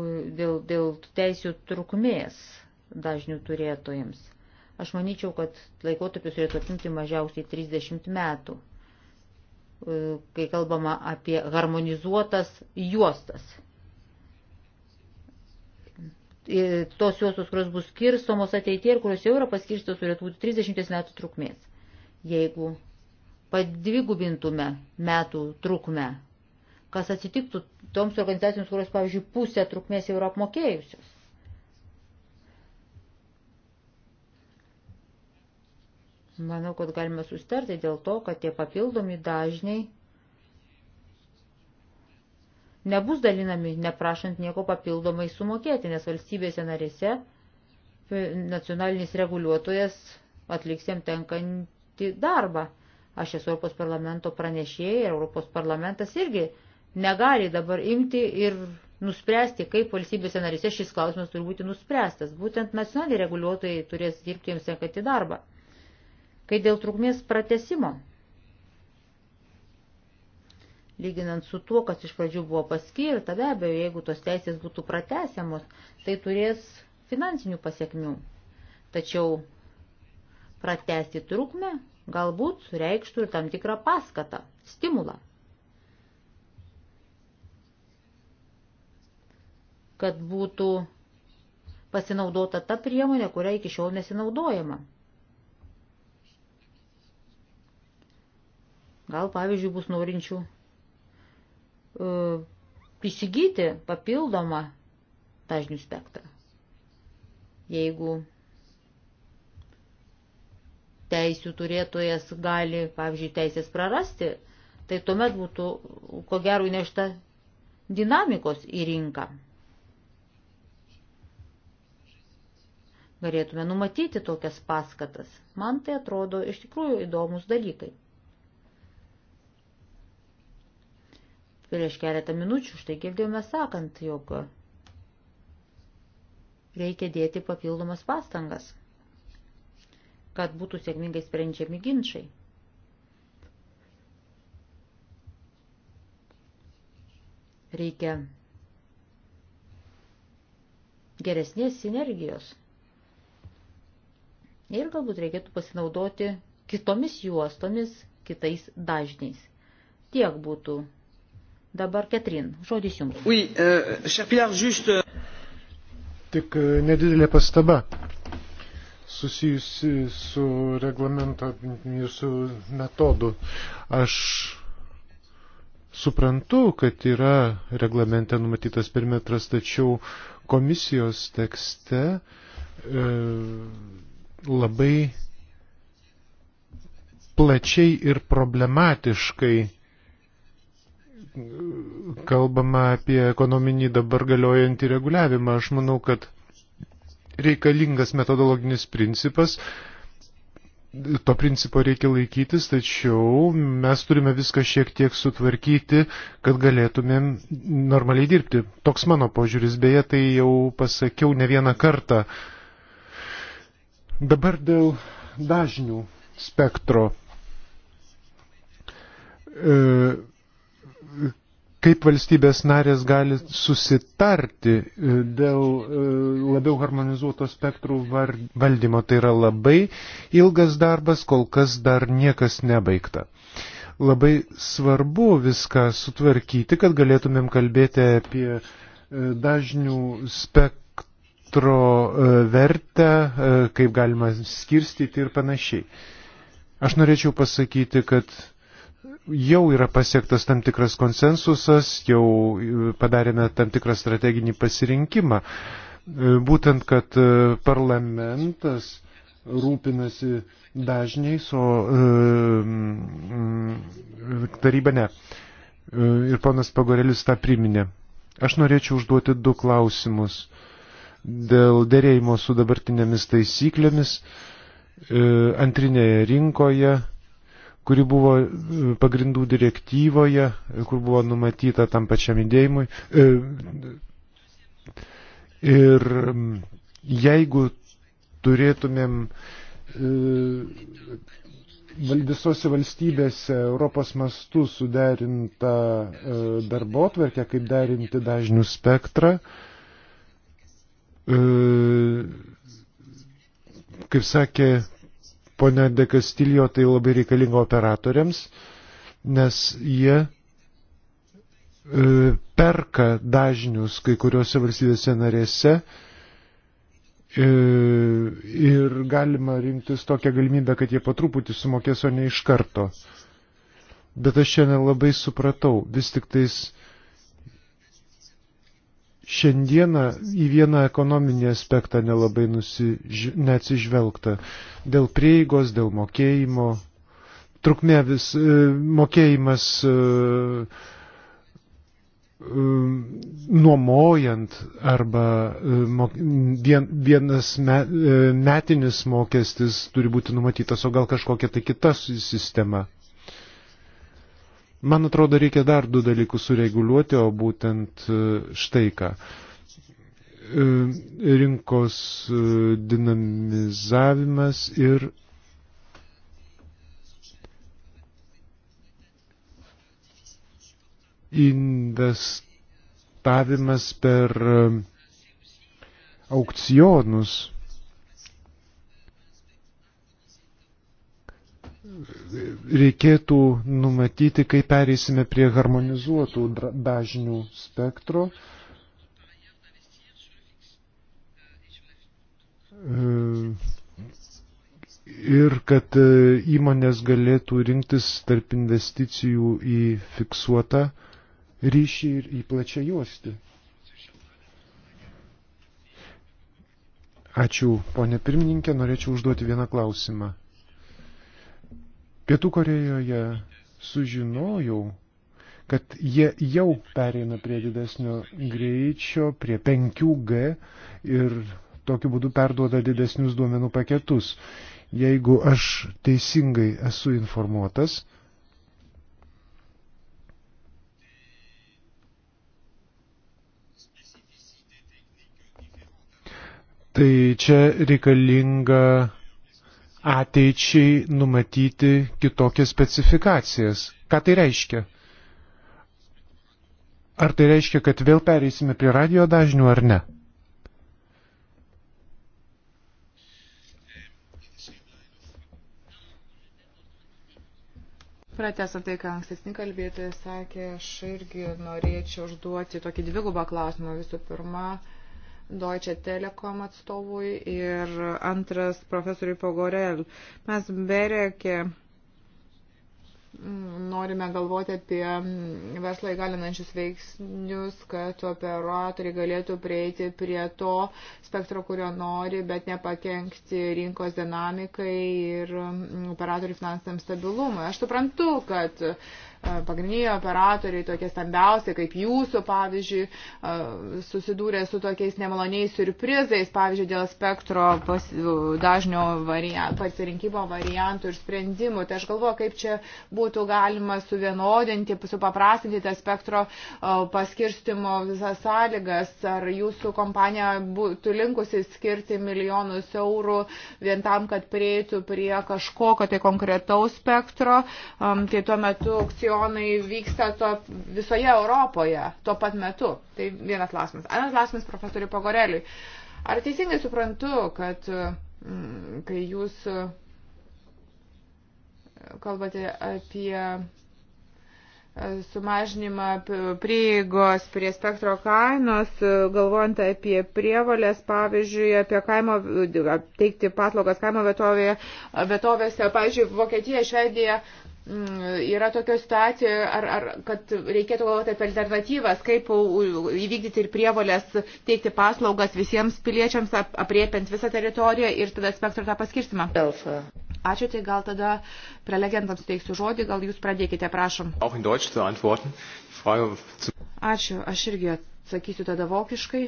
dėl, dėl teisių trukmės dažnių turėtojams. Aš manyčiau, kad laikotarpis turėtų apimti mažiausiai 30 metų, e, kai kalbama apie harmonizuotas juostas. Ir e, tos juostos, kurios bus skirstomos ateitie ir kurios jau yra paskirstos, turėtų būti 30 metų trukmės. Jeigu padvigubintume metų trukmę kas atsitiktų toms organizacijoms, kurios, pavyzdžiui, pusę trukmės jau yra apmokėjusios. Manau, kad galime sustarti dėl to, kad tie papildomi dažniai nebus dalinami, neprašant nieko papildomai sumokėti, nes valstybėse narėse nacionalinis reguliuotojas atliks jam tenkantį darbą. Aš esu Europos parlamento pranešėjai ir Europos parlamentas irgi negali dabar imti ir nuspręsti, kaip valstybėse narise šis klausimas turi būti nuspręstas. Būtent nacionaliniai reguliuotojai turės dirbti jiems tenkantį darbą. Kai dėl trukmės pratesimo, lyginant su tuo, kas iš pradžių buvo paskirta, be abejo, jeigu tos teisės būtų pratesiamos, tai turės finansinių pasiekmių. Tačiau pratesti trukmę galbūt reikštų ir tam tikrą paskatą, stimulą. kad būtų pasinaudota ta priemonė, kuria iki šiol nesinaudojama. Gal, pavyzdžiui, bus norinčių uh, įsigyti papildomą dažnių spektrą. Jeigu teisių turėtojas gali, pavyzdžiui, teisės prarasti, tai tuomet būtų, ko gero, nešta dinamikos į rinką. Norėtume numatyti tokias paskatas. Man tai atrodo iš tikrųjų įdomus dalykai. Prieš keletą minučių štai girdėjome sakant, jog reikia dėti papildomas pastangas, kad būtų sėkmingai sprendžiami ginčiai. Reikia geresnės sinergijos. Ir galbūt reikėtų pasinaudoti kitomis juostomis, kitais dažniais. Tiek būtų. Dabar Ketrin, žodis jums. Oui, uh, Pierre, juste... Euh, Tik e, nedidelė pastaba susijusi su reglamento ir su metodu. Aš suprantu, kad yra reglamente numatytas perimetras, tačiau komisijos tekste e, labai plačiai ir problematiškai kalbama apie ekonominį dabar galiojantį reguliavimą. Aš manau, kad reikalingas metodologinis principas, to principo reikia laikytis, tačiau mes turime viską šiek tiek sutvarkyti, kad galėtumėm normaliai dirbti. Toks mano požiūris, beje, tai jau pasakiau ne vieną kartą. Uh, Dabar dėl dažnių spektro. E, kaip valstybės narės gali susitarti e, dėl e, labiau harmonizuoto spektrų valdymo, tai yra labai ilgas darbas, kol kas dar niekas nebaigta. Labai svarbu viską sutvarkyti, kad galėtumėm kalbėti apie dažnių spektro vertę, e, kaip galima skirstyti ir panašiai. Aš norėčiau pasakyti, kad jau yra pasiektas tam tikras konsensusas, jau e, padarėme tam tikrą strateginį pasirinkimą. E, būtent, kad parlamentas rūpinasi dažniais, o taryba ne. Ir ponas Pagorelis tą priminė. Aš norėčiau užduoti du klausimus. E, dėl dėrėjimo su dabartinėmis taisyklėmis e, antrinėje rinkoje, kuri buvo e, pagrindų direktyvoje, e, kur buvo numatyta tam pačiam įdėjimui. Ir jeigu turėtumėm visose valstybėse Europos mastu suderinta darbo tvarkė, kaip derinti dažnių spektrą, E, kaip sakė ponia Dekastilio, tai labai reikalinga operatoriams, nes jie e, perka dažnius kai kuriuose valstybėse narėse e, ir galima rinktis tokią galimybę, kad jie po truputį sumokės, o ne iš karto. Bet aš čia nelabai supratau. Vis tik tais uh, šiandieną į vieną ekonominį aspektą nelabai nusiž... neatsižvelgta. Dėl prieigos, dėl mokėjimo. Trukmė vis e, mokėjimas e, e, nuomojant arba vienas metinis mokestis turi būti numatytas, o gal kažkokia tai kita sistema. Man atrodo, reikia dar du dalykus sureguliuoti, o būtent e, štai ką. E, rinkos e, dinamizavimas ir investavimas per aukcionus reikėtų numatyti, kaip pereisime prie harmonizuotų dažnių spektro. E, ir kad e, įmonės galėtų rinktis tarp investicijų į fiksuotą ryšį ir į plačią juostį. Ačiū, ponė pirmininkė, norėčiau užduoti vieną klausimą. Pietų Korejoje sužinojau, kad jie jau pereina prie didesnio greičio, prie 5G ir tokiu būdu perduoda didesnius duomenų paketus. Jeigu aš teisingai esu informuotas, tai čia reikalinga ateičiai numatyti kitokias specifikacijas. Ką tai reiškia? Ar tai reiškia, kad vėl pereisime prie radio dažnių ar ne? Pratesant tai, ką ankstesni kalbėtojai sakė, aš irgi norėčiau užduoti tokį dvigubą klausimą. Visų pirma, uh, Deutsche Telekom atstovui ir antras profesoriui Pogorel. Mes Berekė mm, norime galvoti apie mm, verslą įgalinančius veiksnius, kad operatoriai galėtų prieiti prie to spektro, kurio nori, bet nepakenkti rinkos dinamikai ir mm, operatorių finansiniam stabilumui. Aš suprantu, kad uh, pagrindiniai operatoriai, tokie stambiausi kaip jūsų, pavyzdžiui, susidūrė su tokiais nemaloniais surprizais, pavyzdžiui, dėl spektro pas, dažnio variant, pasirinkimo variantų ir sprendimų. Tai aš galvoju, kaip čia būtų galima suvienodinti, supaprastinti tą spektro paskirstimo visas sąlygas, ar jūsų kompanija būtų linkusi skirti milijonus eurų vien tam, kad prieitų prie kažkokio tai konkretaus spektro. Tai tuo metu aukcijų aukcionai vyksta to visoje Europoje tuo pat metu. Tai vienas klausimas. Anas klausimas profesoriui Pagoreliui. Ar teisingai suprantu, kad mm, kai jūs e, kalbate apie e, sumažinimą prieigos prie spektro kainos, e, galvojant apie prievalės, pavyzdžiui, apie kaimo, teikti paslaugas kaimo vietovėje, vietovėse, pavyzdžiui, Vokietija, Švedija Mm, yra tokia situacija, ar, ar, kad reikėtų galvoti apie alternatyvas, kaip įvykdyti ir prievolės teikti paslaugas visiems piliečiams, ap, apriepiant visą teritoriją ir tada spektro tą paskirstimą. Ačiū, tai gal tada prelegentams teiksiu žodį, gal jūs pradėkite, prašom. Ačiū, aš irgi atsakysiu tada vokiškai.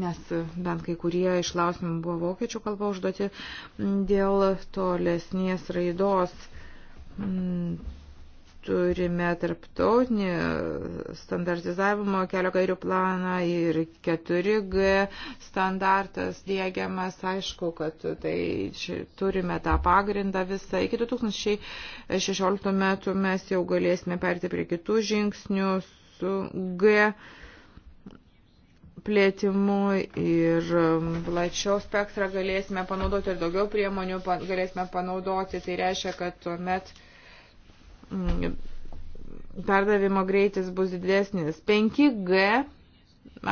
Nes bent kai kurie iš klausimų buvo vokiečių kalba užduoti dėl tolesnės raidos uh, Mm, turime tarptautinį standartizavimo kelio gairių planą ir 4G standartas dėgiamas. Aišku, kad tai turime tą pagrindą visą. Iki 2016 metų mes jau galėsime perti prie kitų žingsnių su G plėtimu ir um, plačiau spektrą galėsime panaudoti ir daugiau priemonių galėsime panaudoti. Tai reiškia, kad tuomet met Mm, perdavimo greitis bus didesnis. 5G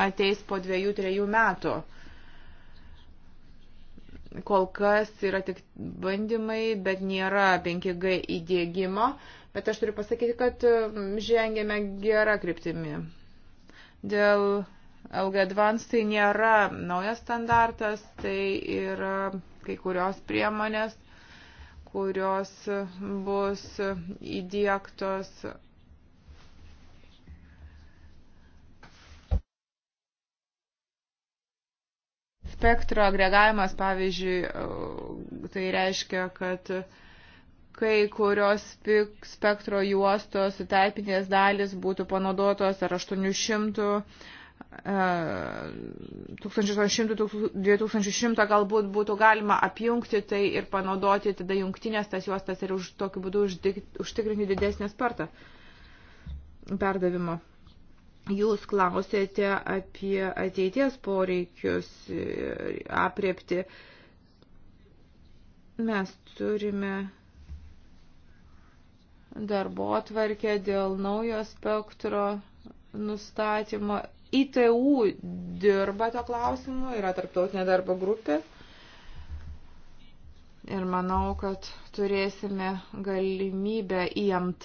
ateis po dviejų, trejų metų. Kol kas yra tik bandymai, bet nėra 5G įdėgymo, bet aš turiu pasakyti, kad mm, žengėme gerą kryptimį. Dėl LG Advance tai nėra naujas standartas, tai yra kai kurios priemonės kurios bus įdėktos spektro agregavimas, pavyzdžiui, tai reiškia, kad kai kurios spektro juostos tarpinės dalis būtų panaudotos ar 800 1100-2100 galbūt būtų galima apjungti tai ir panaudoti tada jungtinės tas juostas ir už tokiu būdu užtikrinti didesnį spartą perdavimo. Jūs klausėte apie ateities poreikius apriepti. Mes turime darbo atvarkę dėl naujo spektro nustatymo ITU dirba to klausimu, yra tarptautinė darbo grupė. Ir manau, kad turėsime galimybę IMT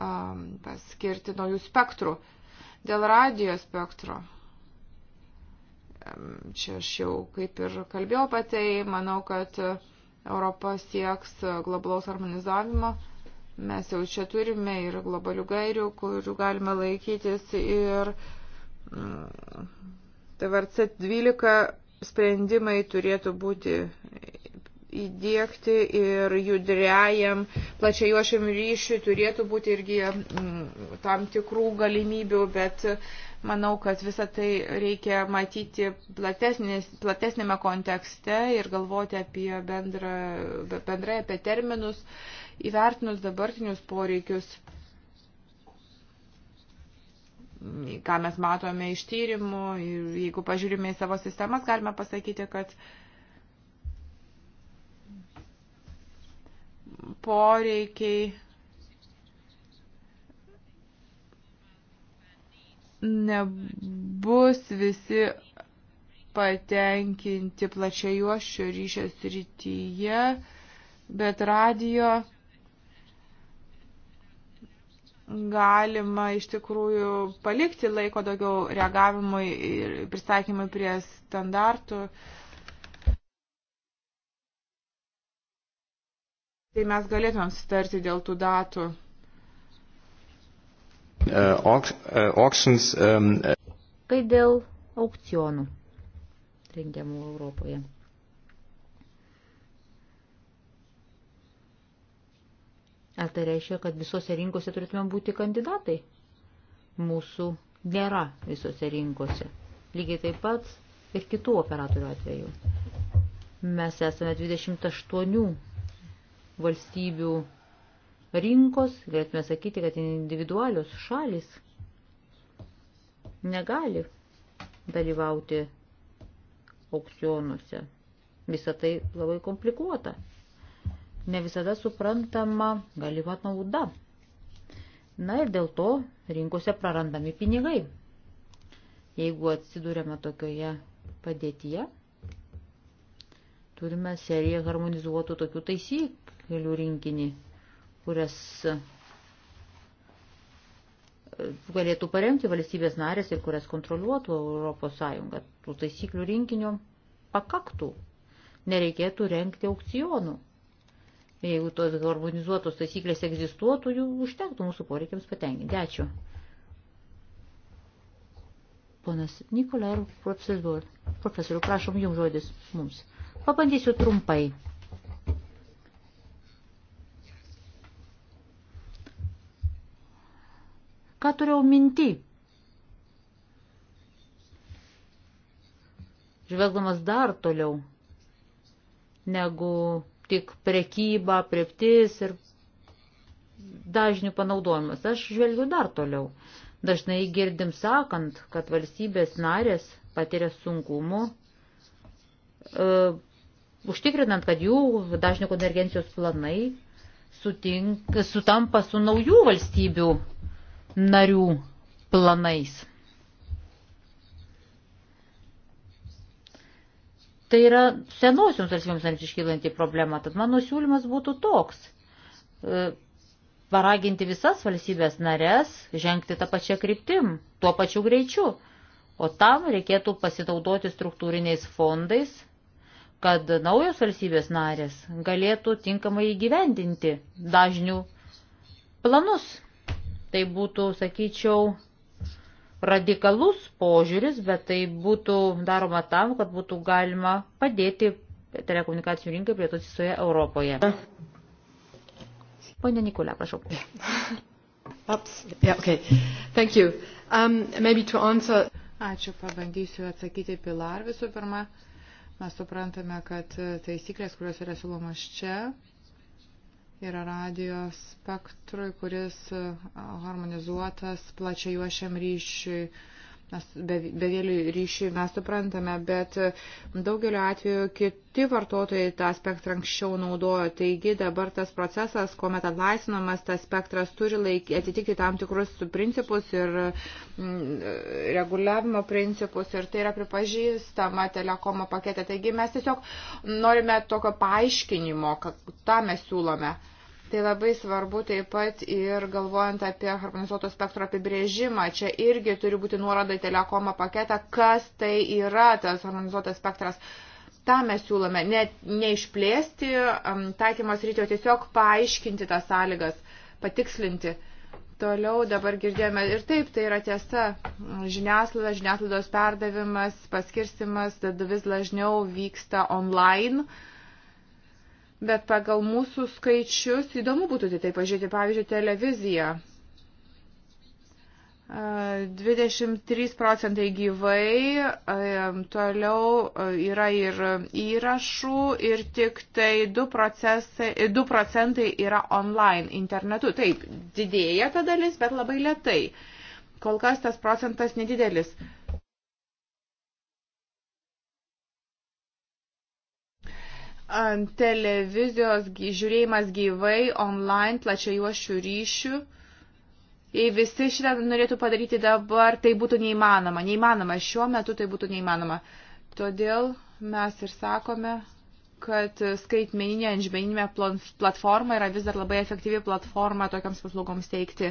um, paskirti naujų spektrų. Dėl radio spektro. Čia aš jau kaip ir kalbėjau apie tai, manau, kad Europa sieks globalaus harmonizavimo. Mes jau čia turime ir globalių gairių, kurių galime laikytis ir uh, TVRC 12 sprendimai turėtų būti įdėkti ir judriajam plačiajuošiam ryšiui turėtų būti irgi mm, tam tikrų galimybių, bet manau, kad visą tai reikia matyti platesnėme kontekste ir galvoti apie bendrą, bendrai apie terminus, įvertinus dabartinius poreikius ką mes matome iš tyrimų ir jeigu pažiūrime į savo sistemas, galime pasakyti, kad poreikiai nebus visi patenkinti plačiajuoščio ryšio srityje, bet radio galima iš tikrųjų palikti laiko daugiau reagavimui ir pristaikymui prie standartų. Tai mes galėtumėm sutarti dėl tų datų. Uh, auctions, um, Kai dėl aukcionų rengiamų Europoje. Ar tai reiškia, kad visose rinkose turėtume būti kandidatai? Mūsų nėra visose rinkose. Lygiai taip pat ir kitų operatorių atveju. Mes esame 28 valstybių rinkos, galėtume sakyti, kad individualios šalis negali dalyvauti aukcionuose. Visą tai labai komplikuota ne visada suprantama galima nauda. Na ir dėl to rinkose prarandami pinigai. Jeigu atsidūrėme tokioje padėtyje, turime seriją harmonizuotų tokių taisyklių rinkinį, kurias e, galėtų paremti valstybės narės ir kurias kontroliuotų Europos Sąjunga. Tų taisyklių rinkinio pakaktų. Nereikėtų renkti aukcionų Jeigu tos harmonizuotos taisyklės egzistuotų, jų užtektų mūsų poreikiams patenkinti. Ačiū. Ponas Nikola ir profesorių, prašom jums žodis mums. Pabandysiu trumpai. Ką turėjau minti? Žvelgdamas dar toliau negu tik prekyba, prieptis ir dažnių panaudojimas. Aš žvelgiu dar toliau. Dažnai girdim sakant, kad valstybės narės patiria sunkumų, e, užtikrinant, kad jų dažnių konvergencijos planai sutink, sutampa su naujų valstybių narių planais. Tai yra senosioms valstybėms narėms iškylanti problema. Tad mano siūlymas būtų toks. E, paraginti visas valstybės narės žengti tą pačią kryptim, tuo pačiu greičiu. O tam reikėtų pasitaudoti struktūriniais fondais, kad naujos valstybės narės galėtų tinkamai įgyvendinti dažnių planus. Tai būtų, sakyčiau, radikalus požiūris, bet tai būtų daroma tam, kad būtų galima padėti telekomunikacijų rinkai plėtoti visoje Europoje. Pone Nikulė, prašau. Ups. *laughs* Yeah, okay. Thank you. Um, maybe to answer... Ačiū, pabandysiu atsakyti Pilar visų pirma. Mes suprantame, kad taisyklės, kurios yra siūlomos čia, yra radio spektrui, kuris harmonizuotas plačia juošiam ryšiui Mes bevėlių be ryšių mes suprantame, bet daugeliu atveju kiti vartotojai tą spektrą anksčiau naudojo. Taigi dabar tas procesas, kuomet atlaisinamas tas spektras, turi laik, atitikti tam tikrus principus ir mm, reguliavimo principus ir tai yra pripažįstama telekomo pakete. Taigi mes tiesiog norime tokio paaiškinimo, ką mes siūlome. Tai labai svarbu taip pat ir galvojant apie harmonizuoto spektro apibrėžimą. Čia irgi turi būti nuoroda į telekomą paketą, kas tai yra tas harmonizuotas spektras. Ta mes siūlome ne, neišplėsti taikymas rytio, tiesiog paaiškinti tas sąlygas, patikslinti. Toliau dabar girdėjome ir taip, tai yra tiesa. Žiniaslaida, žiniaslaidos perdavimas, paskirstimas vis dažniau vyksta online. Uh, Bet pagal mūsų skaičius įdomu būtų tai pažiūrėti, pavyzdžiui, televiziją. 23 procentai gyvai, toliau yra ir įrašų ir tik tai 2, procesai, 2 procentai yra online internetu. Taip, didėja ta dalis, bet labai lietai. Kol kas tas procentas nedidelis. Uh, ant televizijos žiūrėjimas gyvai, online, plačiajuošių ryšių. Jei visi šitą norėtų padaryti dabar, tai būtų neįmanoma. Neįmanoma, šiuo metu tai būtų neįmanoma. Todėl mes ir sakome, kad skaitmeninė, inžmeninė platforma yra vis dar labai efektyvi platforma tokiams paslaugoms teikti.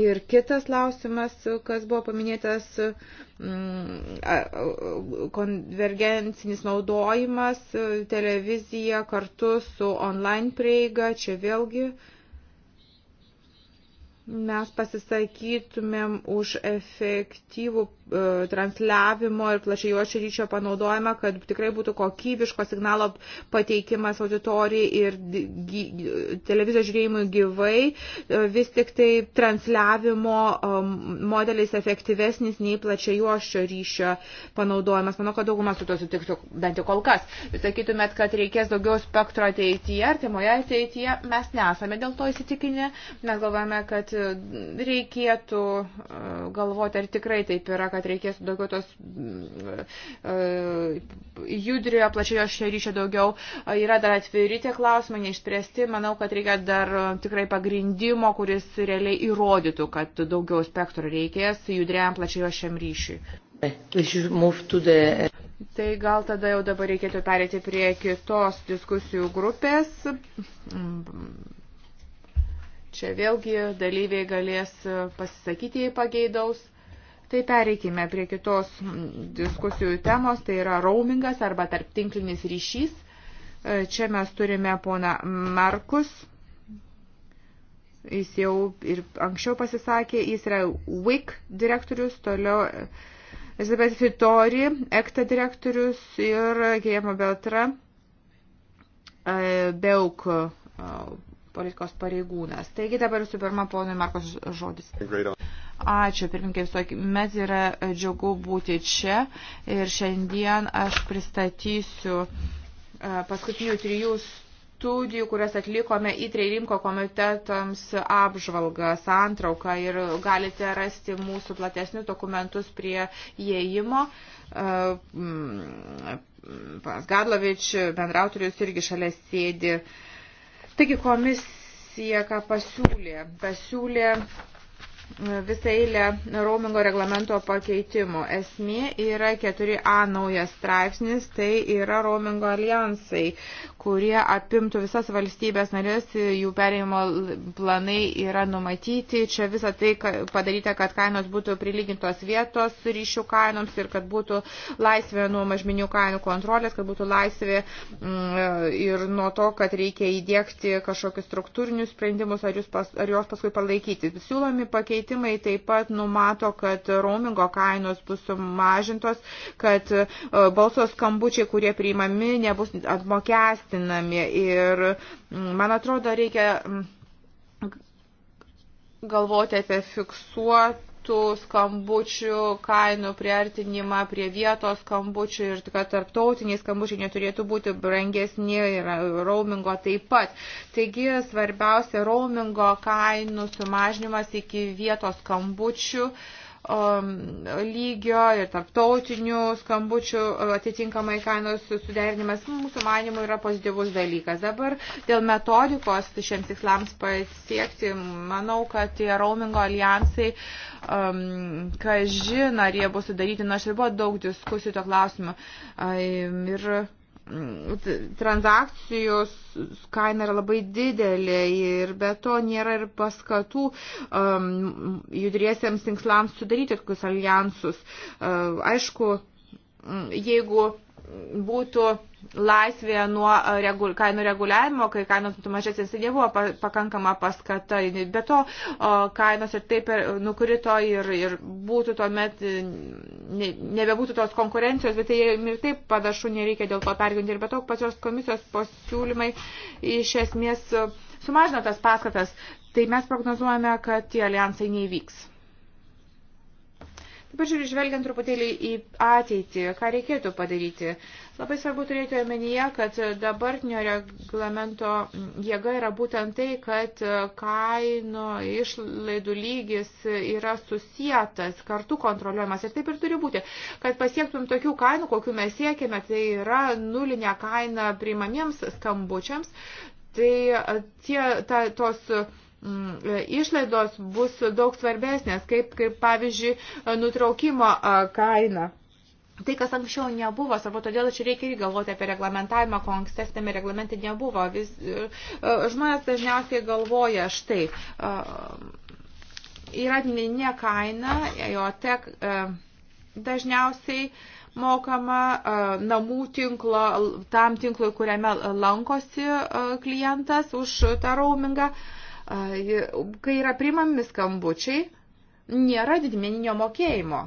Ir kitas klausimas, kas buvo paminėtas, mm, konvergencinis naudojimas, televizija kartu su online prieiga, čia vėlgi uh, mes pasisakytumėm už efektyvų e, transliavimo ir plačiajuočio ryšio panaudojimą, kad tikrai būtų kokybiško signalo pateikimas auditorijai ir gy, televizijos žiūrėjimui gyvai, e, vis tik tai transliavimo e, modelis efektyvesnis nei plačiajuočio ryšio panaudojimas. Manau, kad daugumas su to sutiktų, bent jau kol kas. Sakytumėt, kad reikės daugiau spektro ateityje, artimoje ateityje, mes nesame dėl to įsitikinę, mes galvojame, kad reikėtų e, galvoti, ar tikrai taip yra, kad reikės daugiau tos e, judriojo, plačiojo šeryšio daugiau. E, yra dar atviri tie klausimai, neišspręsti. Manau, kad reikia dar tikrai pagrindimo, kuris realiai įrodytų, kad daugiau spektro reikės judriam plačiojo šiam ryšiui. Eh, tai gal tada jau dabar reikėtų perėti prie kitos diskusijų grupės. Čia vėlgi dalyviai galės pasisakyti, jei pageidaus. Tai pereikime prie kitos diskusijų temos, tai yra roamingas arba tarptinklinis ryšys. Čia mes turime pona Markus. Jis jau ir anksčiau pasisakė, jis yra WIC direktorius, toliau Elizabeth Fitori, ECTA direktorius ir Guillermo Beltra, BEUK politikos pareigūnas. Taigi dabar visų pirma, ponui Markos žodis. Ačiū, pirmininkai, visuomet yra džiugu būti čia ir šiandien aš pristatysiu e, paskutinių trijų studijų, kurias atlikome į Treirinko komitetams apžvalgą, santrauką ir galite rasti mūsų platesnius dokumentus prie įėjimo. E, pas Gadlovič, bendrautorius, irgi šalia sėdi. Uh, Taigi komisija ką pasiūlė? Pasiūlė visą eilę roamingo reglamento pakeitimų. Esmė yra 4a naujas straipsnis, tai yra roamingo alijansai, kurie apimtų visas valstybės narės, jų perėjimo planai yra numatyti. Čia visą tai padaryta, kad kainos būtų prilygintos vietos ryšių kainoms ir kad būtų laisvė nuo mažminių kainų kontrolės, kad būtų laisvė mm, ir nuo to, kad reikia įdėkti kažkokius struktūrinius sprendimus ar, jūs pas, ar juos paskui palaikyti. Siūlomi pakeitimai pakeitimai taip pat numato, kad roamingo kainos bus sumažintos, kad e, balsos skambučiai, kurie priimami, nebus apmokestinami. Ir man atrodo, reikia galvoti apie fiksuotą tų skambučių kainų priartinimą prie vietos skambučių ir kad tarptautiniai skambučiai neturėtų būti brangesni ir roamingo taip pat. Taigi svarbiausia roamingo kainų sumažinimas iki vietos skambučių. Uh, Um, lygio ir tarptautinių skambučių uh, atitinkamai kainos suderinimas mūsų manimų yra pozityvus dalykas. Dabar dėl metodikos šiems tikslams pasiekti, manau, kad tie roamingo alijansai, um, kažin, ar jie bus sudaryti, nors ir buvo daug diskusijų to klausimu. Um, ir transakcijos kaina yra labai didelė ir be to nėra ir paskatų um, judriesiems tinklams sudaryti tokius alijansus. Uh, aišku, mm, jeigu būtų laisvėje nuo regul, kainų reguliavimo, kai kainos būtų mažesnės, tai nebuvo pa, pakankama paskata. Be to, o, kainos ir taip ir nukrito ir, ir būtų tuomet, e, ne, nebebūtų tos konkurencijos, bet tai ir taip padašų nereikia dėl to perginti. Ir be to, pačios komisijos pasiūlymai iš esmės e, sumažino tas paskatas. Tai mes prognozuojame, kad tie alijansai neįvyks. Ypač ir žvelgiant truputėlį į ateitį, ką reikėtų padaryti. Labai svarbu turėti omenyje, kad dabartinio reglamento jėga yra būtent tai, kad kainų išlaidų lygis yra susijęs, kartu kontroliuojamas ir taip ir turi būti. Kad pasiektum tokių kainų, kokiu mes siekime, tai yra nulinė kaina priimamiems skambučiams, tai tie, ta, tos Mm, išlaidos bus daug svarbesnės, kaip, kaip pavyzdžiui, nutraukimo kaina. Tai, kas anksčiau nebuvo, svarbu, todėl čia reikia ir galvoti apie reglamentavimą, ko ankstesnėme reglamente nebuvo. Vis, žmonės dažniausiai galvoja štai, yra ne kaina, jo tek dažniausiai mokama namų tinklo, tam tinklui, kuriame lankosi klientas už tą roamingą kai yra primami skambučiai, nėra didmeninio mokėjimo.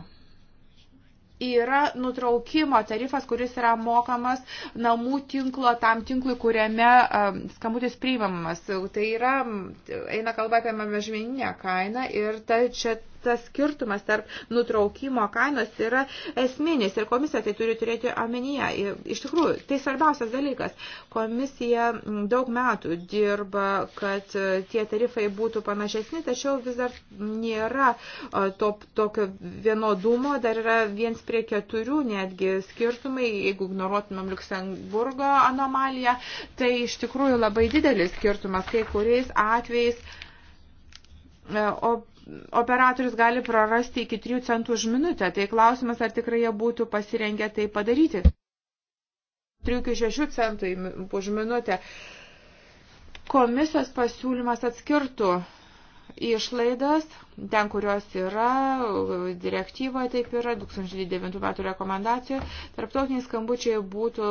Yra nutraukimo tarifas, kuris yra mokamas namų tinklo tam tinklui, kuriame skambutis priimamas. Tai yra, eina kalba apie mažmeninę kainą ir ta, čia tas skirtumas tarp nutraukimo kainos yra esminis ir komisija tai turi turėti omenyje. Iš tikrųjų, tai svarbiausias dalykas. Komisija daug metų dirba, kad tie tarifai būtų panašesni, tačiau vis dar nėra to, tokio vienodumo, dar yra viens prie keturių netgi skirtumai, jeigu ignoruotumėm Luxemburgo anomaliją, tai iš tikrųjų labai didelis skirtumas kai kuriais atvejais o operatorius gali prarasti iki 3 centų už minutę. Tai klausimas, ar tikrai jie būtų pasirengę tai padaryti. 3-6 centų už minutę. Komisijos pasiūlymas atskirtų išlaidas, ten kurios yra, direktyvoje taip yra, 2009 metų rekomendacijoje, tarptautiniai skambučiai būtų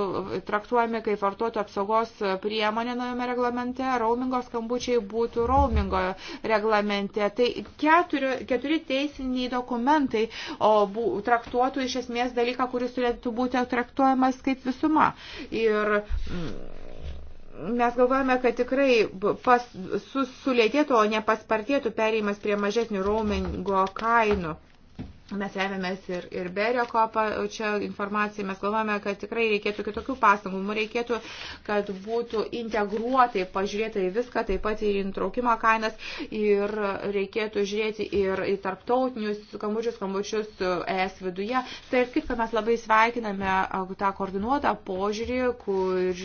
traktuojami kaip vartotojų apsaugos priemonė naujame reglamente, roamingo skambučiai būtų roamingo reglamente. Tai keturi, keturi teisiniai dokumentai o, bu, traktuotų iš esmės dalyką, kuris turėtų būti traktuojamas kaip visuma. Ir, mm, mes galvojame, kad tikrai pas, su, sulėtėtų, o ne paspartėtų perėjimas prie mažesnių roamingo kainų. Mes remiamės ir, ir Berio kopą, čia informacija, mes galvojame, kad tikrai reikėtų kitokių pastangų, mums reikėtų, kad būtų integruotai pažiūrėta į viską, taip pat ir intraukimo kainas ir reikėtų žiūrėti ir į tarptautinius skambučius, skambučius ES viduje. Tai ir kitką mes labai sveikiname tą koordinuotą požiūrį, kur,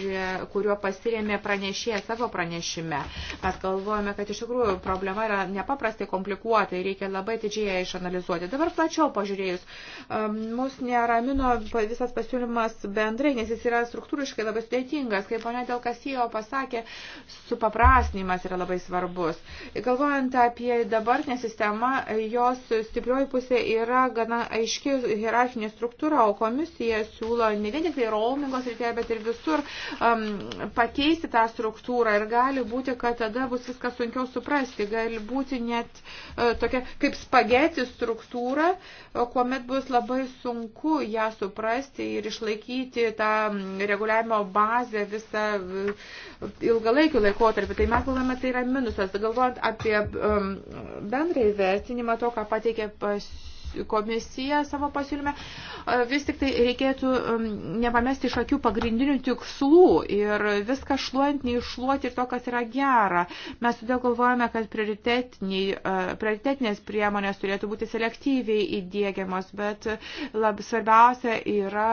kuriuo pasirėmė pranešėja savo pranešime. Mes galvojame, kad iš tikrųjų problema yra nepaprastai komplikuota ir reikia labai didžiai ją išanalizuoti. Dabar plačiai plačiau pažiūrėjus. Mus neramino visas pasiūlymas bendrai, nes jis yra struktūriškai labai sudėtingas. Kaip ponia Delkasijo pasakė, supaprasnimas yra labai svarbus. Galvojant apie dabartinę sistemą, jos stiprioji pusė yra gana aiški hierarchinė struktūra, o komisija siūlo ne vien tik tai roamingos rytėje, bet ir visur um, pakeisti tą struktūrą ir gali būti, kad tada bus viskas sunkiau suprasti. Gali būti net uh, tokia kaip spageti struktūra, kuomet bus labai sunku ją suprasti ir išlaikyti tą reguliavimo bazę visą e, ilgalaikių laikotarpį. Tai mes galvojame, tai yra minusas. Galvojant apie um, bendrą įvertinimą, to, ką pateikė pasiūlymas komisija savo pasiūlyme, vis tik tai reikėtų nepamesti iš akių pagrindinių tikslų ir viską šluojant, neiššluoti ir to, kas yra gera. Mes todėl galvojame, kad prioritetinės priemonės turėtų būti selektyviai įdėgiamos, bet labai svarbiausia yra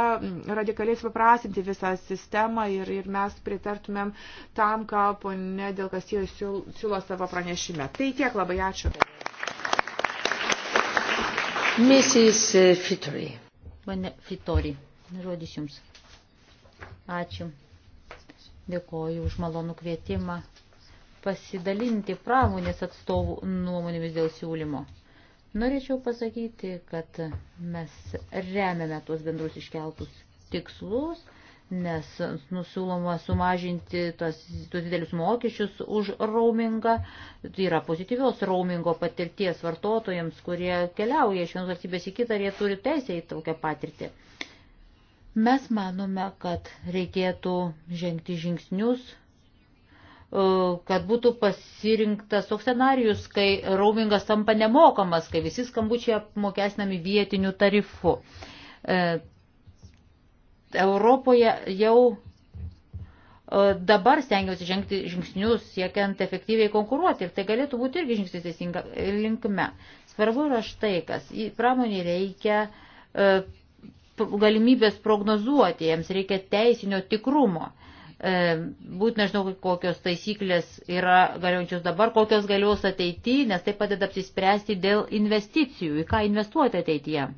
radikaliai supaprasinti visą sistemą ir, ir mes pritartumėm tam, ką ponė dėl kas jie siūlo savo pranešime. Tai tiek labai ačiū. Mrs. Eh, Fitori. Pane Fitori, žodis jums. Ačiū. Dėkoju už malonų kvietimą pasidalinti pramonės atstovų nuomonėmis dėl siūlymo. Norėčiau pasakyti, kad mes remiame tuos bendrus iškeltus tikslus nes nusiūloma sumažinti tos, tos didelius mokesčius už roamingą. Tai yra pozityvios roamingo patirties vartotojams, kurie keliauja iš vienos valstybės į kitą ir jie turi teisę į tokią patirtį. Mes manome, kad reikėtų žengti žingsnius, e, kad būtų pasirinktas toks scenarius, kai roamingas tampa nemokamas, kai visi skambučiai apmokestinami vietiniu tarifu e, Europoje jau e, dabar stengiuosi žengti žingsnius, siekiant efektyviai konkuruoti ir tai galėtų būti irgi žingsnis teisinga linkme. Svarbu yra štai kas. Pramonė reikia e, galimybės prognozuoti, jiems reikia teisinio tikrumo. E, Būtina žinau, kokios taisyklės yra galiojančios dabar, kokios galios ateityje, nes tai padeda apsispręsti dėl investicijų, į ką investuoti ateityje.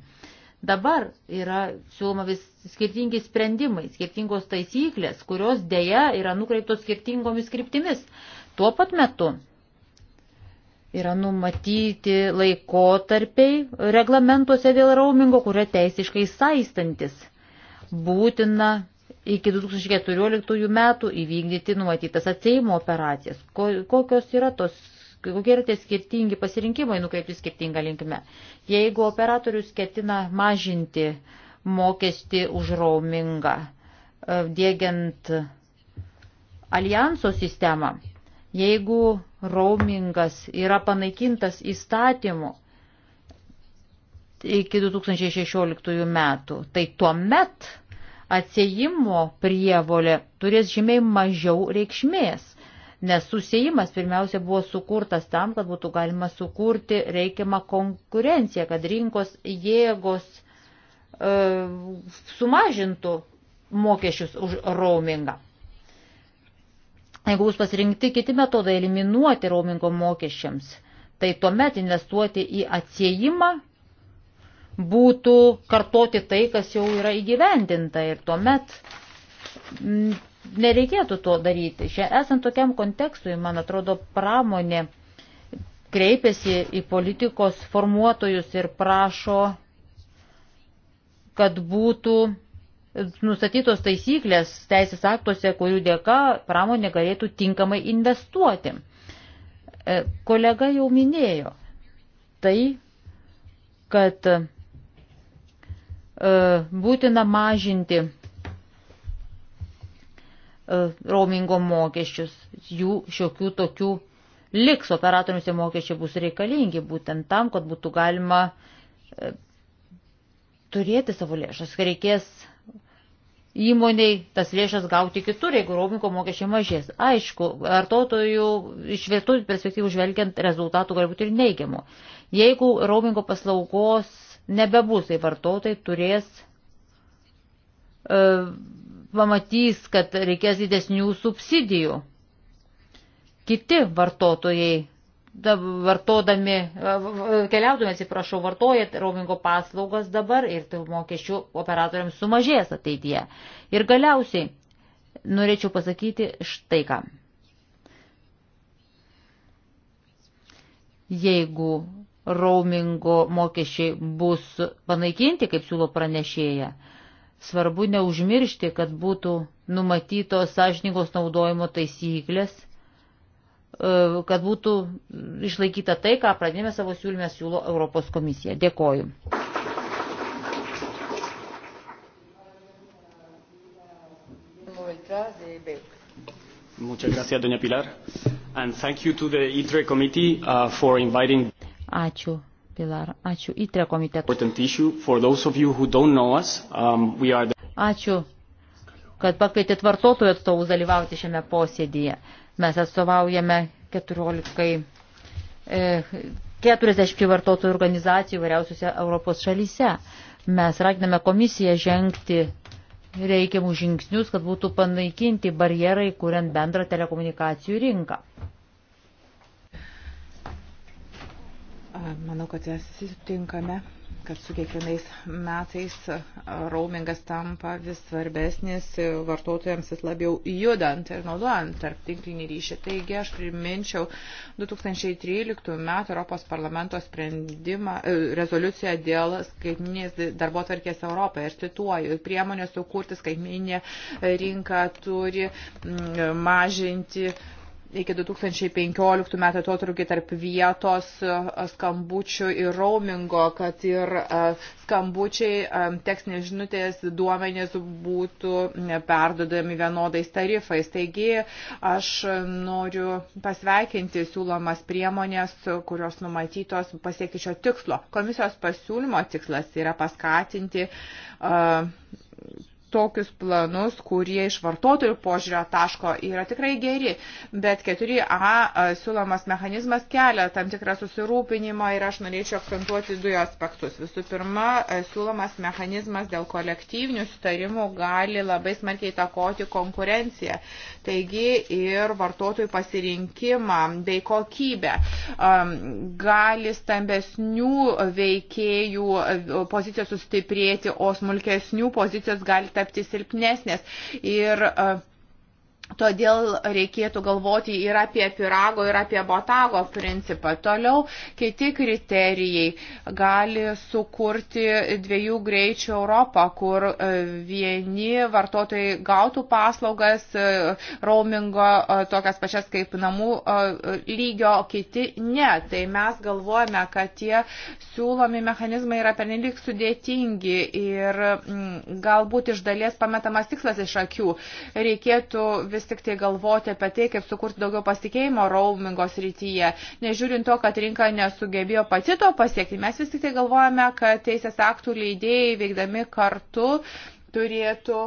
Dabar yra siūloma vis skirtingi sprendimai, skirtingos taisyklės, kurios dėja yra nukreiptos skirtingomis kryptimis. Tuo pat metu yra numatyti laikotarpiai reglamentuose dėl raumingo, kurie teisiškai saistantis. Būtina iki 2014 metų įvykdyti numatytas atsėjimo operacijas. Kokios yra tos kokie yra tie skirtingi pasirinkimai nukreipti skirtingą linkmę. Jeigu operatorius ketina mažinti mokestį už roamingą, e, dėgiant alijanso sistemą, jeigu roamingas yra panaikintas įstatymu iki 2016 metų, tai tuo met atsėjimo prievolė turės žymiai mažiau reikšmės nes susijimas pirmiausia buvo sukurtas tam, kad būtų galima sukurti reikiamą konkurenciją, kad rinkos jėgos e, sumažintų mokesčius už roamingą. Jeigu bus pasirinkti kiti metodai eliminuoti roamingo mokesčiams, tai tuomet investuoti į atsiejimą būtų kartoti tai, kas jau yra įgyvendinta ir tuomet nereikėtų to daryti. Šia esant tokiam kontekstui, man atrodo, pramonė kreipiasi į politikos formuotojus ir prašo, kad būtų nustatytos taisyklės teisės aktuose, kurių dėka pramonė galėtų tinkamai investuoti. E, kolega jau minėjo tai, kad e, būtina mažinti E, roamingo mokesčius. Jų šiokių tokių liks operatoriams tie mokesčiai bus reikalingi būtent tam, kad būtų galima e, turėti savo lėšas, kai reikės įmoniai tas lėšas gauti kitur, jeigu roamingo mokesčiai mažės. Aišku, vartotojų iš vartotojų perspektyvų žvelgiant rezultatų gali būti ir neigiamų. Jeigu roamingo paslaugos nebebus, tai vartotojai turės uh, pamatys, kad reikės didesnių subsidijų. Kiti vartotojai, vartodami, keliaudami, atsiprašau, vartoja roamingo paslaugas dabar ir tai mokesčių operatoriams sumažės ateityje. Ir galiausiai norėčiau pasakyti štai ką. Jeigu roamingo mokesčiai bus panaikinti, kaip siūlo pranešėja, Svarbu neužmiršti, kad būtų numatytos sąžiningos naudojimo taisyklės, e, kad būtų išlaikyta tai, ką pradėjome savo siūlymę siūlo Europos komisija. Dėkoju. Muchas gracias, doña Pilar. And thank you to the ITRE committee uh, for inviting. Ačiū Pilar. Ačiū įtre komitetui. Um, Ačiū, kad pakvietėt vartotojų atstovus dalyvauti šiame posėdėje. Mes atstovaujame 14, 40 e, vartotojų organizacijų variausiuose Europos šalyse. Mes raginame komisiją žengti reikiamus žingsnius, kad būtų panaikinti barjerai, kuriant bendrą telekomunikacijų rinką. Manau, kad mes sutinkame, kad su kiekvienais metais roamingas tampa vis svarbesnis vartotojams vis labiau judant ir naudojant tarp tinklinį ryšį. Taigi aš priminčiau 2013 m. Europos parlamento sprendimą, e, rezoliuciją dėl skaitminės darbo tvarkės Europoje. Ir cituoju, priemonės sukurti skaitminę rinką turi mažinti iki 2015 metų atotrukį tarp vietos e, skambučių ir roamingo, kad ir e, skambučiai, e, tekstinės žinutės, duomenės būtų perdodami vienodais tarifais. Taigi aš noriu pasveikinti siūlomas priemonės, kurios numatytos pasiekti šio tikslo. Komisijos pasiūlymo tikslas yra paskatinti uh, tokius planus, kurie iš vartotojų požiūrio taško yra tikrai geri, bet 4A siūlomas mechanizmas kelia tam tikrą susirūpinimą ir aš norėčiau akcentuoti du aspektus. Visų pirma, siūlomas mechanizmas dėl kolektyvinių sutarimų gali labai smarkiai takoti konkurenciją, taigi ir vartotojų pasirinkimą bei kokybę. Gali stambesnių veikėjų pozicijos sustiprėti, o smulkesnių pozicijos gali tapti silpnesnės. Ir uh, Todėl reikėtų galvoti ir apie pirago, ir apie botago principą. Toliau kiti kriterijai gali sukurti dviejų greičių Europą, kur e, vieni vartotojai gautų paslaugas e, roamingo e, tokias pačias kaip namų lygio, kiti ne. Tai mes galvojame, kad tie siūlomi mechanizmai yra pernelik sudėtingi ir galbūt iš dalies pametamas tikslas iš akių. Reikėtų vis vis tik tai galvoti apie tai, kaip sukurti daugiau pasitikėjimo roamingo srityje. Nežiūrint to, kad rinka nesugebėjo pati to pasiekti, mes vis tik tai galvojame, kad teisės aktų leidėjai veikdami kartu turėtų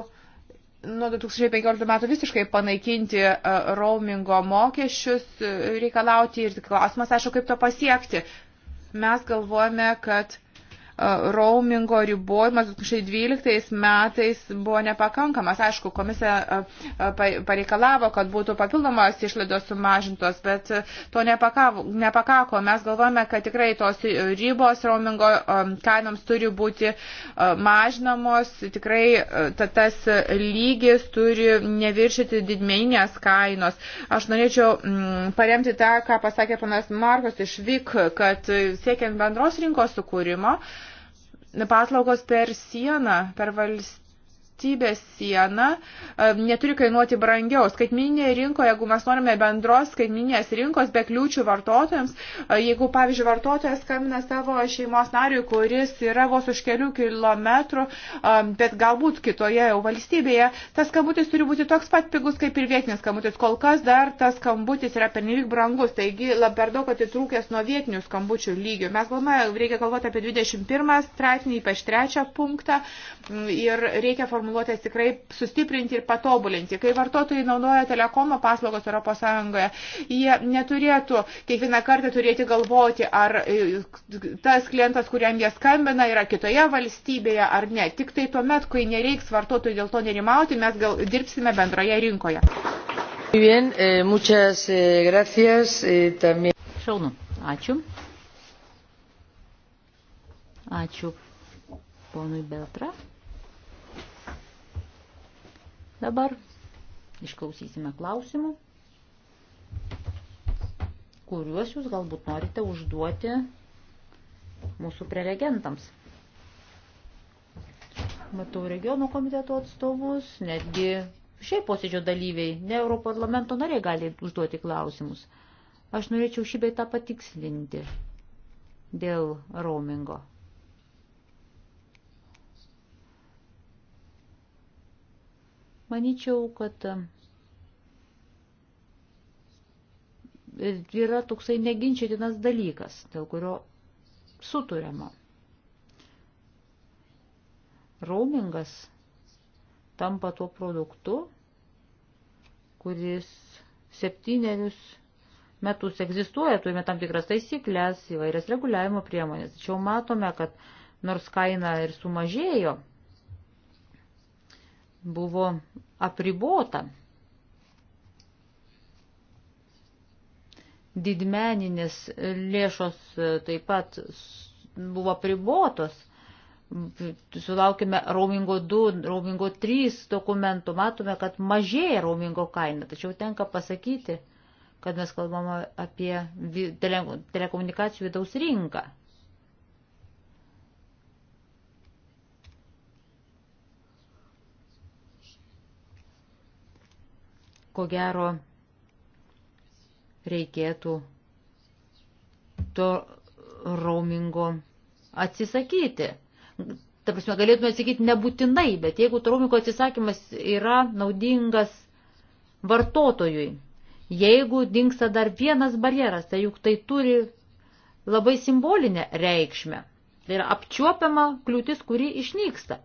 nuo 2015 metų visiškai panaikinti e, roamingo mokesčius, e, reikalauti ir klausimas, aišku, kaip to pasiekti. Mes galvojame, kad roamingo ribojimas 2012 metais buvo nepakankamas. Aišku, komisija pareikalavo, kad būtų papildomos išlaidos sumažintos, bet to nepakako. Mes galvojame, kad tikrai tos ribos roamingo kainoms turi būti mažinamos, tikrai tas lygis turi neviršyti didmeninės kainos. Aš norėčiau mm, paremti tą, ką pasakė panas Markos iš VIK, kad siekiant bendros rinkos sukūrimo, paslaugos per sieną, per valstybę valstybės siena e, neturi kainuoti brangiau. Skaitmininėje rinkoje, jeigu mes norime bendros skaitmininės rinkos be kliūčių vartotojams, e, jeigu, pavyzdžiui, vartotojas skambina savo šeimos nariui, kuris yra vos už kelių kilometrų, e, bet galbūt kitoje jau valstybėje, tas skambutis turi būti toks pat pigus kaip ir vietinis skambutis. Kol kas dar tas skambutis yra pernelyg brangus, taigi labai per daug atitrūkęs nuo vietinių skambučių lygių. Mes galvojame, reikia galvoti apie 21 straipsnį, ypač trečią punktą ir reikia formuoti formuluotės tikrai sustiprinti ir patobulinti. Kai vartotojai naudoja telekomo paslaugos ES, jie neturėtų kiekvieną kartą turėti galvoti, ar e, tas klientas, kuriam jie skambina, yra kitoje valstybėje ar ne. Tik tai tuomet, kai nereiks vartotojų dėl to nerimauti, mes gal dirbsime bendroje rinkoje. Muy bien, eh, muchas eh, gracias. Eh, también... Šaunu. Ačiū. Ačiū ponui Beltra. Dabar išklausysime klausimų, kuriuos jūs galbūt norite užduoti mūsų prelegentams. Matau regionų komiteto atstovus, netgi šiaip posėdžio dalyviai, ne Europarlamento nariai gali užduoti klausimus. Aš norėčiau šį beitą patikslinti dėl roamingo. Maničiau, kad e, yra toksai neginčiatinas dalykas, dėl kurio suturiama. Roamingas tampa tuo produktu, kuris septynerius metus egzistuoja, turime tam tikras taisyklės, įvairias reguliavimo priemonės. Tačiau matome, kad nors kaina ir sumažėjo, buvo apribota. Didmeninės lėšos taip pat buvo apribotos. Sulaukime roamingo 2, roamingo 3 dokumentų, matome, kad mažėja roamingo kaina, tačiau tenka pasakyti, kad mes kalbame apie telekomunikacijų vidaus rinką. ko gero reikėtų to roamingo atsisakyti. Ta prasme, galėtume atsakyti nebūtinai, bet jeigu to roamingo atsisakymas yra naudingas vartotojui, jeigu dinksta dar vienas barjeras, tai juk tai turi labai simbolinę reikšmę. Tai yra apčiuopiama kliūtis, kuri išnyksta.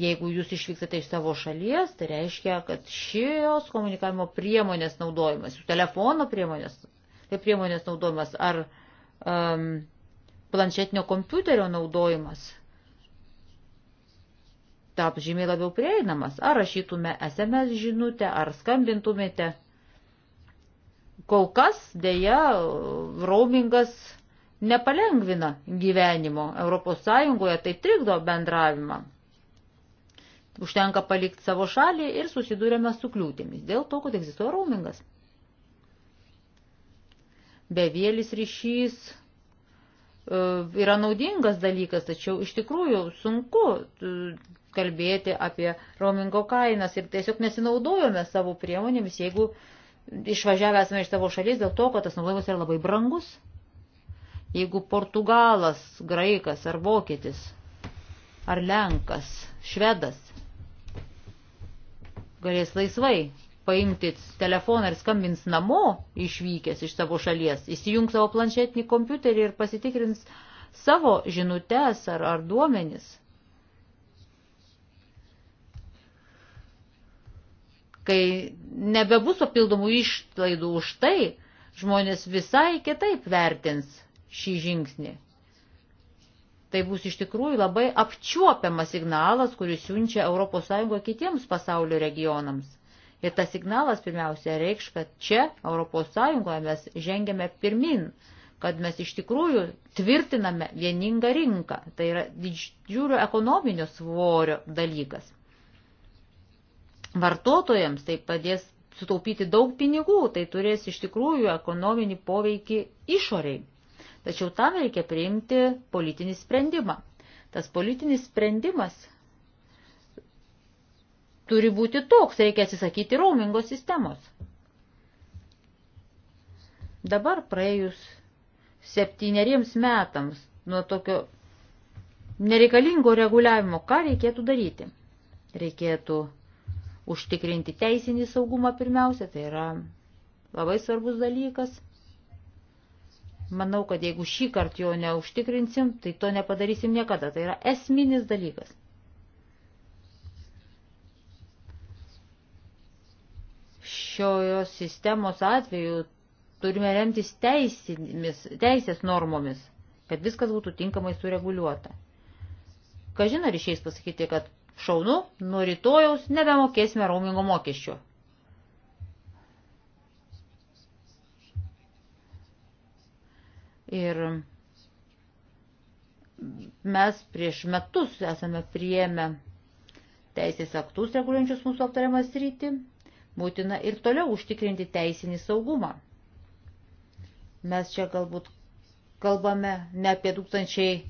Jeigu jūs išvykstate iš savo šalies, tai reiškia, kad šios komunikavimo priemonės naudojimas, jų telefono priemonės, tai priemonės naudojimas ar um, planšetinio kompiuterio naudojimas tap žymiai labiau prieinamas, ar rašytume SMS žinutę, ar skambintumėte. Kol kas dėja roamingas nepalengvina gyvenimo Europos Sąjungoje, tai trikdo bendravimą užtenka palikti savo šalį ir susidūrėme su kliūtėmis dėl to, kad egzistuoja raumingas. Bevėlis ryšys e, yra naudingas dalykas, tačiau iš tikrųjų sunku e, kalbėti apie roamingo kainas ir tiesiog nesinaudojome savo priemonėmis, jeigu išvažiavę esame iš savo šalies dėl to, kad tas naudojimas yra labai brangus. Jeigu portugalas, graikas ar vokietis ar lenkas, švedas galės laisvai paimti telefoną ir skambins namo išvykęs iš savo šalies, įsijungs savo planšetinį kompiuterį ir pasitikrins savo žinutes ar, ar duomenis. Kai nebebus papildomų išlaidų už tai, žmonės visai kitaip vertins šį žingsnį. Tai bus iš tikrųjų labai apčiuopiamas signalas, kuris siunčia ES kitiems pasaulio regionams. Ir tas signalas pirmiausia reikš, kad čia ES mes žengėme pirmin, kad mes iš tikrųjų tvirtiname vieningą rinką. Tai yra didžiulio ekonominio svorio dalykas. Vartotojams tai padės sutaupyti daug pinigų, tai turės iš tikrųjų ekonominį poveikį išoriai. Tačiau tam reikia priimti politinį sprendimą. Tas politinis sprendimas turi būti toks, reikia atsisakyti roamingo sistemos. Dabar praėjus septyneriems metams nuo tokio nereikalingo reguliavimo, ką reikėtų daryti? Reikėtų užtikrinti teisinį saugumą pirmiausia, tai yra labai svarbus dalykas. Manau, kad jeigu šį kartą jo neužtikrinsim, tai to nepadarysim niekada. Tai yra esminis dalykas. Šios sistemos atveju turime remtis teisėmis, teisės normomis, kad viskas būtų tinkamai sureguliuota. Kažin ar išeis pasakyti, kad šaunu, nuo rytojaus nebemokėsime raumingo mokesčio. Ir mes prieš metus esame priėmę teisės aktus reguliuojančius mūsų aptariamą sritį, būtina ir toliau užtikrinti teisinį saugumą. Mes čia galbūt kalbame ne apie 2014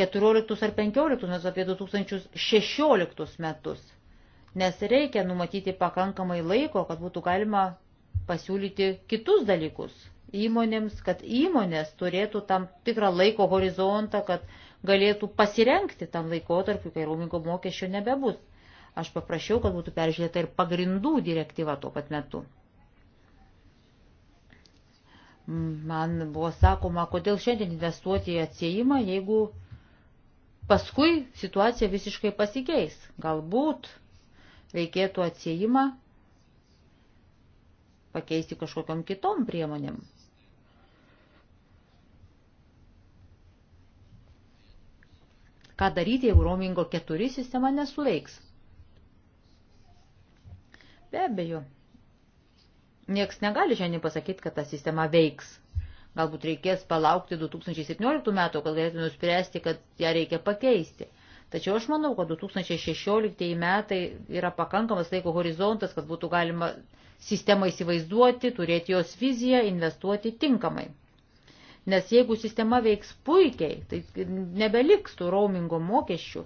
ar 2015, mes apie 2016 metus, nes reikia numatyti pakankamai laiko, kad būtų galima pasiūlyti kitus dalykus įmonėms, kad įmonės turėtų tam tikrą laiko horizontą, kad galėtų pasirenkti tam laikotarpiu, kai roamingo mokesčio nebebus. Aš paprašiau, kad būtų peržiūrėta ir pagrindų direktyva tuo pat metu. Man buvo sakoma, kodėl šiandien investuoti į atsiejimą, jeigu paskui situacija visiškai pasikeis. Galbūt reikėtų atsiejimą pakeisti kažkokiam kitom priemonėm. ką daryti, jeigu roamingo 4 sistema nesuveiks. Be abejo, nieks negali šiandien pasakyti, kad ta sistema veiks. Galbūt reikės palaukti 2017 metų, kad galėtume nuspręsti, kad ją reikia pakeisti. Tačiau aš manau, kad 2016 metai yra pakankamas laiko horizontas, kad būtų galima sistemą įsivaizduoti, turėti jos viziją, investuoti tinkamai. Nes jeigu sistema veiks puikiai, tai nebeliks tų roamingo mokesčių.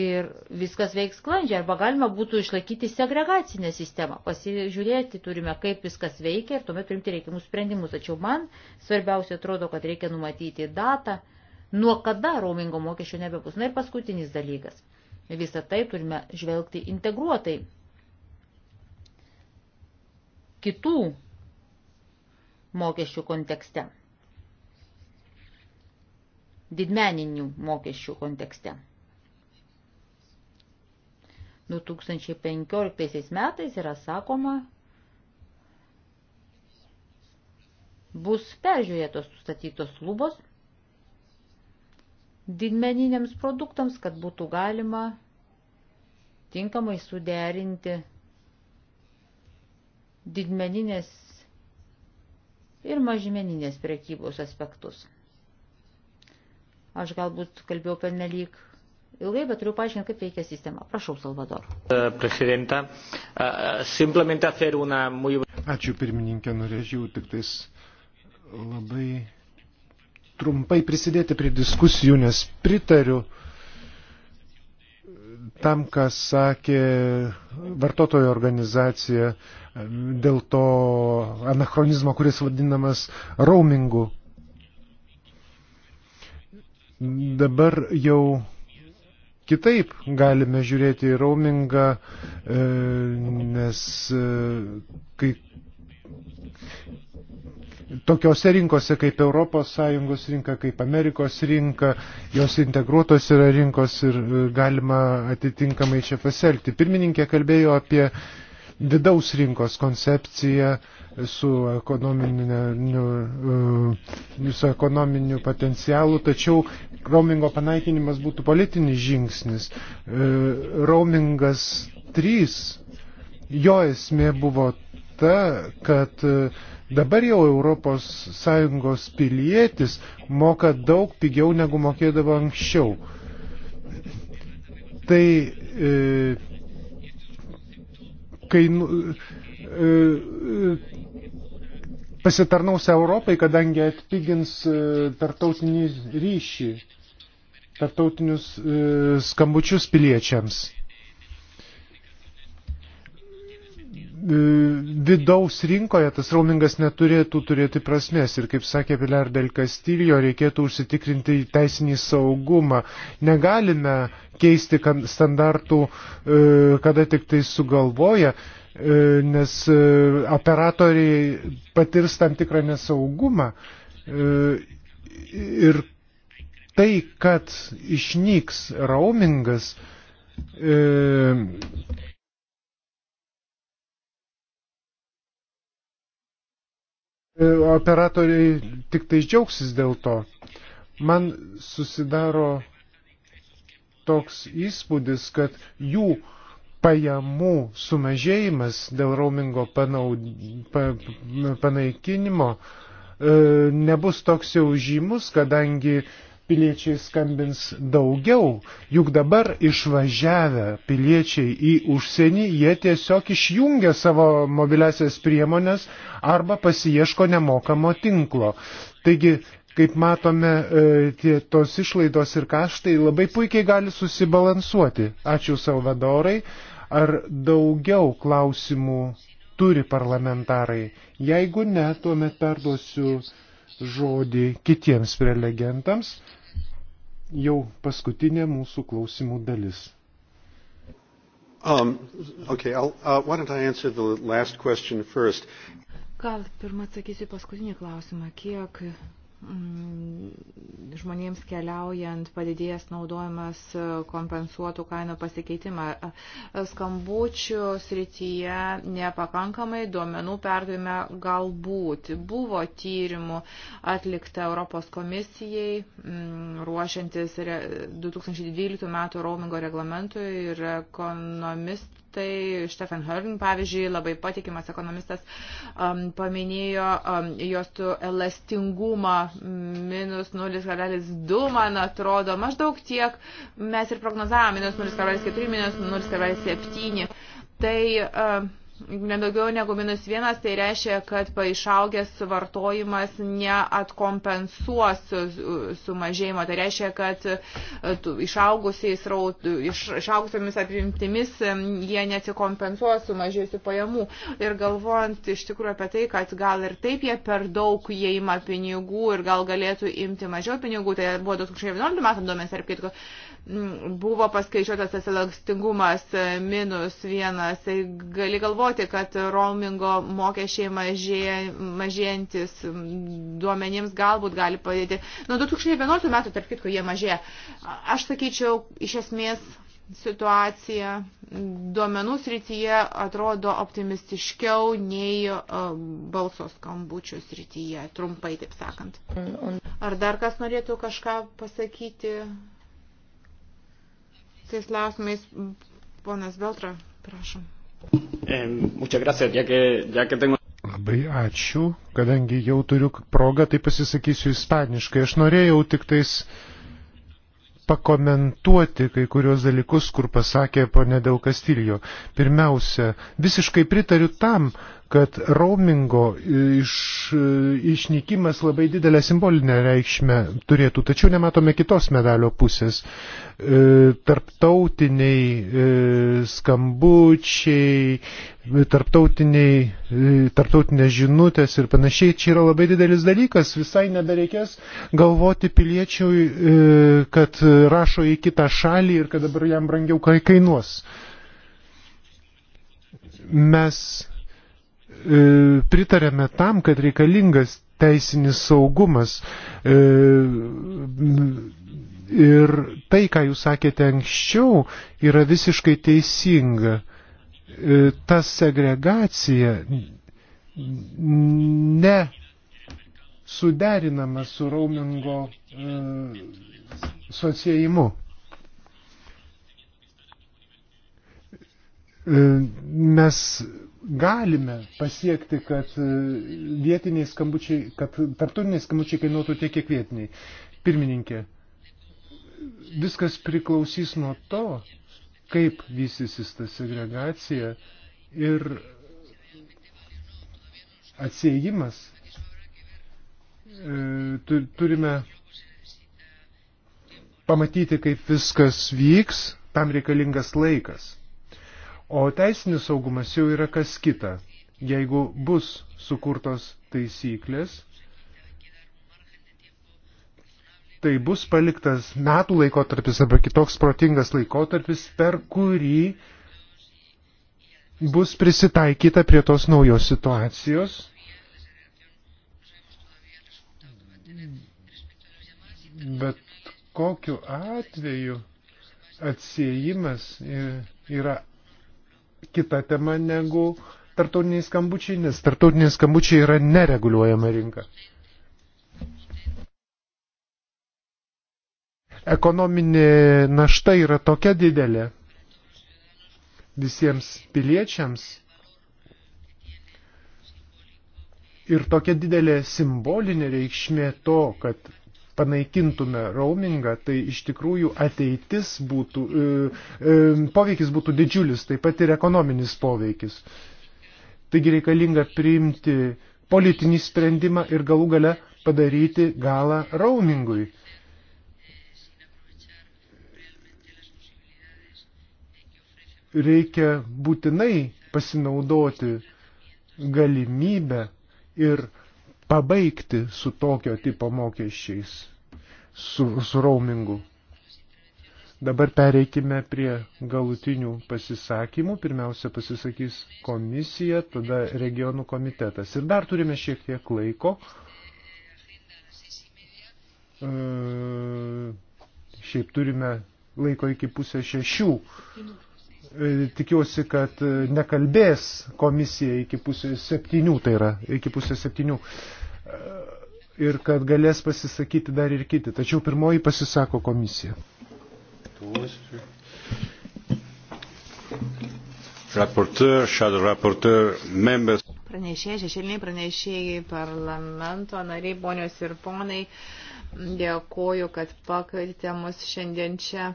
Ir viskas veiks sklandžiai. Arba galima būtų išlaikyti segregacinę sistemą. Pasižiūrėti turime, kaip viskas veikia ir tuomet priimti reikiamus sprendimus. Tačiau man svarbiausia atrodo, kad reikia numatyti datą, nuo kada roamingo mokesčio nebebus. Na ir paskutinis dalykas. Visą tai turime žvelgti integruotai kitų mokesčių kontekste, didmeninių mokesčių kontekste. 2015 metais yra sakoma, bus peržiūrėtos sustatytos lubos didmeniniams produktams, kad būtų galima tinkamai suderinti didmeninės ir mažmeninės prekybos aspektus. Aš galbūt kalbėjau pernelyg ilgai, bet turiu paaiškinti, kaip veikia sistema. Prašau, Salvador. Eh, eh, eh, Ačiū pirmininkė, norėčiau tik tais labai trumpai prisidėti prie diskusijų, nes pritariu uh, tam, kas sakė vartotojo organizacija dėl to anachronizmo, kuris vadinamas roamingu. Dabar jau kitaip galime žiūrėti į roamingą, e, nes e, kai tokiose rinkose kaip ES rinka, kaip Amerikos rinka, jos integruotos yra rinkos ir e, galima atitinkamai čia pasielgti. Pirmininkė kalbėjo apie vidaus rinkos koncepciją su ekonominiu, e, su ekonominiu potencialu, tačiau roamingo panaikinimas būtų politinis žingsnis. E, roamingas 3, jo esmė buvo ta, kad uh, Dabar jau ES pilietis moka daug pigiau negu mokėdavo anksčiau. Tai e, kainu, e, e pasitarnaus Europai, kadangi atpigins e, tartautinį ryšį, tartautinius e, skambučius piliečiams. E, vidaus rinkoje tas raumingas neturėtų turėti prasmės ir, kaip sakė Pilar del Castillo, reikėtų užsitikrinti teisinį saugumą. Negalime keisti standartų, e, kada tik tai sugalvoja, e, nes operatoriai patirs tam tikrą nesaugumą. Ir tai, kad išnyks raumingas, E, operatoriai tik tai džiaugsis dėl to. Man susidaro toks įspūdis, kad jų pajamų sumažėjimas dėl roamingo panaud... pa... panaikinimo e, nebus toks jau žymus, kadangi piliečiai skambins daugiau, juk dabar išvažiavę piliečiai į užsienį, jie tiesiog išjungia savo mobiliasias priemonės arba pasieško nemokamo tinklo. Taigi, kaip matome, e, tie, tos išlaidos ir kaštai labai puikiai gali susibalansuoti. Ačiū Salvadorai. Ar daugiau klausimų turi parlamentarai? Jeigu ne, tuomet perduosiu žodį kitiems prelegentams. Jau paskutinė mūsų klausimų dalis. Um, okay, I'll, uh, why don't I answer the last question first? Gal pirmą atsakysiu paskutinį klausimą. Kiek Mm, žmonėms keliaujant padidėjęs naudojimas e, kompensuotų kainų pasikeitimą. E, skambučių srityje nepakankamai duomenų perdavime galbūt. Buvo tyrimų atlikta Europos komisijai mm, ruošiantis 2012 metų roamingo reglamentui ir ekonomist tai Stefan Hörn, pavyzdžiui, labai patikimas ekonomistas, um, paminėjo um, jos elastingumą mm, minus 0,2, man atrodo, maždaug tiek mes ir prognozavome minus 0,4, minus 0,7. Tai um, nedaugiau negu minus vienas, tai reiškia, kad išaugęs vartojimas neatkompensuos sumažėjimo. Tai reiškia, kad e, išaugusiamis apimtimis jie nesikompensuos sumažėjusių pajamų. Ir galvojant iš tikrųjų apie tai, kad gal ir taip jie per daug jie ima pinigų ir gal galėtų imti mažiau pinigų, tai buvo 2011 metų duomenys, ar kitko, buvo paskaičiuotas tas elastingumas e, minus vienas, tai gali galvoti, kad roamingo mokesčiai mažėja, mažėjantis duomenims galbūt gali padėti. Nuo 2011 metų, tarp kitko, jie mažėja. Aš sakyčiau, iš esmės situacija duomenų srityje atrodo optimistiškiau nei e, balso skambučių srityje, trumpai taip sakant. Mm, Ar dar kas norėtų kažką pasakyti tais klausimais. Ponas Beltra, prašom. Labai ačiū, kadangi jau turiu progą, tai pasisakysiu ispaniškai. Aš norėjau tik tais pakomentuoti kai kurios dalykus, kur pasakė ponė Daukastilijo. Pirmiausia, visiškai pritariu tam, kad roamingo e, iš, e, išnykimas labai didelę simbolinę reikšmę turėtų, tačiau nematome kitos medalio pusės. E, tarptautiniai skambučiai, tarptautiniai, tarptautinės žinutės ir panašiai, čia yra labai didelis dalykas, visai nebereikės galvoti piliečiui, kad rašo į kitą šalį ir kad dabar jam brangiau kainuos. Mes E, pritarėme tam, kad reikalingas teisinis saugumas. E, ir tai, ką jūs sakėte anksčiau, yra visiškai teisinga. E, ta segregacija ne suderinama su raumingo su atsiejimu. E, mes galime pasiekti, kad e, vietiniai skambučiai, kad tarptautiniai skambučiai kainuotų tiek, kiek vietiniai. Pirmininkė, viskas priklausys nuo to, kaip vystysis ta segregacija ir atsiejimas. E, turime pamatyti, kaip viskas vyks, tam reikalingas laikas. O teisinis saugumas jau yra kas kita. Jeigu bus sukurtos taisyklės, tai bus paliktas metų laikotarpis arba kitoks protingas laikotarpis, per kurį bus prisitaikyta prie tos naujos situacijos. Bet kokiu atveju atsiejimas yra kita tema negu tartautiniai skambučiai, nes tartautiniai skambučiai yra nereguliuojama rinka. Ekonominė našta yra tokia didelė visiems piliečiams ir tokia didelė simbolinė reikšmė to, kad panaikintume roamingą, tai iš tikrųjų ateitis būtų, e, e, poveikis būtų didžiulis, taip pat ir ekonominis poveikis. Taigi reikalinga priimti politinį sprendimą ir galų gale padaryti galą roamingui. Reikia būtinai pasinaudoti galimybę ir pabaigti su tokio tipo mokesčiais, su, su roamingu. Dabar pereikime prie galutinių pasisakymų. Pirmiausia pasisakys komisija, tada regionų komitetas. Ir dar turime šiek tiek laiko. E, šiaip turime laiko iki pusės šešių. E, tikiuosi, kad e, nekalbės komisija iki pusės septynių, tai yra, iki pusės septynių. E, ir kad galės pasisakyti dar ir kiti. Tačiau pirmoji pasisako komisija. Rapporteur, shadow rapporteur, members. Pranešėjai, šešėliniai pranešėjai, parlamento nariai, ponios ir ponai, dėkoju, kad pakvietėte mus šiandien čia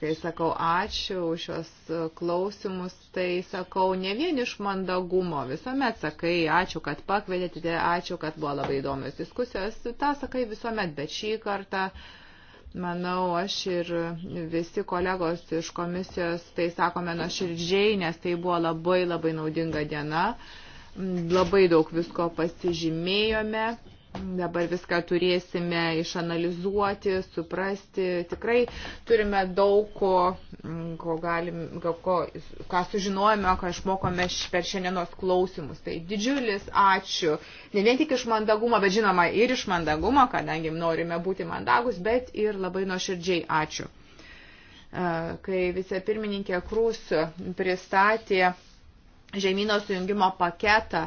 kai sakau ačiū už šios klausimus, tai sakau ne vien iš mandagumo, visuomet sakai ačiū, kad pakvietėte, ačiū, kad buvo labai įdomios diskusijos, tą sakai visuomet, bet šį kartą, manau, aš ir visi kolegos iš komisijos tai sakome nuoširdžiai, nes tai buvo labai labai naudinga diena, labai daug visko pasižymėjome Dabar viską turėsime išanalizuoti, suprasti. Tikrai turime daug ko, mm, ko, galim, ko ką sužinojame, ką išmokome per šiandienos klausimus. Tai didžiulis ačiū. Ne vien tik iš mandagumo, bet žinoma ir iš mandagumo, kadangi norime būti mandagus, bet ir labai nuoširdžiai ačiū. E, kai vicepirmininkė Krūs pristatė žemynos sujungimo paketą,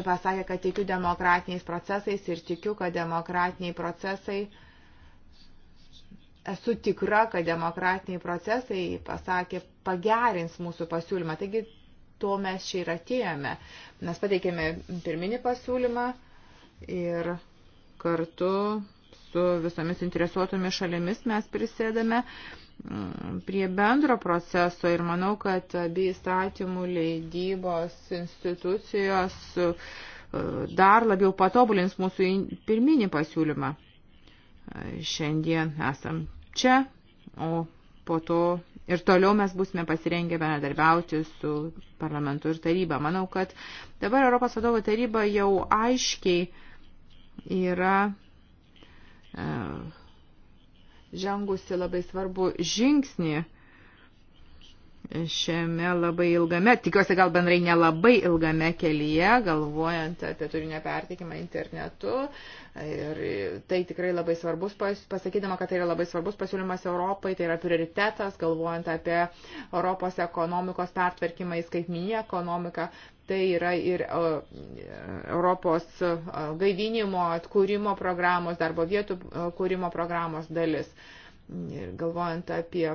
pasakė, kad tikiu demokratiniais procesais ir tikiu, kad demokratiniai procesai, esu tikra, kad demokratiniai procesai, pasakė, pagerins mūsų pasiūlymą. Taigi to mes čia ir atėjome. Mes pateikėme pirminį pasiūlymą ir kartu su visomis interesuotomis šalimis mes prisėdame Mm, prie bendro proceso ir manau, kad abi įstatymų leidybos institucijos e, dar labiau patobulins mūsų pirminį pasiūlymą. E, šiandien esam čia, o po to ir toliau mes būsime pasirengę bendradarbiauti su parlamentu ir taryba. Manau, kad dabar Europos vadovo taryba jau aiškiai yra uh, žengusi labai svarbu žingsnį šiame labai ilgame, tikiuosi gal bendrai nelabai ilgame kelyje, galvojant apie turinio pertikimą internetu. Ir tai tikrai labai svarbus, pasakydama, kad tai yra labai svarbus pasiūlymas Europai, tai yra prioritetas, galvojant apie Europos ekonomikos pertvarkymą į skaitminį ekonomiką. Tai yra ir Europos gaivinimo, atkūrimo programos, darbo vietų kūrimo programos dalis. Ir galvojant apie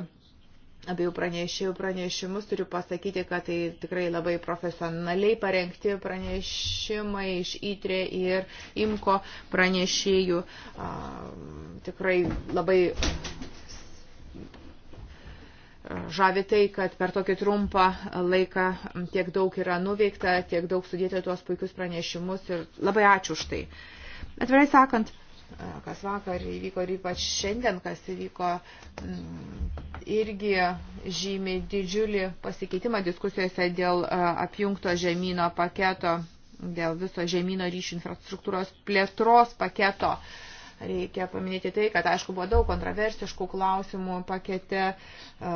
abiejų pranešėjų pranešimus, turiu pasakyti, kad tai tikrai labai profesionaliai parengti pranešimai iš ITRE ir IMKO pranešėjų. Tikrai labai žavi tai, kad per tokį trumpą laiką tiek daug yra nuveikta, tiek daug sudėti tuos puikius pranešimus ir labai ačiū už tai. Atvirai sakant, kas vakar įvyko ir ypač šiandien, kas įvyko, mm, irgi žymi didžiulį pasikeitimą diskusijose dėl e, apjungto žemyno paketo, dėl viso žemyno ryšių infrastruktūros plėtros paketo. Uh, Reikia paminėti tai, kad aišku buvo daug kontroversiškų klausimų pakete. E,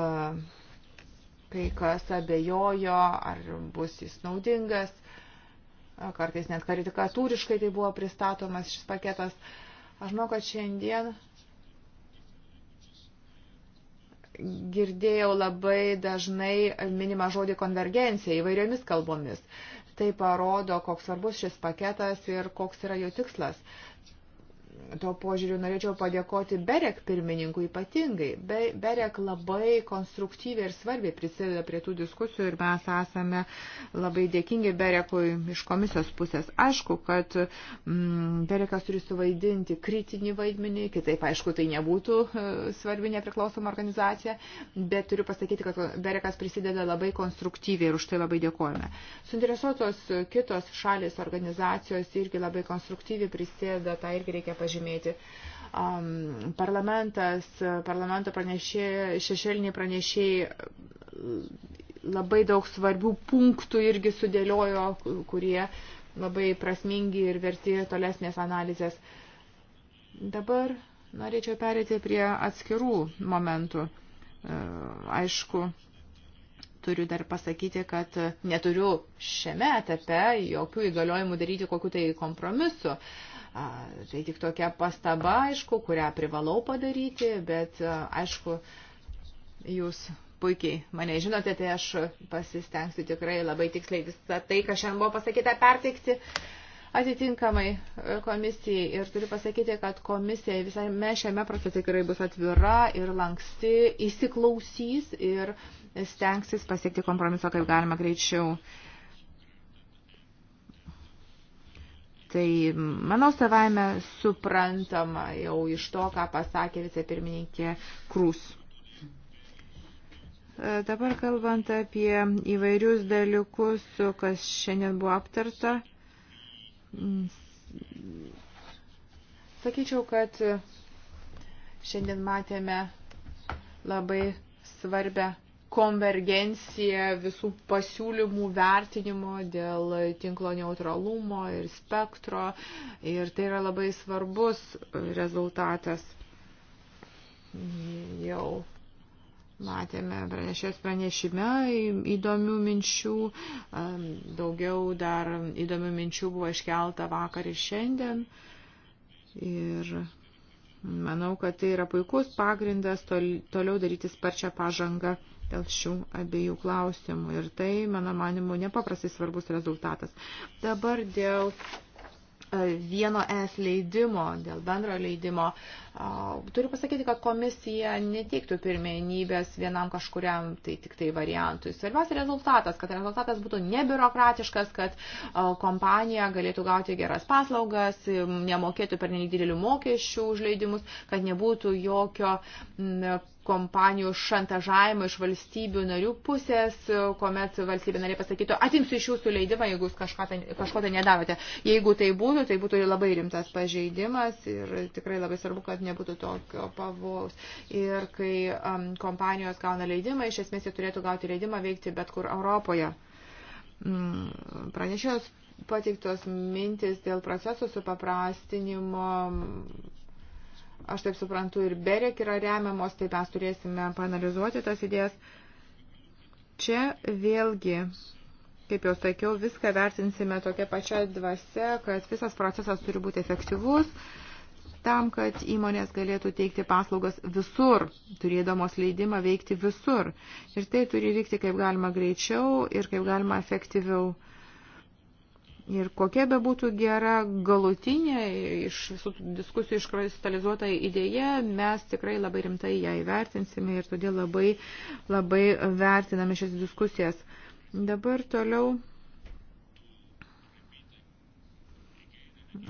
kai kas abejojo, ar bus jis naudingas. E, kartais net karikatūriškai tai buvo pristatomas šis paketas. Aš manau, kad šiandien girdėjau labai dažnai minimą žodį konvergencija įvairiomis kalbomis. Tai parodo, koks svarbus šis paketas ir koks yra jo tikslas to požiūriu norėčiau padėkoti Berek pirmininkui ypatingai. Be, Berek labai konstruktyviai ir svarbiai prisideda prie tų diskusijų ir mes esame labai dėkingi Berekui iš komisijos pusės. Aišku, kad mm, Berekas turi suvaidinti kritinį vaidmenį, kitaip, aišku, tai nebūtų e, svarbi nepriklausoma organizacija, bet turiu pasakyti, kad Berekas prisideda labai konstruktyviai ir už tai labai dėkojame. Suinteresuotos kitos šalis organizacijos irgi labai konstruktyviai prisideda, tą irgi reikia pažymėti pažymėti. Um, parlamentas, parlamento pranešė, šešėliniai pranešėjai e, labai daug svarbių punktų irgi sudėliojo, kurie labai prasmingi ir verti tolesnės analizės. Dabar norėčiau perėti prie atskirų momentų. E, aišku, turiu dar pasakyti, kad neturiu šiame etape jokių įgaliojimų daryti kokiu tai kompromisu. Uh, Tai tik tokia pastaba, aišku, kurią privalau padaryti, bet aišku, jūs puikiai mane žinote, tai aš pasistengsiu tikrai labai tiksliai visą tai, kas šiandien buvo pasakyta, perteikti atitinkamai e, komisijai. Ir turiu pasakyti, kad komisija visame šiame procese tikrai bus atvira ir lanksti, įsiklausys ir stengsis pasiekti kompromiso, kaip galima greičiau. Uh, Tai, manau, savaime suprantama jau iš to, ką pasakė vicepirmininkė Krūs. E, dabar kalbant apie įvairius dalykus, kas šiandien buvo aptarta, sakyčiau, kad šiandien matėme labai svarbę konvergencija visų pasiūlymų vertinimo dėl tinklo neutralumo ir spektro. Ir tai yra labai svarbus rezultatas. Jau matėme pranešės pranešime įdomių minčių. Daugiau dar įdomių minčių buvo iškelta vakar ir šiandien. Ir manau, kad tai yra puikus pagrindas toliau daryti sparčią pažangą dėl šių abiejų klausimų. Ir tai, mano manimu, nepaprastai svarbus rezultatas. Dabar dėl e, vieno es leidimo, dėl bendro leidimo. Turiu pasakyti, kad komisija neteiktų pirmenybės vienam kažkuriam tai tik tai variantui. Svarbiausia rezultatas, kad rezultatas būtų nebiurokratiškas, kad kompanija galėtų gauti geras paslaugas, nemokėtų per nedidelių mokesčių už leidimus, kad nebūtų jokio kompanijų šantažavimo iš valstybių narių pusės, kuomet valstybė narė pasakytų, atimsiu iš jūsų leidimą, jeigu jūs kažką tai, kažko tai nedavote. Jeigu tai būtų, tai būtų labai rimtas pažeidimas ir tikrai labai svarbu, kad nebūtų tokio pavojaus. Ir kai um, kompanijos gauna leidimą, iš esmės jie turėtų gauti leidimą veikti bet kur Europoje. Mm, pranešėjos pateiktos mintis dėl proceso supaprastinimo aš taip suprantu, ir Berek yra remiamos, tai mes turėsime panalizuoti tas idėjas. Čia vėlgi, kaip jau sakiau, viską vertinsime tokia pačia dvasia, kad visas procesas turi būti efektyvus tam, kad įmonės galėtų teikti paslaugas visur, turėdamos leidimą veikti visur. Ir tai turi vykti kaip galima greičiau ir kaip galima efektyviau. Ir kokia be būtų gera galutinė iš visų diskusijų iškristalizuota idėja, mes tikrai labai rimtai ją įvertinsime ir todėl labai, labai vertiname šias diskusijas. Dabar toliau.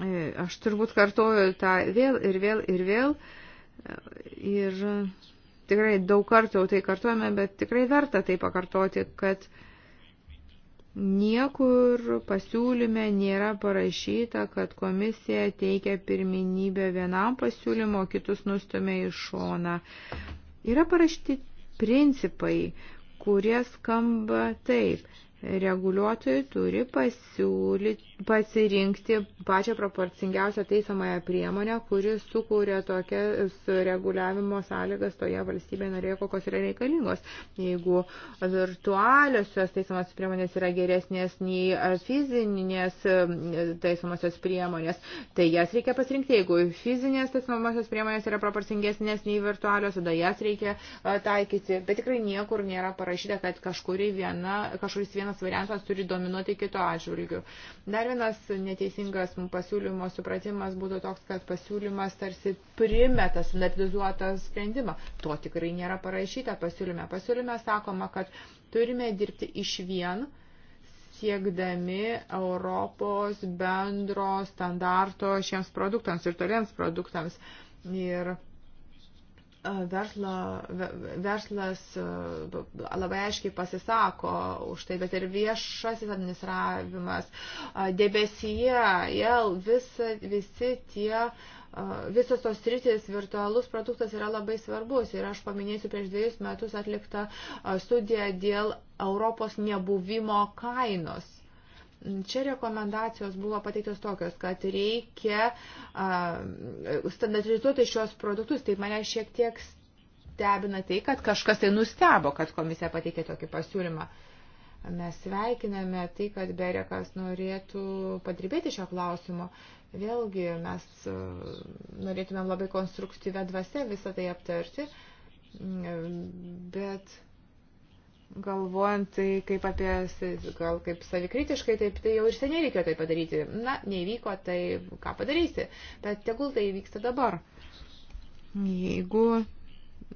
E, aš turbūt kartoju tą vėl ir vėl ir vėl. Ir tikrai daug kartų jau tai kartuojame, bet tikrai verta tai pakartoti, kad uh, Niekur pasiūlyme nėra parašyta, kad komisija teikia pirminybę vienam pasiūlymu, kitus nustumė į šoną. Yra parašyti principai, kurie skamba taip reguliuotojai turi pasiūlyti, pasirinkti pačią proporcingiausią teisomąją priemonę, kuri sukūrė tokias reguliavimo sąlygas toje valstybėje norėjo, kokios yra reikalingos. Jeigu virtualiosios teisomosios priemonės yra geresnės nei fizinės teisomosios priemonės, tai jas reikia pasirinkti. Jeigu fizinės teisomosios priemonės yra proporcingesnės nei virtualios, tada jas reikia taikyti. Bet tikrai niekur nėra parašyta, kad kažkuri viena, kažkuris vienas vienas variantas turi dominuoti kito atžvilgiu. Dar vienas neteisingas pasiūlymo supratimas būtų toks, kad pasiūlymas tarsi primeta standartizuotą sprendimą. To tikrai nėra parašyta pasiūlyme. Pasiūlyme sakoma, kad turime dirbti iš vien siekdami Europos bendro standarto šiems produktams ir toliems produktams. Ir versla, verslas e, labai aiškiai pasisako už tai, bet ir viešasis administravimas, e, debesyje, jėl visa, visi tie, e, visos tos rytis, virtualus produktas yra labai svarbus. Ir aš paminėsiu prieš dviejus metus atliktą studiją dėl Europos nebuvimo kainos Čia rekomendacijos buvo pateiktos tokios, kad reikia standartizuoti šios produktus. Tai mane šiek tiek stebina tai, kad kažkas tai nustebo, kad komisija pateikė tokį pasiūlymą. Mes sveikiname tai, kad Berekas norėtų padirbėti šio klausimo. Vėlgi mes norėtumėm labai konstruktyvę dvasę visą tai aptarti, bet galvojant tai kaip apie, gal kaip savikritiškai, taip tai jau ir seniai reikėjo tai padaryti. Na, nevyko, tai ką padarysi. Bet tegul tai vyksta dabar. Jeigu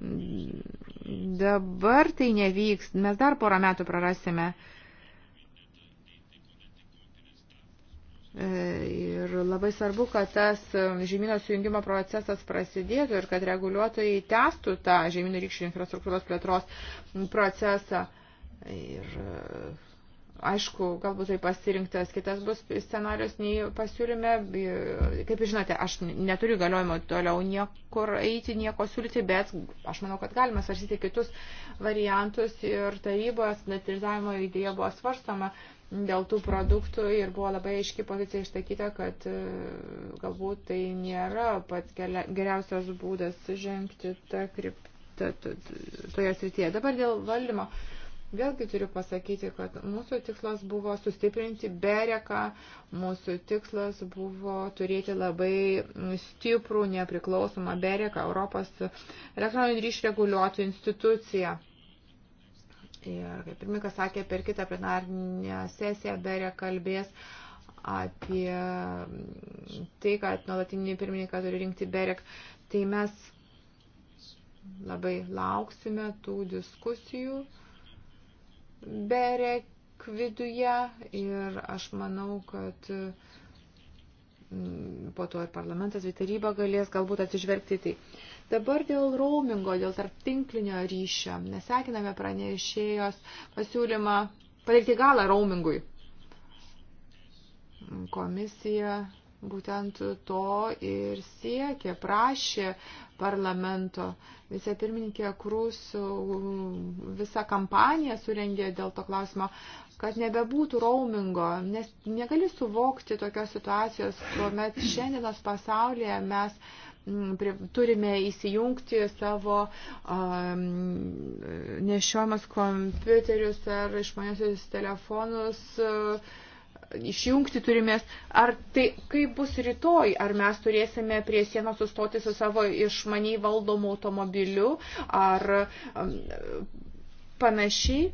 mm, dabar tai nevyks, mes dar porą metų prarasime. Uh, E, ir labai svarbu, kad tas um, žemynų sujungimo procesas prasidėtų ir kad reguliuotojai testų tą žemynų rykščių infrastruktūros plėtros procesą. Ir e, aišku, galbūt tai pasirinktas kitas bus scenarius nei pasiūlyme. E, kaip žinote, aš neturiu galiojimo toliau niekur eiti, nieko siūlyti, bet aš manau, kad galima svarstyti kitus variantus ir tarybos standartizavimo idėja buvo svarstama dėl tų produktų ir buvo labai aiški pozicija išsakyta, kad e, galbūt tai nėra pats geriausias būdas žengti tą kryptą toje srityje. Dabar dėl valdymo. Vėlgi turiu pasakyti, kad mūsų tikslas buvo sustiprinti bereką, mūsų tikslas buvo turėti labai stiprų, nepriklausomą bereką Europos elektroninių ryšių reguliuotojų instituciją. Ir kaip pirmininkas sakė, per kitą plenarnę sesiją Berė kalbės apie tai, kad nuolatinį pirmininką turi rinkti Berek. Tai mes labai lauksime tų diskusijų Berek viduje ir aš manau, kad uh, Mm, po to ir parlamentas, ir taryba galės galbūt atsižvelgti tai. Dabar dėl roamingo, dėl tarptinklinio ryšio. Nesekiname pranešėjos pasiūlymą padaryti galą roamingui. Komisija būtent to ir siekė, prašė parlamento. Visą pirmininkę Krūs mm, visą kampaniją surengė dėl to klausimo kad nebebūtų roamingo, nes negali suvokti tokios situacijos, kuomet šiandienos pasaulyje mes mm, turime įsijungti savo um, nešiojamas kompiuterius ar išmaniosius telefonus. Uh, išjungti turimės, ar tai kaip bus rytoj, ar mes turėsime prie sienos sustoti su savo išmaniai valdomu automobiliu, ar panašiai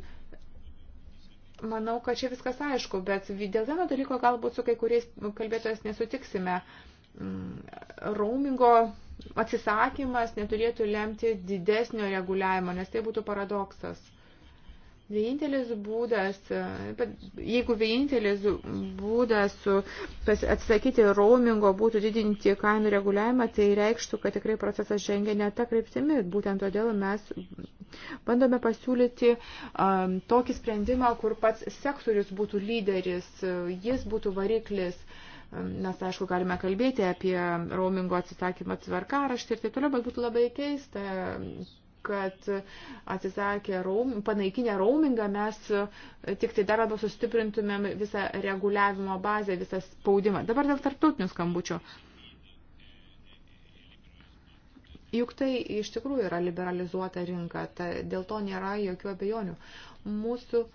manau, kad čia viskas aišku, bet dėl vieno dalyko galbūt su kai kuriais kalbėtojas nesutiksime. Mm, Raumingo atsisakymas neturėtų lemti didesnio reguliavimo, nes tai būtų paradoksas. Vienintelis būdas, e, jeigu vienintelis būdas atsakyti roamingo būtų didinti kainų reguliavimą, tai reikštų, kad tikrai procesas žengia ne tą kryptimį. Būtent todėl mes bandome pasiūlyti um, tokį sprendimą, kur pats sektorius būtų lyderis, e, jis būtų variklis. E, mes, aišku, galime kalbėti apie roamingo atsisakymą tvarkaraštį ir taip toliau, bet būtų labai keista kad atsisakę raum, panaikinę raumingą mes e, tik tai dar labiau sustiprintumėm visą reguliavimo bazę, visą spaudimą. Dabar dėl tarptautinių skambučių. Juk tai iš tikrųjų yra liberalizuota rinka, ta, dėl to nėra jokių abejonių. Mūsų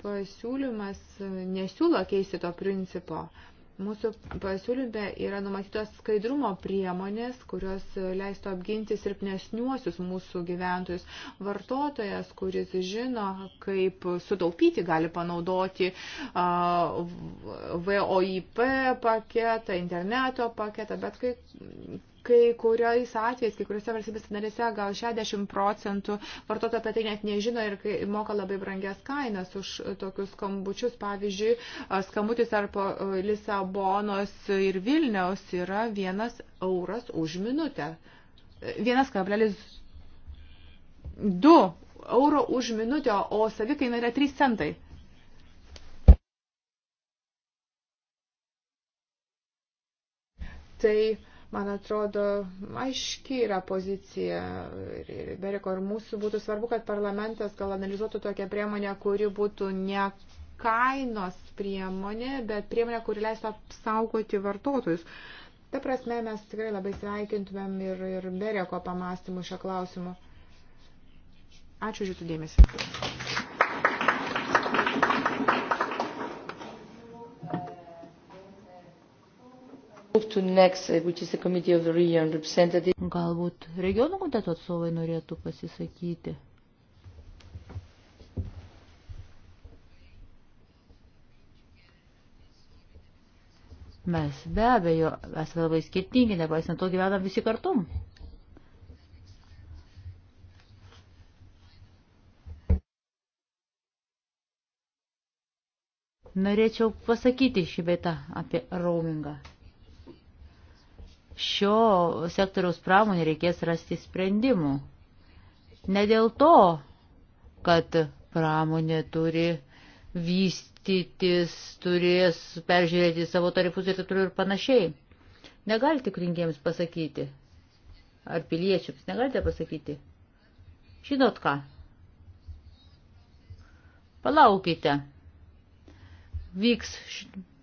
pasiūlymas e, nesiūlo keisti to principo. Uh, Mūsų pasiūlyme yra numatytos skaidrumo priemonės, kurios leistų apginti silpnesniuosius mūsų gyventojus. Vartotojas, kuris žino, kaip sutaupyti, gali panaudoti VOIP paketą, interneto paketą, bet kai kai kuriais atvejais, kai kuriuose valstybės narėse gal 60 procentų vartotojų apie tai net nežino ir moka labai brangias kainas už tokius skambučius. Pavyzdžiui, skambutis tarp Lisabonos ir Vilniaus yra vienas euras už minutę. Vienas kablelis du euro už minutę, o savikaina yra 3 centai. Tai man atrodo, aiški yra pozicija ir Beriko ir mūsų būtų svarbu, kad parlamentas gal analizuotų tokią priemonę, kuri būtų ne kainos priemonė, bet priemonė, kuri leistų apsaugoti vartotojus. Ta prasme, mes tikrai labai sveikintumėm ir, ir Bereko pamastymų šio klausimu. Ačiū už jūsų dėmesį. Uh, Galbūt regionų komiteto atstovai norėtų pasisakyti. Mes be abejo esame labai skirtingi, nepaisant to gyvenam visi kartu. Norėčiau pasakyti šį beitą apie roamingą šio sektoriaus pramonė reikės rasti sprendimų. Ne dėl to, kad pramonė turi vystytis, turės peržiūrėti savo tarifus ir taip toliau ir panašiai. Negalite rinkėjams pasakyti, ar piliečiams negalite pasakyti. Žinot ką? Palaukite. Vyks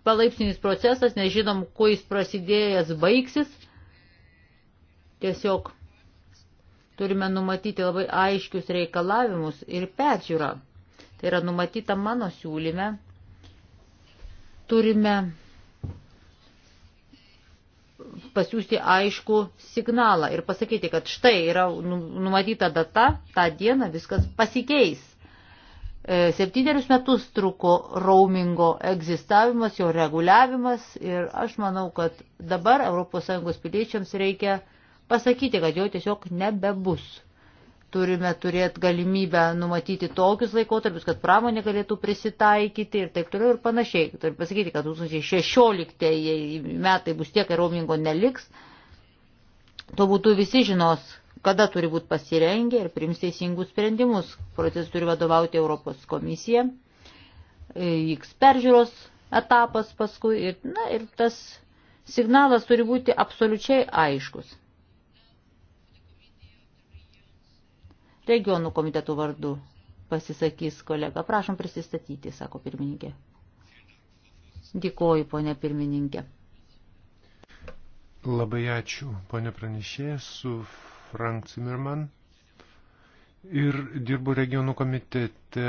palaipsninis procesas, nežinom, kuo jis prasidėjęs baigsis, Tiesiog turime numatyti labai aiškius reikalavimus ir peržiūrą. Tai yra numatyta mano siūlyme. Turime pasiūsti aišku signalą ir pasakyti, kad štai yra nu, numatyta data, tą dieną viskas pasikeis. E, septynerius metus truko roamingo egzistavimas, jo reguliavimas ir aš manau, kad dabar ES piliečiams reikia pasakyti, kad jo tiesiog nebebus. Turime turėti galimybę numatyti tokius laikotarpius, kad pramonė galėtų prisitaikyti ir taip toliau ir panašiai. Turiu pasakyti, kad 2016 metai bus tiek, kad roamingo neliks. Tuo būtų visi žinos, kada turi būti pasirengę ir priims teisingus sprendimus. Procesas turi vadovauti Europos komisija, vyks peržiūros etapas paskui ir, na, ir tas signalas turi būti absoliučiai aiškus. Regionų komitetų vardu pasisakys kolega. Prašom prisistatyti, sako pirmininkė. Dėkoju, ponė pirmininkė. Labai ačiū, ponė pranešė, su Frank Zimmerman. Ir dirbu regionų komitete,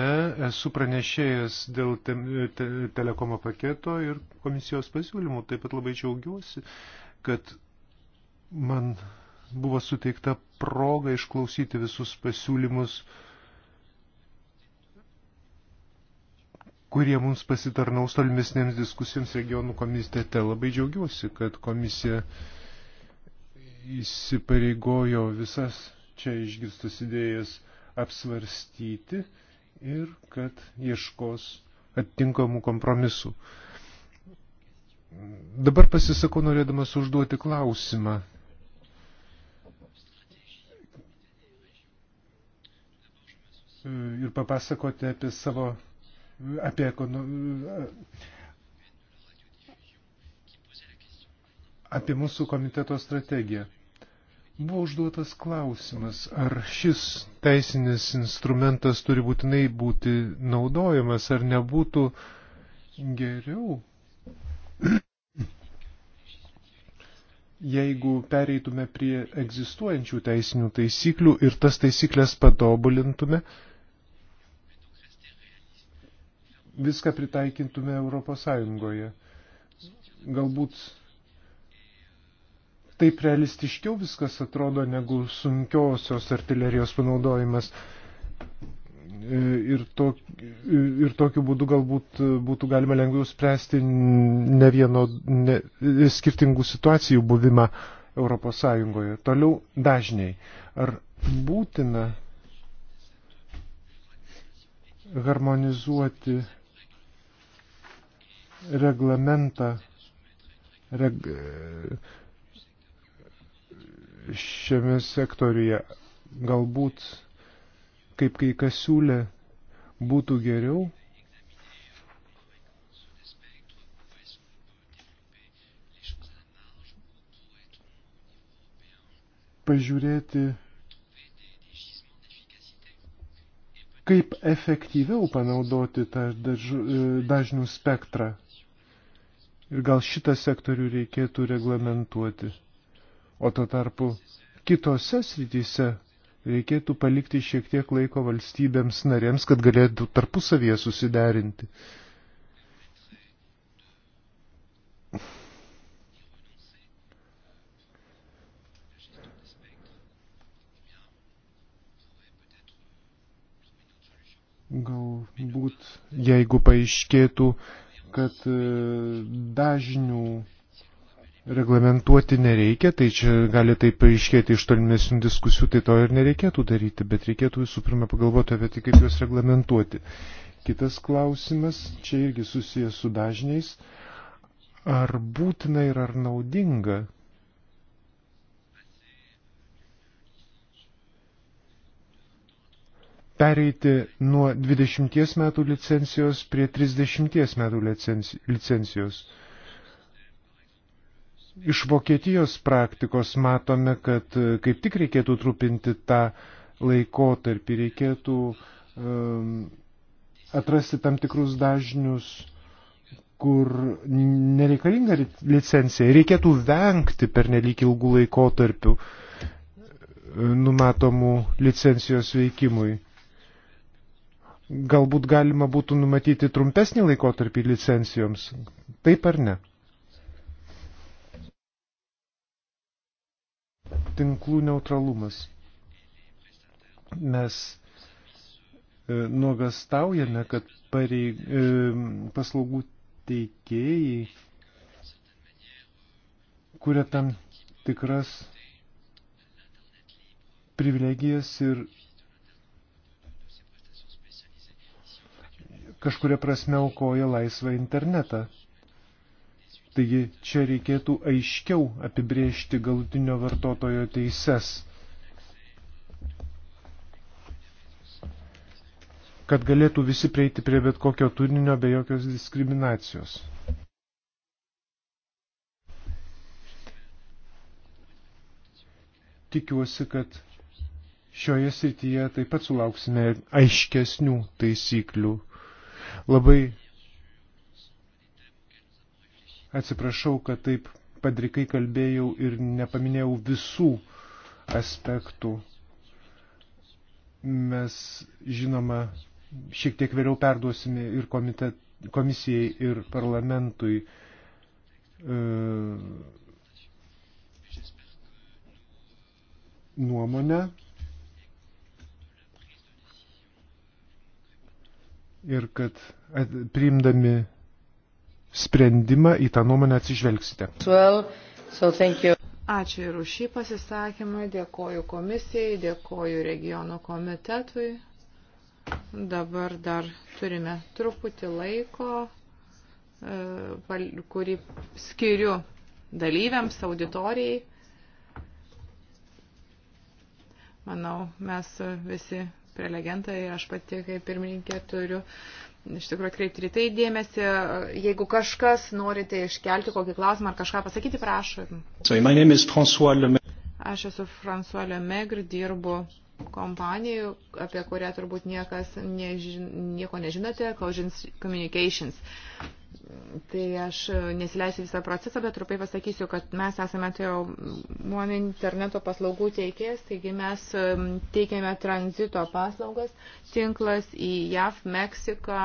esu pranešėjęs dėl te, te, telekomo paketo ir komisijos pasiūlymų. Taip pat labai džiaugiuosi, kad man buvo suteikta proga išklausyti visus pasiūlymus, kurie mums pasitarnaus tolimesnėms diskusijoms regionų komitete. Labai džiaugiuosi, kad komisija įsipareigojo visas čia išgirstas idėjas apsvarstyti ir kad ieškos atitinkamų kompromisų. Dabar pasisakau norėdamas užduoti klausimą E, ir papasakoti apie savo, apie, apie mūsų komiteto strategiją. Buvo užduotas klausimas, ar šis teisinis instrumentas turi būtinai būti naudojamas, ar nebūtų geriau, jeigu pereitume prie egzistuojančių teisinių taisyklių ir tas taisyklės patobulintume, uh, viską pritaikintume Europos Sąjungoje. Galbūt taip realistiškiau viskas atrodo negu sunkiosios artilerijos panaudojimas. Ir, to, ir tokiu būdu galbūt būtų galima lengviau spręsti ne vieno ne, skirtingų situacijų buvimą Europos Sąjungoje. Toliau dažniai. Ar būtina harmonizuoti reglamentą reg, šiame sektoriuje. Galbūt, kaip kai kas siūlė, būtų geriau. Pažiūrėti, kaip efektyviau panaudoti tą dažnių spektrą. Ir gal šitą sektorių reikėtų reglamentuoti. O to tarpu kitose srityse reikėtų palikti šiek tiek laiko valstybėms narėms, kad galėtų tarpusavyje susiderinti. Galbūt, jeigu paaiškėtų, kad e, dažnių reglamentuoti nereikia, tai čia gali tai paaiškėti iš tolimesnių diskusijų, tai to ir nereikėtų daryti, bet reikėtų visų pirma pagalvoti apie tai, kaip juos reglamentuoti. Kitas klausimas, čia irgi susijęs su dažniais, ar būtina ir ar naudinga pereiti nuo 20 metų licencijos prie 30 metų licencijos. Iš Vokietijos praktikos matome, kad e, kaip tik reikėtų trupinti tą laikotarpį, reikėtų um, atrasti tam tikrus dažnius, kur nereikalinga licencija. Reikėtų vengti per nelik ilgų laikotarpių e, numatomų licencijos veikimui galbūt galima būtų numatyti trumpesnį laikotarpį licencijoms. Taip ar ne? Tinklų neutralumas. Mes e, nuogastaujame, kad parei, e, paslaugų teikėjai kuria tam tikras privilegijas ir kažkuria prasme aukoja laisvą internetą. Taigi čia reikėtų aiškiau apibriežti galutinio vartotojo teises, kad galėtų visi prieiti prie bet kokio turinio be jokios diskriminacijos. Tikiuosi, kad šioje srityje taip pat sulauksime aiškesnių taisyklių Labai atsiprašau, kad taip padrikai kalbėjau ir nepaminėjau visų aspektų. Mes, žinoma, šiek tiek vėliau perduosime ir komitet, komisijai, ir parlamentui. E, nuomonę ir kad priimdami sprendimą į tą nuomonę atsižvelgsite. Well, so Ačiū ir už šį pasisakymą, dėkoju komisijai, dėkoju regiono komitetui. Dabar dar turime truputį laiko, e, kurį skiriu dalyviams, auditorijai. Manau, mes visi prelegentą ir aš pati kaip pirmininkė turiu iš tikrųjų atkreipti rytai dėmesį. Jeigu kažkas norite iškelti kokį klausimą ar kažką pasakyti, prašom. So, aš esu François Lemegr, dirbu kompanijų, apie kurią turbūt niekas neži nieko nežinote, Cogence Communications. Tai aš nesileisiu visą procesą, bet trupai pasakysiu, kad mes esame tai jau One interneto paslaugų teikėjas, taigi mes um, teikiame tranzito paslaugas, tinklas į JAV, Meksiką,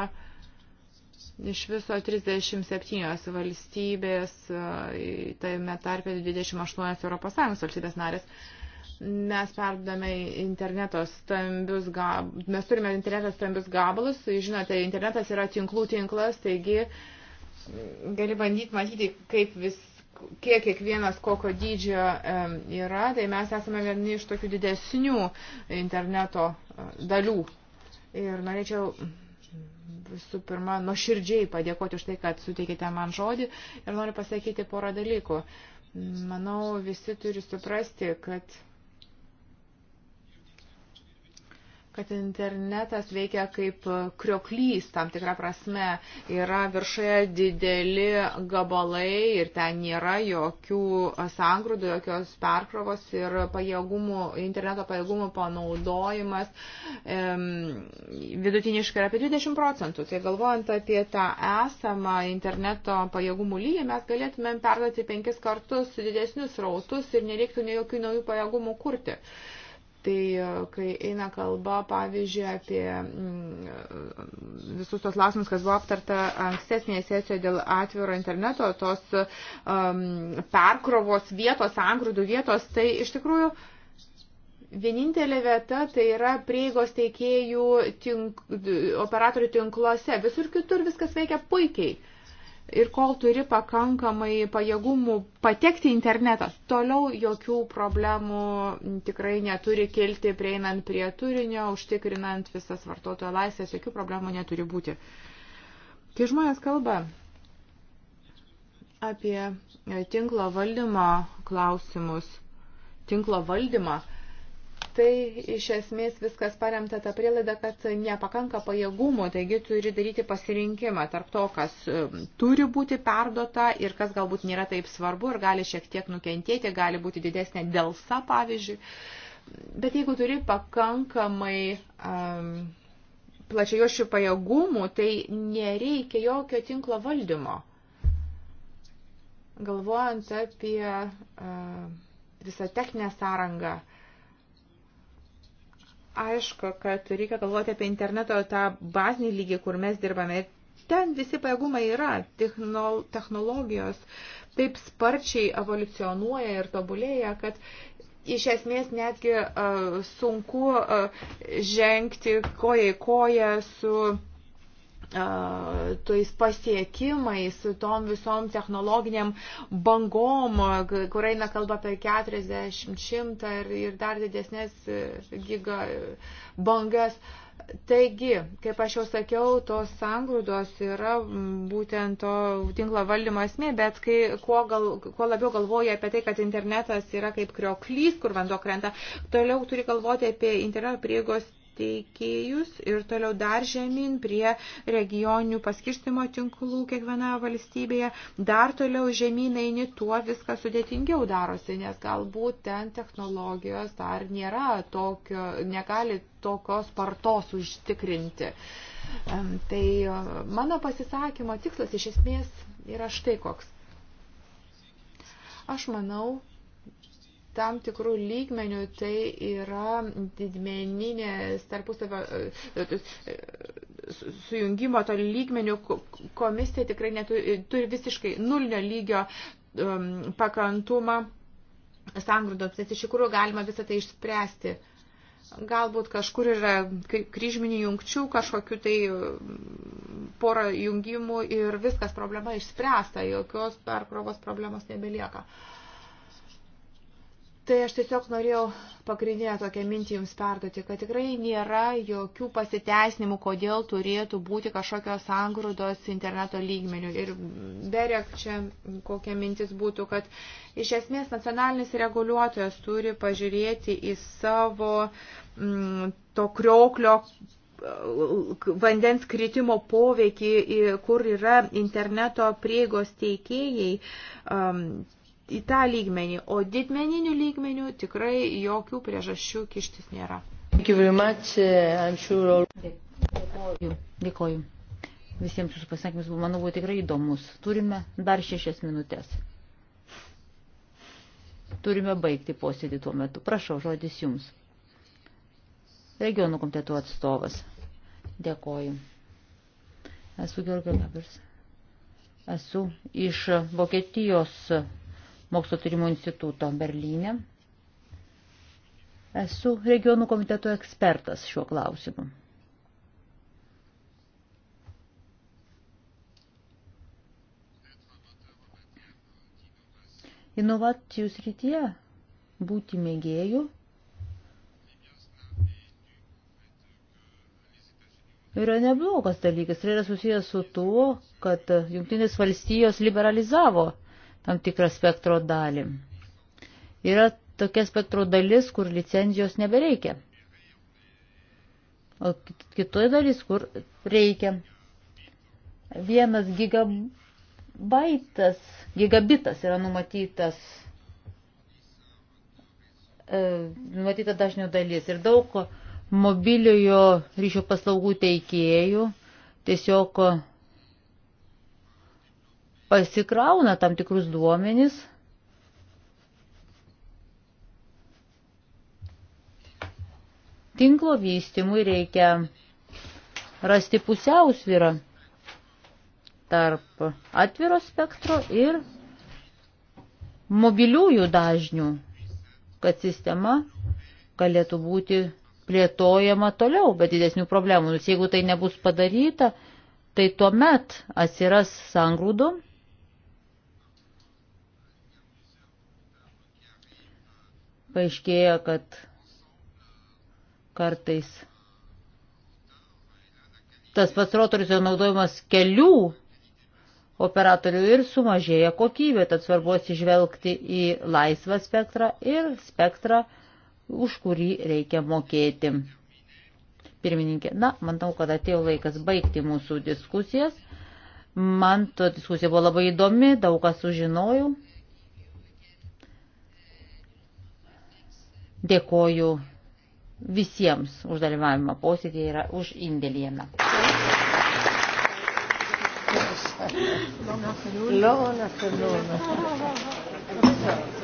iš viso 37 valstybės, uh, tame tarpe 28 Europos Sąjungos valstybės narės mes perdame interneto stambius gabalus, mes turime interneto stambius gabalus, žinote, internetas yra tinklų tinklas, taigi uh, gali bandyti matyti, kaip vis, kiek kiekvienas kokio dydžio yra, tai mes esame vieni iš tokių didesnių interneto e, dalių. Ir norėčiau visų pirma nuoširdžiai padėkoti už tai, kad suteikite man žodį ir noriu pasakyti porą dalykų. Manau, visi turi suprasti, kad kad internetas veikia kaip krioklys, tam tikrą prasme, yra viršuje dideli gabalai ir ten nėra jokių sangrūdų, jokios perkrovos ir pajėgumų, interneto pajėgumų panaudojimas e, vidutiniškai yra apie 20 procentų. Tai galvojant apie tą esamą interneto pajėgumų lygį, mes galėtumėm perduoti penkis kartus didesnius rautus ir nereiktų ne jokių naujų pajėgumų kurti. E, Tai e, kai eina kalba, pavyzdžiui, apie mm, visus tos lausimus, kas buvo aptarta ankstesnėje sesijoje dėl atviro interneto, tos um, perkrovos vietos, angrūdų vietos, tai iš tikrųjų vienintelė vieta tai yra prieigos teikėjų tink, operatorių tinkluose. Visur kitur viskas veikia puikiai ir kol turi pakankamai pajėgumų patekti į internetą, toliau jokių problemų tikrai neturi kilti prieinant prie turinio, užtikrinant visas vartotojo laisvės, jokių problemų neturi būti. Kai žmonės kalba apie tinklo valdymo klausimus, tinklo valdymą, tai iš esmės viskas paremta tą prielaidą, kad nepakanka pajėgumo, taigi turi daryti pasirinkimą tarp to, kas um, turi būti perdota ir kas galbūt nėra taip svarbu ir gali šiek tiek nukentėti, gali būti didesnė dėlsa, pavyzdžiui. Bet jeigu turi pakankamai um, plačiojošių pajėgumų, tai nereikia jokio tinklo valdymo. Galvojant apie uh, visą techninę sąrangą, uh, aišku, kad reikia galvoti apie interneto tą bazinį lygį, kur mes dirbame. Ten visi pajėgumai yra, technologijos taip sparčiai evoliucionuoja ir tobulėja, kad iš esmės netgi uh, sunku uh, žengti koja į koją su uh, tais pasiekimais, tom visom technologiniam bangom, kur eina kalba apie 40, 100 ir, ir dar didesnės e, giga bangas. Taigi, kaip aš jau sakiau, tos sangrūdos yra būtent to tinklo valdymo esmė, bet kai, kuo, gal, kuo labiau galvoja apie tai, kad internetas yra kaip krioklys, kur vanduo krenta, toliau turi galvoti apie interneto prieigos teikėjus ir toliau dar žemyn prie regioninių paskirstimo tinklų kiekvienoje valstybėje, dar toliau žemyn eini, tuo viskas sudėtingiau darosi, nes galbūt ten technologijos dar nėra tokio, negali tokios partos užtikrinti. Tai mano pasisakymo tikslas iš esmės yra štai koks. Aš manau, tam tikrų lygmenių tai yra didmeninės tarpusavio e, e, sujungimo to lygmenių komisija tikrai neturi, turi visiškai nulinio lygio um, pakantumą sangrūdoms, nes iš tikrųjų galima visą tai išspręsti. Galbūt kažkur yra kryžminių jungčių, kažkokiu tai um, porą jungimų ir viskas problema išspręsta, jokios perkrovos problemos nebelieka. Uh, Tai aš tiesiog norėjau pagrindinę tokią mintį Jums perduoti, kad tikrai nėra jokių pasiteisinimų, kodėl turėtų būti kažkokios sangrūdos interneto lygmenių. Ir berek čia kokia mintis būtų, kad iš esmės nacionalinis reguliuotojas turi pažiūrėti į savo m, mm, to krioklio vandens kritimo poveikį, kur yra interneto prieigos teikėjai. Um, į tą lygmenį, o didmeninių lygmenių tikrai jokių priežasčių kištis nėra. Eh, Dėkoju. Dėkoju. Visiems jūsų pasakymus, manau, buvo tikrai įdomus. Turime dar šešias minutės. Turime baigti posėdį tuo metu. Prašau, žodis jums. Regionų komitetų atstovas. Dėkoju. Esu Georgio Gabrius. Esu iš Vokietijos mokslo tyrimų instituto Berlyne. Esu regionų komiteto ekspertas šiuo klausimu. Inovacijų srityje būti mėgėjų yra neblogas dalykas. Tai yra susijęs su tuo, kad Junktinės valstijos liberalizavo tam tikrą spektro dalį. Yra tokia spektro dalis, kur licenzijos nebereikia. O kitoje dalis, kur reikia. Vienas gigabaitas, gigabitas yra numatytas, e, numatyta dažnio dalis. Ir daug mobiliojo ryšio paslaugų teikėjų tiesiog pasikrauna tam tikrus duomenis. Tinklo vystimui reikia rasti pusiausvyrą tarp atviro spektro ir mobiliųjų dažnių, kad sistema galėtų būti plėtojama toliau, bet didesnių problemų. Nes jeigu tai nebus padaryta, tai tuomet atsiras sangrūdų paaiškėja, kad kartais tas pats rotorius jau naudojamas kelių operatorių ir sumažėja kokybė, tad svarbu atsižvelgti į laisvą spektrą ir spektrą, už kurį reikia mokėti. Pirmininkė, na, manau, kad atėjo laikas baigti mūsų diskusijas. Man to diskusija buvo labai įdomi, daug ką sužinojau. Dėkoju visiems už dalyvavimą posėdėje ir už indėlį jame. Long afternoon. Long afternoon.